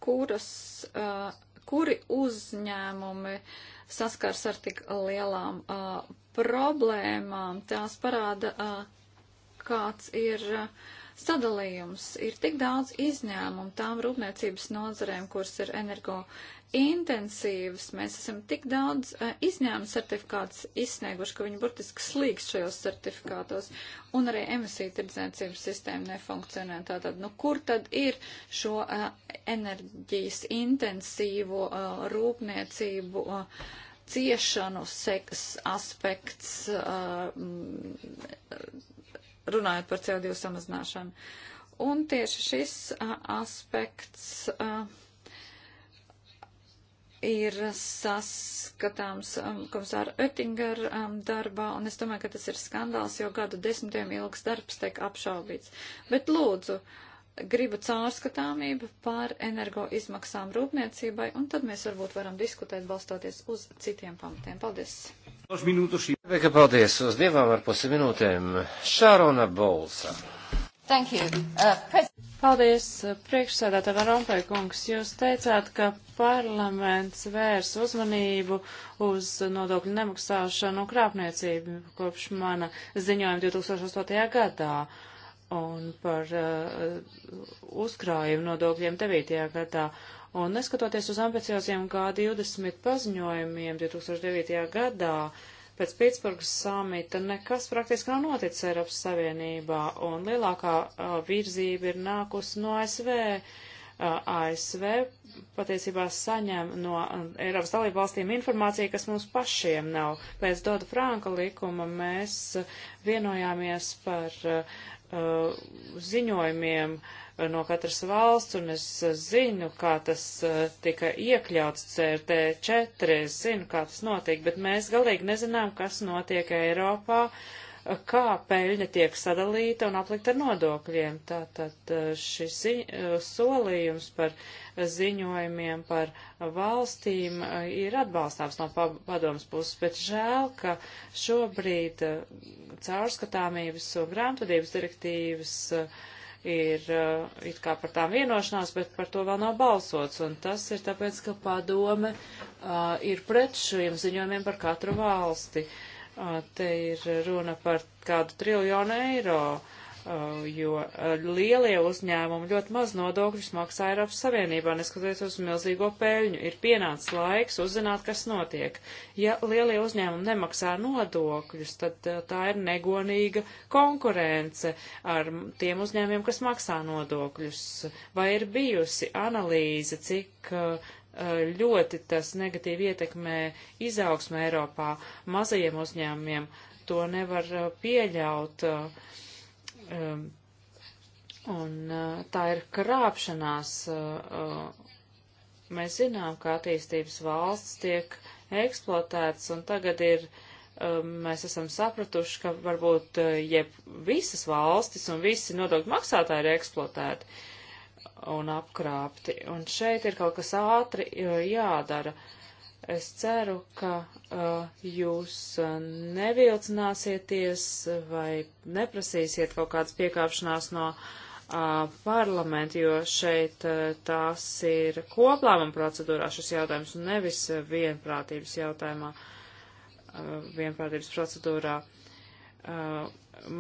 kuras uh, kuri uzņēmumi saskars ar tik lielām uh, problēmām, tās parāda, uh, kāds ir uh, sadalījums. Ir tik daudz izņēmumu tām rūpniecības nozarēm, kuras ir energo intensīvas. Mēs esam tik daudz uh, eh, izņēmu certifikātus izsnieguši, ka viņi burtiski slīgs šajos certifikātos, un arī emisiju tirdzniecības sistēma nefunkcionē. Tātad, nu, kur tad ir šo uh, enerģijas intensīvo uh, rūpniecību uh, ciešanu seks aspekts, uh, runājot par CO2 samazināšanu? Un tieši šis uh, aspekts. Uh, ir saskatāms um, komisāra Oettinger um, darbā, un es domāju, ka tas ir skandāls, jo gadu desmitiem ilgs darbs tiek apšaubīts. Bet lūdzu, gribu caurskatāmību pār energo izmaksām rūpniecībai, un tad mēs varbūt varam diskutēt balstoties uz citiem pamatiem. Paldies!
Veka, paldies! Uz divām ar pusi minūtēm Šārona Bolsa.
Thank you. Uh, Paldies, uh, priekšsēdētā Varompē kungs. Jūs teicāt, ka parlaments vērs uzmanību uz nodokļu nemaksāšanu un krāpniecību kopš mana ziņojuma 2008. gadā un par uh, uzkrājumu nodokļiem 9. gadā. Un neskatoties uz ambicioziem G20 paziņojumiem 2009. gadā, uh, Pēc Pitsburgas samita nekas praktiski nav noticis Eiropas Savienībā, un lielākā uh, virzība ir nākusi no ASV. Uh, ASV patiesībā saņem no uh, Eiropas dalību valstīm informāciju, kas mums pašiem nav. Pēc Doda Franka likuma mēs uh, vienojāmies par uh, uh, ziņojumiem, uh, no katras valsts, un es eh, zinu, kā tas eh, tika iekļauts CRT 4, es zinu, kā tas notiek, bet mēs galīgi nezinām, kas notiek Eiropā, eh, kā peļņa tiek sadalīta un aplikt ar nodokļiem. Tātad šis solījums par ziņojumiem par valstīm ir atbalstāms no padomas puses, bet žēl, ka šobrīd caurskatāmības un grāmatvedības direktīvas uh, ir uh, it kā par tām vienošanās, bet par to vēl nav balsots, un tas ir tāpēc, ka padome uh, ir pret šiem ziņojumiem par katru valsti. Uh, te ir runa par kādu triljonu eiro. Uh, Uh, jo uh, lielie uzņēmumi ļoti maz nodokļus maksā Eiropas Savienībā, neskatoties uz milzīgo peļņu. Ir pienācis laiks uzzināt, kas notiek. Ja lielie uzņēmumi nemaksā nodokļus, tad uh, tā ir negonīga konkurence ar tiem uzņēmumiem, kas maksā nodokļus. Vai ir bijusi analīze, cik ļoti tas negatīvi ietekmē izaugsmē Eiropā mazajiem uzņēmumiem? To nevar pieļaut. Uh, Um, un uh, tā ir krāpšanās. Uh, mēs zinām, ka attīstības valsts tiek eksploatētas, un tagad ir, um, mēs esam sapratuši, ka varbūt uh, jeb visas valstis un visi nodokļu maksātāji ir eksploatēti un apkrāpti. Un šeit ir kaut kas ātri uh, jādara. Uh, Es ceru, ka uh, jūs uh, nevilcināsieties vai neprasīsiet kaut kādas piekāpšanās no uh, parlamenta, jo šeit uh, tās ir koplāma procedūrā šis jautājums un nevis vienprātības jautājumā, uh, vienprātības procedūrā. Uh,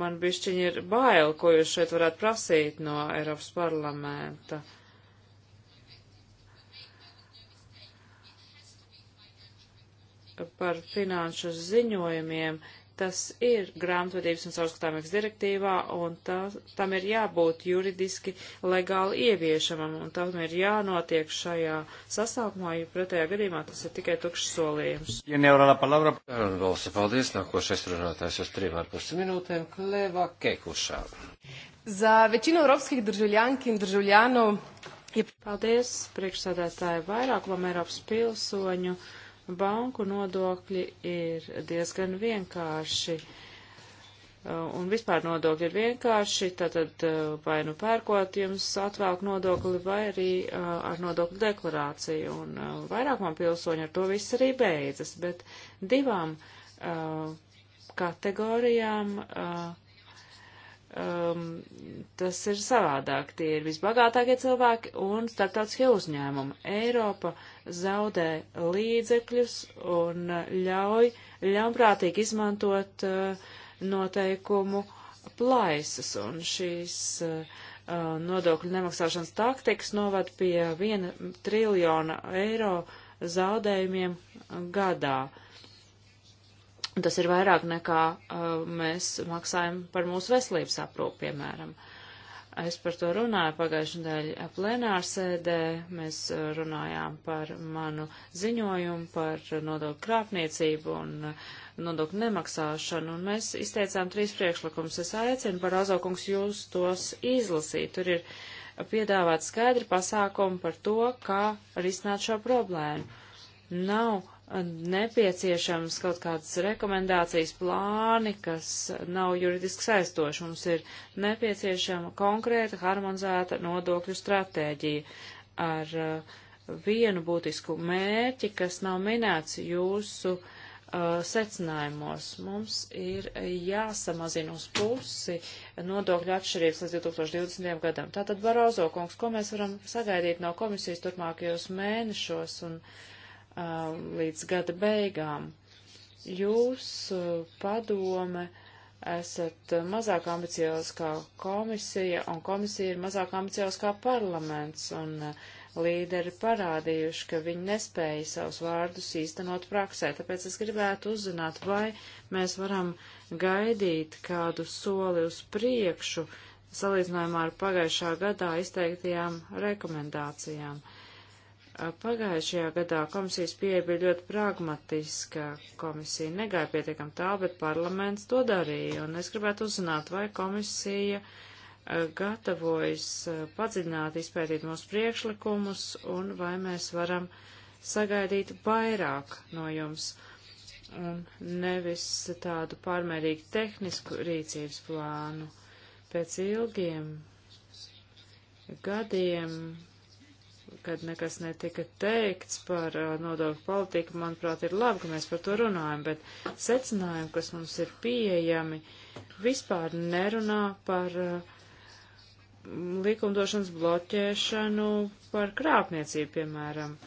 man bišķiņi ir bail, ko jūs šeit varētu prasīt no Eiropas parlamenta. Uh, par finanšu ziņojumiem, tas ir grāmatvedības un caurskatāmības direktīvā, un tā, tam ir jābūt juridiski legāli ieviešamam, un tam ir jānotiek šajā sasaukumā, jo pretējā gadījumā tas ir tikai tukšs solījums.
Ja nevarā palavra, valsts paldies, nākošais runātājs uz trim ar pusi minūtēm, Kleva Kekušā.
Za većinu europskih državljanki un državljanov je... Paldies, priekšsādātāji, vairākumam Eiropas pilsoņu Banku nodokļi ir diezgan vienkārši. Uh, un vispār nodokļi ir vienkārši, tātad uh, vai nu pērkot jums atvēlk nodokli vai arī uh, ar nodokļu deklarāciju. Un vairāk man pilsoņi ar to viss arī beidzas, bet divām kategorijām um, tas ir savādāk. Tie ir visbagātākie cilvēki un starptautiskie uzņēmumi. Eiropa zaudē līdzekļus un ļauj ļaunprātīgi izmantot uh, noteikumu plaisas. Un šīs uh, nodokļu nemaksāšanas taktikas novad pie 1 triljona eiro zaudējumiem gadā. Tas ir vairāk nekā uh, mēs maksājam par mūsu veselības aprūpu, piemēram. Uh, Es par to runāju pagājušajā nedēļā plenārsēdē. Mēs uh, runājām par manu ziņojumu par nodokļu krāpniecību un uh, nodokļu nemaksāšanu, un mēs izteicām trīs priekšlikumus. Es aicinu, Barozo kungs, jūs tos izlasīt. Tur ir piedāvāt skaidri pasākumu par to, kā risināt šo problēmu. Nav nepieciešams kaut kādas rekomendācijas plāni, kas nav juridiski saistoši. Mums ir nepieciešama konkrēta harmonizēta nodokļu stratēģija ar uh, vienu būtisku mērķi, kas nav minēts jūsu uh, secinājumos. Mums ir jāsamazina uz pusi nodokļu atšķirības līdz 2020. gadam. Tātad, Barozo kungs, ko mēs varam sagaidīt no komisijas turpmākajos mēnešos un mēnešos? līdz gada beigām. Jūs, padome, esat mazāk ambiciozi kā komisija, un komisija ir mazāk ambiciozi kā parlaments, un līderi parādījuši, ka viņi nespēja savus vārdus īstenot praksē. Tāpēc es gribētu uzzināt, vai mēs varam gaidīt kādu soli uz priekšu salīdzinājumā ar pagājušā gadā izteiktajām rekomendācijām. Uh, Pagājušajā gadā komisijas pieeja bija ļoti pragmatiska. Komisija negāja pietiekam tālu, bet parlaments to darīja. Un es gribētu uzzināt, vai komisija eh, gatavojas eh, padziļināt, izpētīt mūsu priekšlikumus un vai mēs varam sagaidīt vairāk no jums un nevis tādu pārmērīgu tehnisku rīcības plānu. Pēc ilgiem gadiem kad nekas netika teikts par uh, nodokļu politiku, manuprāt, ir labi, ka mēs par to runājam, bet secinājumi, kas mums ir pieejami, vispār nerunā par uh, likumdošanas bloķēšanu par krāpniecību, piemēram.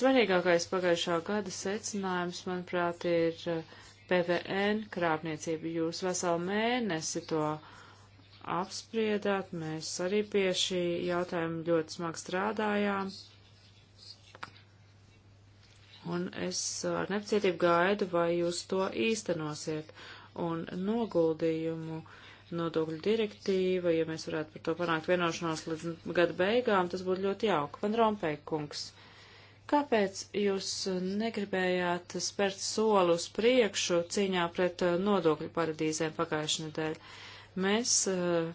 Svarīgākais pagājušā gada secinājums, manuprāt, ir uh, PVN krāpniecība. Jūs veselu mēnesi to uh, apspriedāt. Mēs arī pie šī jautājuma ļoti smagi strādājām. Un es ar nepacietību gaidu, vai jūs to īstenosiet. Un noguldījumu nodokļu direktīva, ja mēs varētu par to panākt vienošanos līdz gada beigām, tas būtu ļoti jauki. Van Rompeikungs. Kāpēc jūs negribējāt spērt soli uz priekšu cīņā pret nodokļu paradīzēm pagājušajā nedēļā? Mēs uh,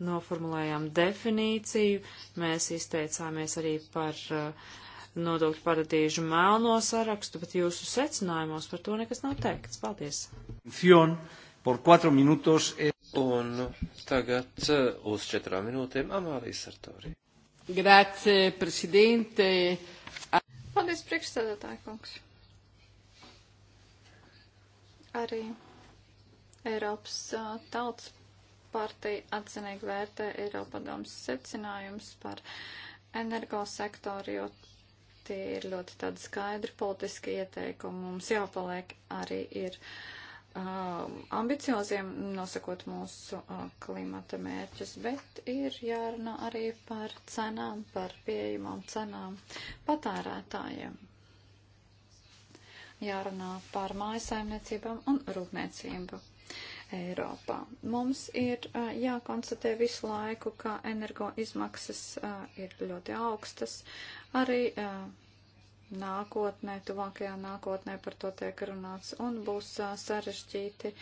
noformulējām definīciju, mēs izteicāmies arī par uh, nodokļu paradīžu melno sarakstu, bet jūsu secinājumos par to nekas nav teikts. Paldies!
Un tagad eh, uz četrām minūtēm Amālijas Sartori.
Grazie,
prezidente.
Paldies, priekšstādātāji kungs. Arī Eiropas uh, tautas partija atzinīgi vērtē Eiropadomas secinājumus par energosektoru, jo tie ir ļoti tādi skaidri politiski ieteikumi. Mums jāpaliek arī ir um, ambicioziem nosakot mūsu uh, klimata mērķus, bet ir jārunā arī par cenām, par pieejamām cenām patērētājiem. Jārunā par mājasaimniecībām un rūpniecību Eiropā. Mums ir jākonstatē visu laiku, ka energoizmaksas ir ļoti augstas. Arī nākotnē, tuvākajā nākotnē par to tiek runāts un būs sarežģīti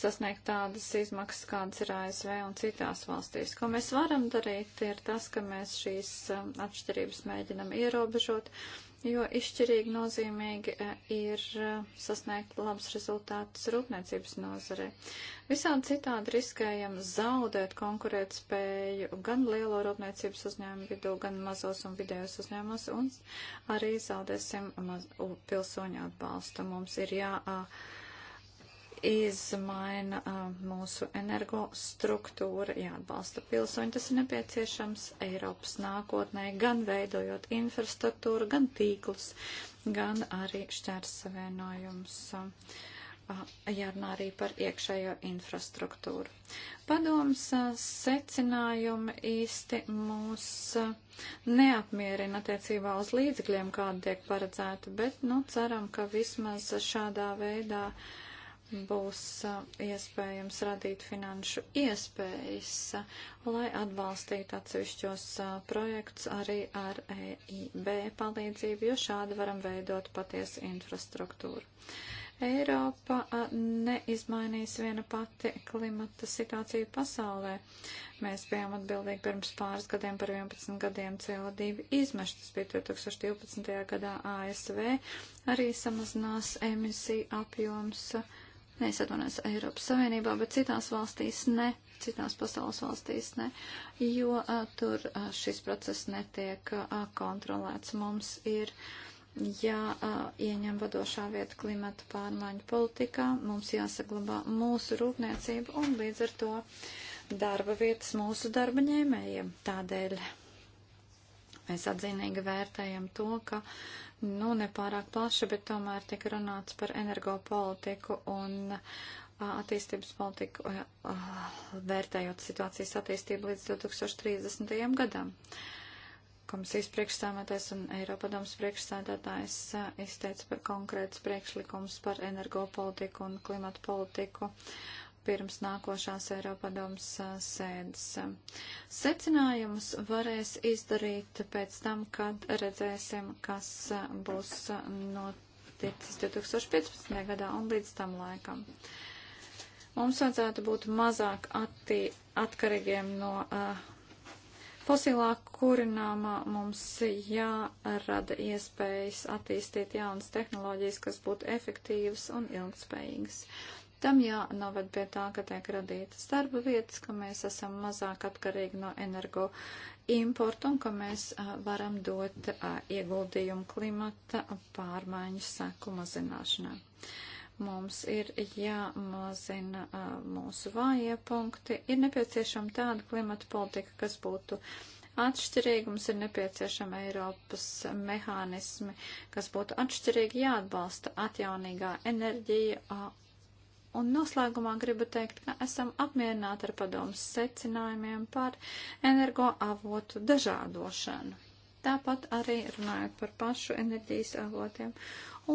sasniegt tādas izmaksas, kādas ir ASV un citās valstīs. Ko mēs varam darīt, ir tas, ka mēs šīs atšķirības mēģinam ierobežot jo izšķirīgi nozīmīgi e, ir e, sasniegt labus rezultātus rūpniecības nozarē. Visādi citādi riskējam zaudēt konkurēt spēju gan lielo rūpniecības uzņēmumu vidū, gan mazos un vidējos uzņēmumos, un arī zaudēsim pilsoņu atbalstu. Mums ir jā. Uh, jāizmaina mūsu energostruktūra, jāatbalsta pilsoņi. Tas ir nepieciešams Eiropas nākotnē, gan veidojot infrastruktūru, gan tīklus, gan arī šķērs savienojums. Jārunā arī par iekšējo infrastruktūru. Padoms secinājumi īsti mūs neapmierina attiecībā uz līdzekļiem, kāda tiek paredzēta, bet, nu, ceram, ka vismaz šādā veidā uh, būs iespējams radīt finanšu iespējas, lai atbalstītu atsevišķos projekts arī ar EIB palīdzību, jo šādi varam veidot patiesu infrastruktūru. Eiropa neizmainīs viena pati klimata situāciju pasaulē. Mēs bijām atbildīgi pirms pāris gadiem par 11 gadiem CO2 izmešu. Tas bija 2012. gadā ASV. Arī samazinās emisiju apjoms. Uh, neizatmanēs Eiropas Savienībā, bet citās valstīs ne, citās pasaules valstīs ne, jo uh, tur uh, šis process netiek uh, kontrolēts. Mums ir jāieņem uh, vadošā vieta klimata pārmaiņu politikā, mums jāsaglabā mūsu rūpniecība un līdz ar to darba vietas mūsu darba ņēmējiem. Tādēļ mēs atzinīgi vērtējam to, ka uh, nu, nepārāk plaši, bet tomēr tiek runāts par energopolitiku un attīstības politiku, vērtējot situācijas attīstību līdz 2030. gadam. Komisijas priekšsēmētājs un Eiropadoms priekšsēdētājs izteica par konkrētas priekšlikums par energopolitiku un klimatu politiku. Uh, pirms nākošās Eiropadomas sēdes. Secinājumus varēs izdarīt pēc tam, kad redzēsim, kas būs noticis 2015. gadā un līdz tam laikam. Mums vajadzētu būt mazāk attī, atkarīgiem no uh, fosilā kurināmā. Mums jārada iespējas attīstīt jaunas tehnoloģijas, kas būtu efektīvas un ilgspējīgas. Uh, Tam jānovad pie tā, ka tiek radītas darba vietas, ka mēs esam mazāk atkarīgi no energo importu un ka mēs varam dot ieguldījumu klimata pārmaiņu seku mazināšanā. Mums ir jāmazina mūsu vājie punkti. Ir nepieciešama tāda klimata politika, kas būtu atšķirīgi, mums ir nepieciešama Eiropas mehānismi, kas būtu atšķirīgi jāatbalsta atjaunīgā enerģija Un noslēgumā gribu teikt, ka esam apmierināti ar padomus secinājumiem par energoavotu dažādošanu. Tāpat arī runājot par pašu enerģijas avotiem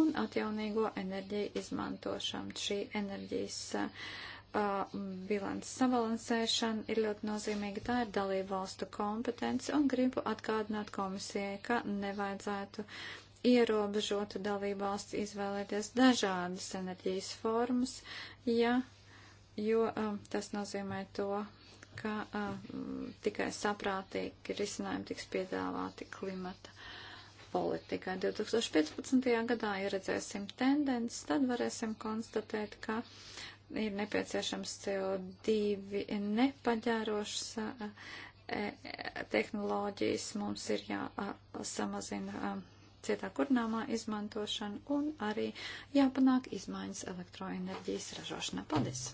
un atjaunīgo enerģiju izmantošanu. Šī enerģijas uh, bilants sabalansēšana ir ļoti nozīmīga. Tā ir dalību valstu kompetence un gribu atgādināt komisijai, ka nevajadzētu uh, ierobežotu dalību valsts izvēlēties dažādas enerģijas formas, ja, jo um, tas nozīmē to, ka um, tikai saprātīgi risinājumi tiks piedāvāti klimata politikai. 2015. gadā ieredzēsim tendences, tad varēsim konstatēt, ka ir nepieciešams CO2 nepaģērošs. Uh, e, e, tehnoloģijas mums ir jāsamazina. Uh, cietāk kurnāmā izmantošanu un arī jāpanāk izmaiņas elektroenerģijas ražošanā. Paldies!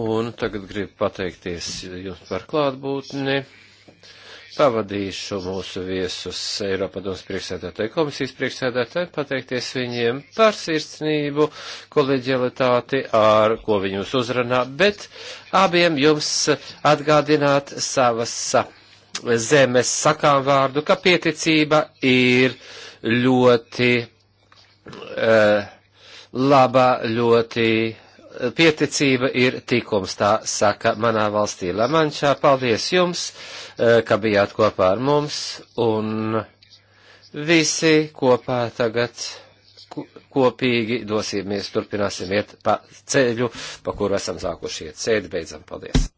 Un tagad gribu pateikties jums par klātbūtni. Pavadīšu mūsu viesus Eiropadomas priekšsēdētāju komisijas priekšsēdētāju, pateikties viņiem par sirdsnību, koleģialitāti, ar ko viņus uzrunā, bet abiem jums atgādināt savas sapas zemes sakām vārdu, ka pieticība ir ļoti uh, laba, ļoti eh, pieticība ir tikums, tā saka manā valstī Lamančā. Paldies jums, uh, ka bijāt kopā ar mums un visi kopā tagad kopīgi dosimies, turpināsim iet pa ceļu, pa kuru esam sākuši iet. Sēdi, beidzam, paldies!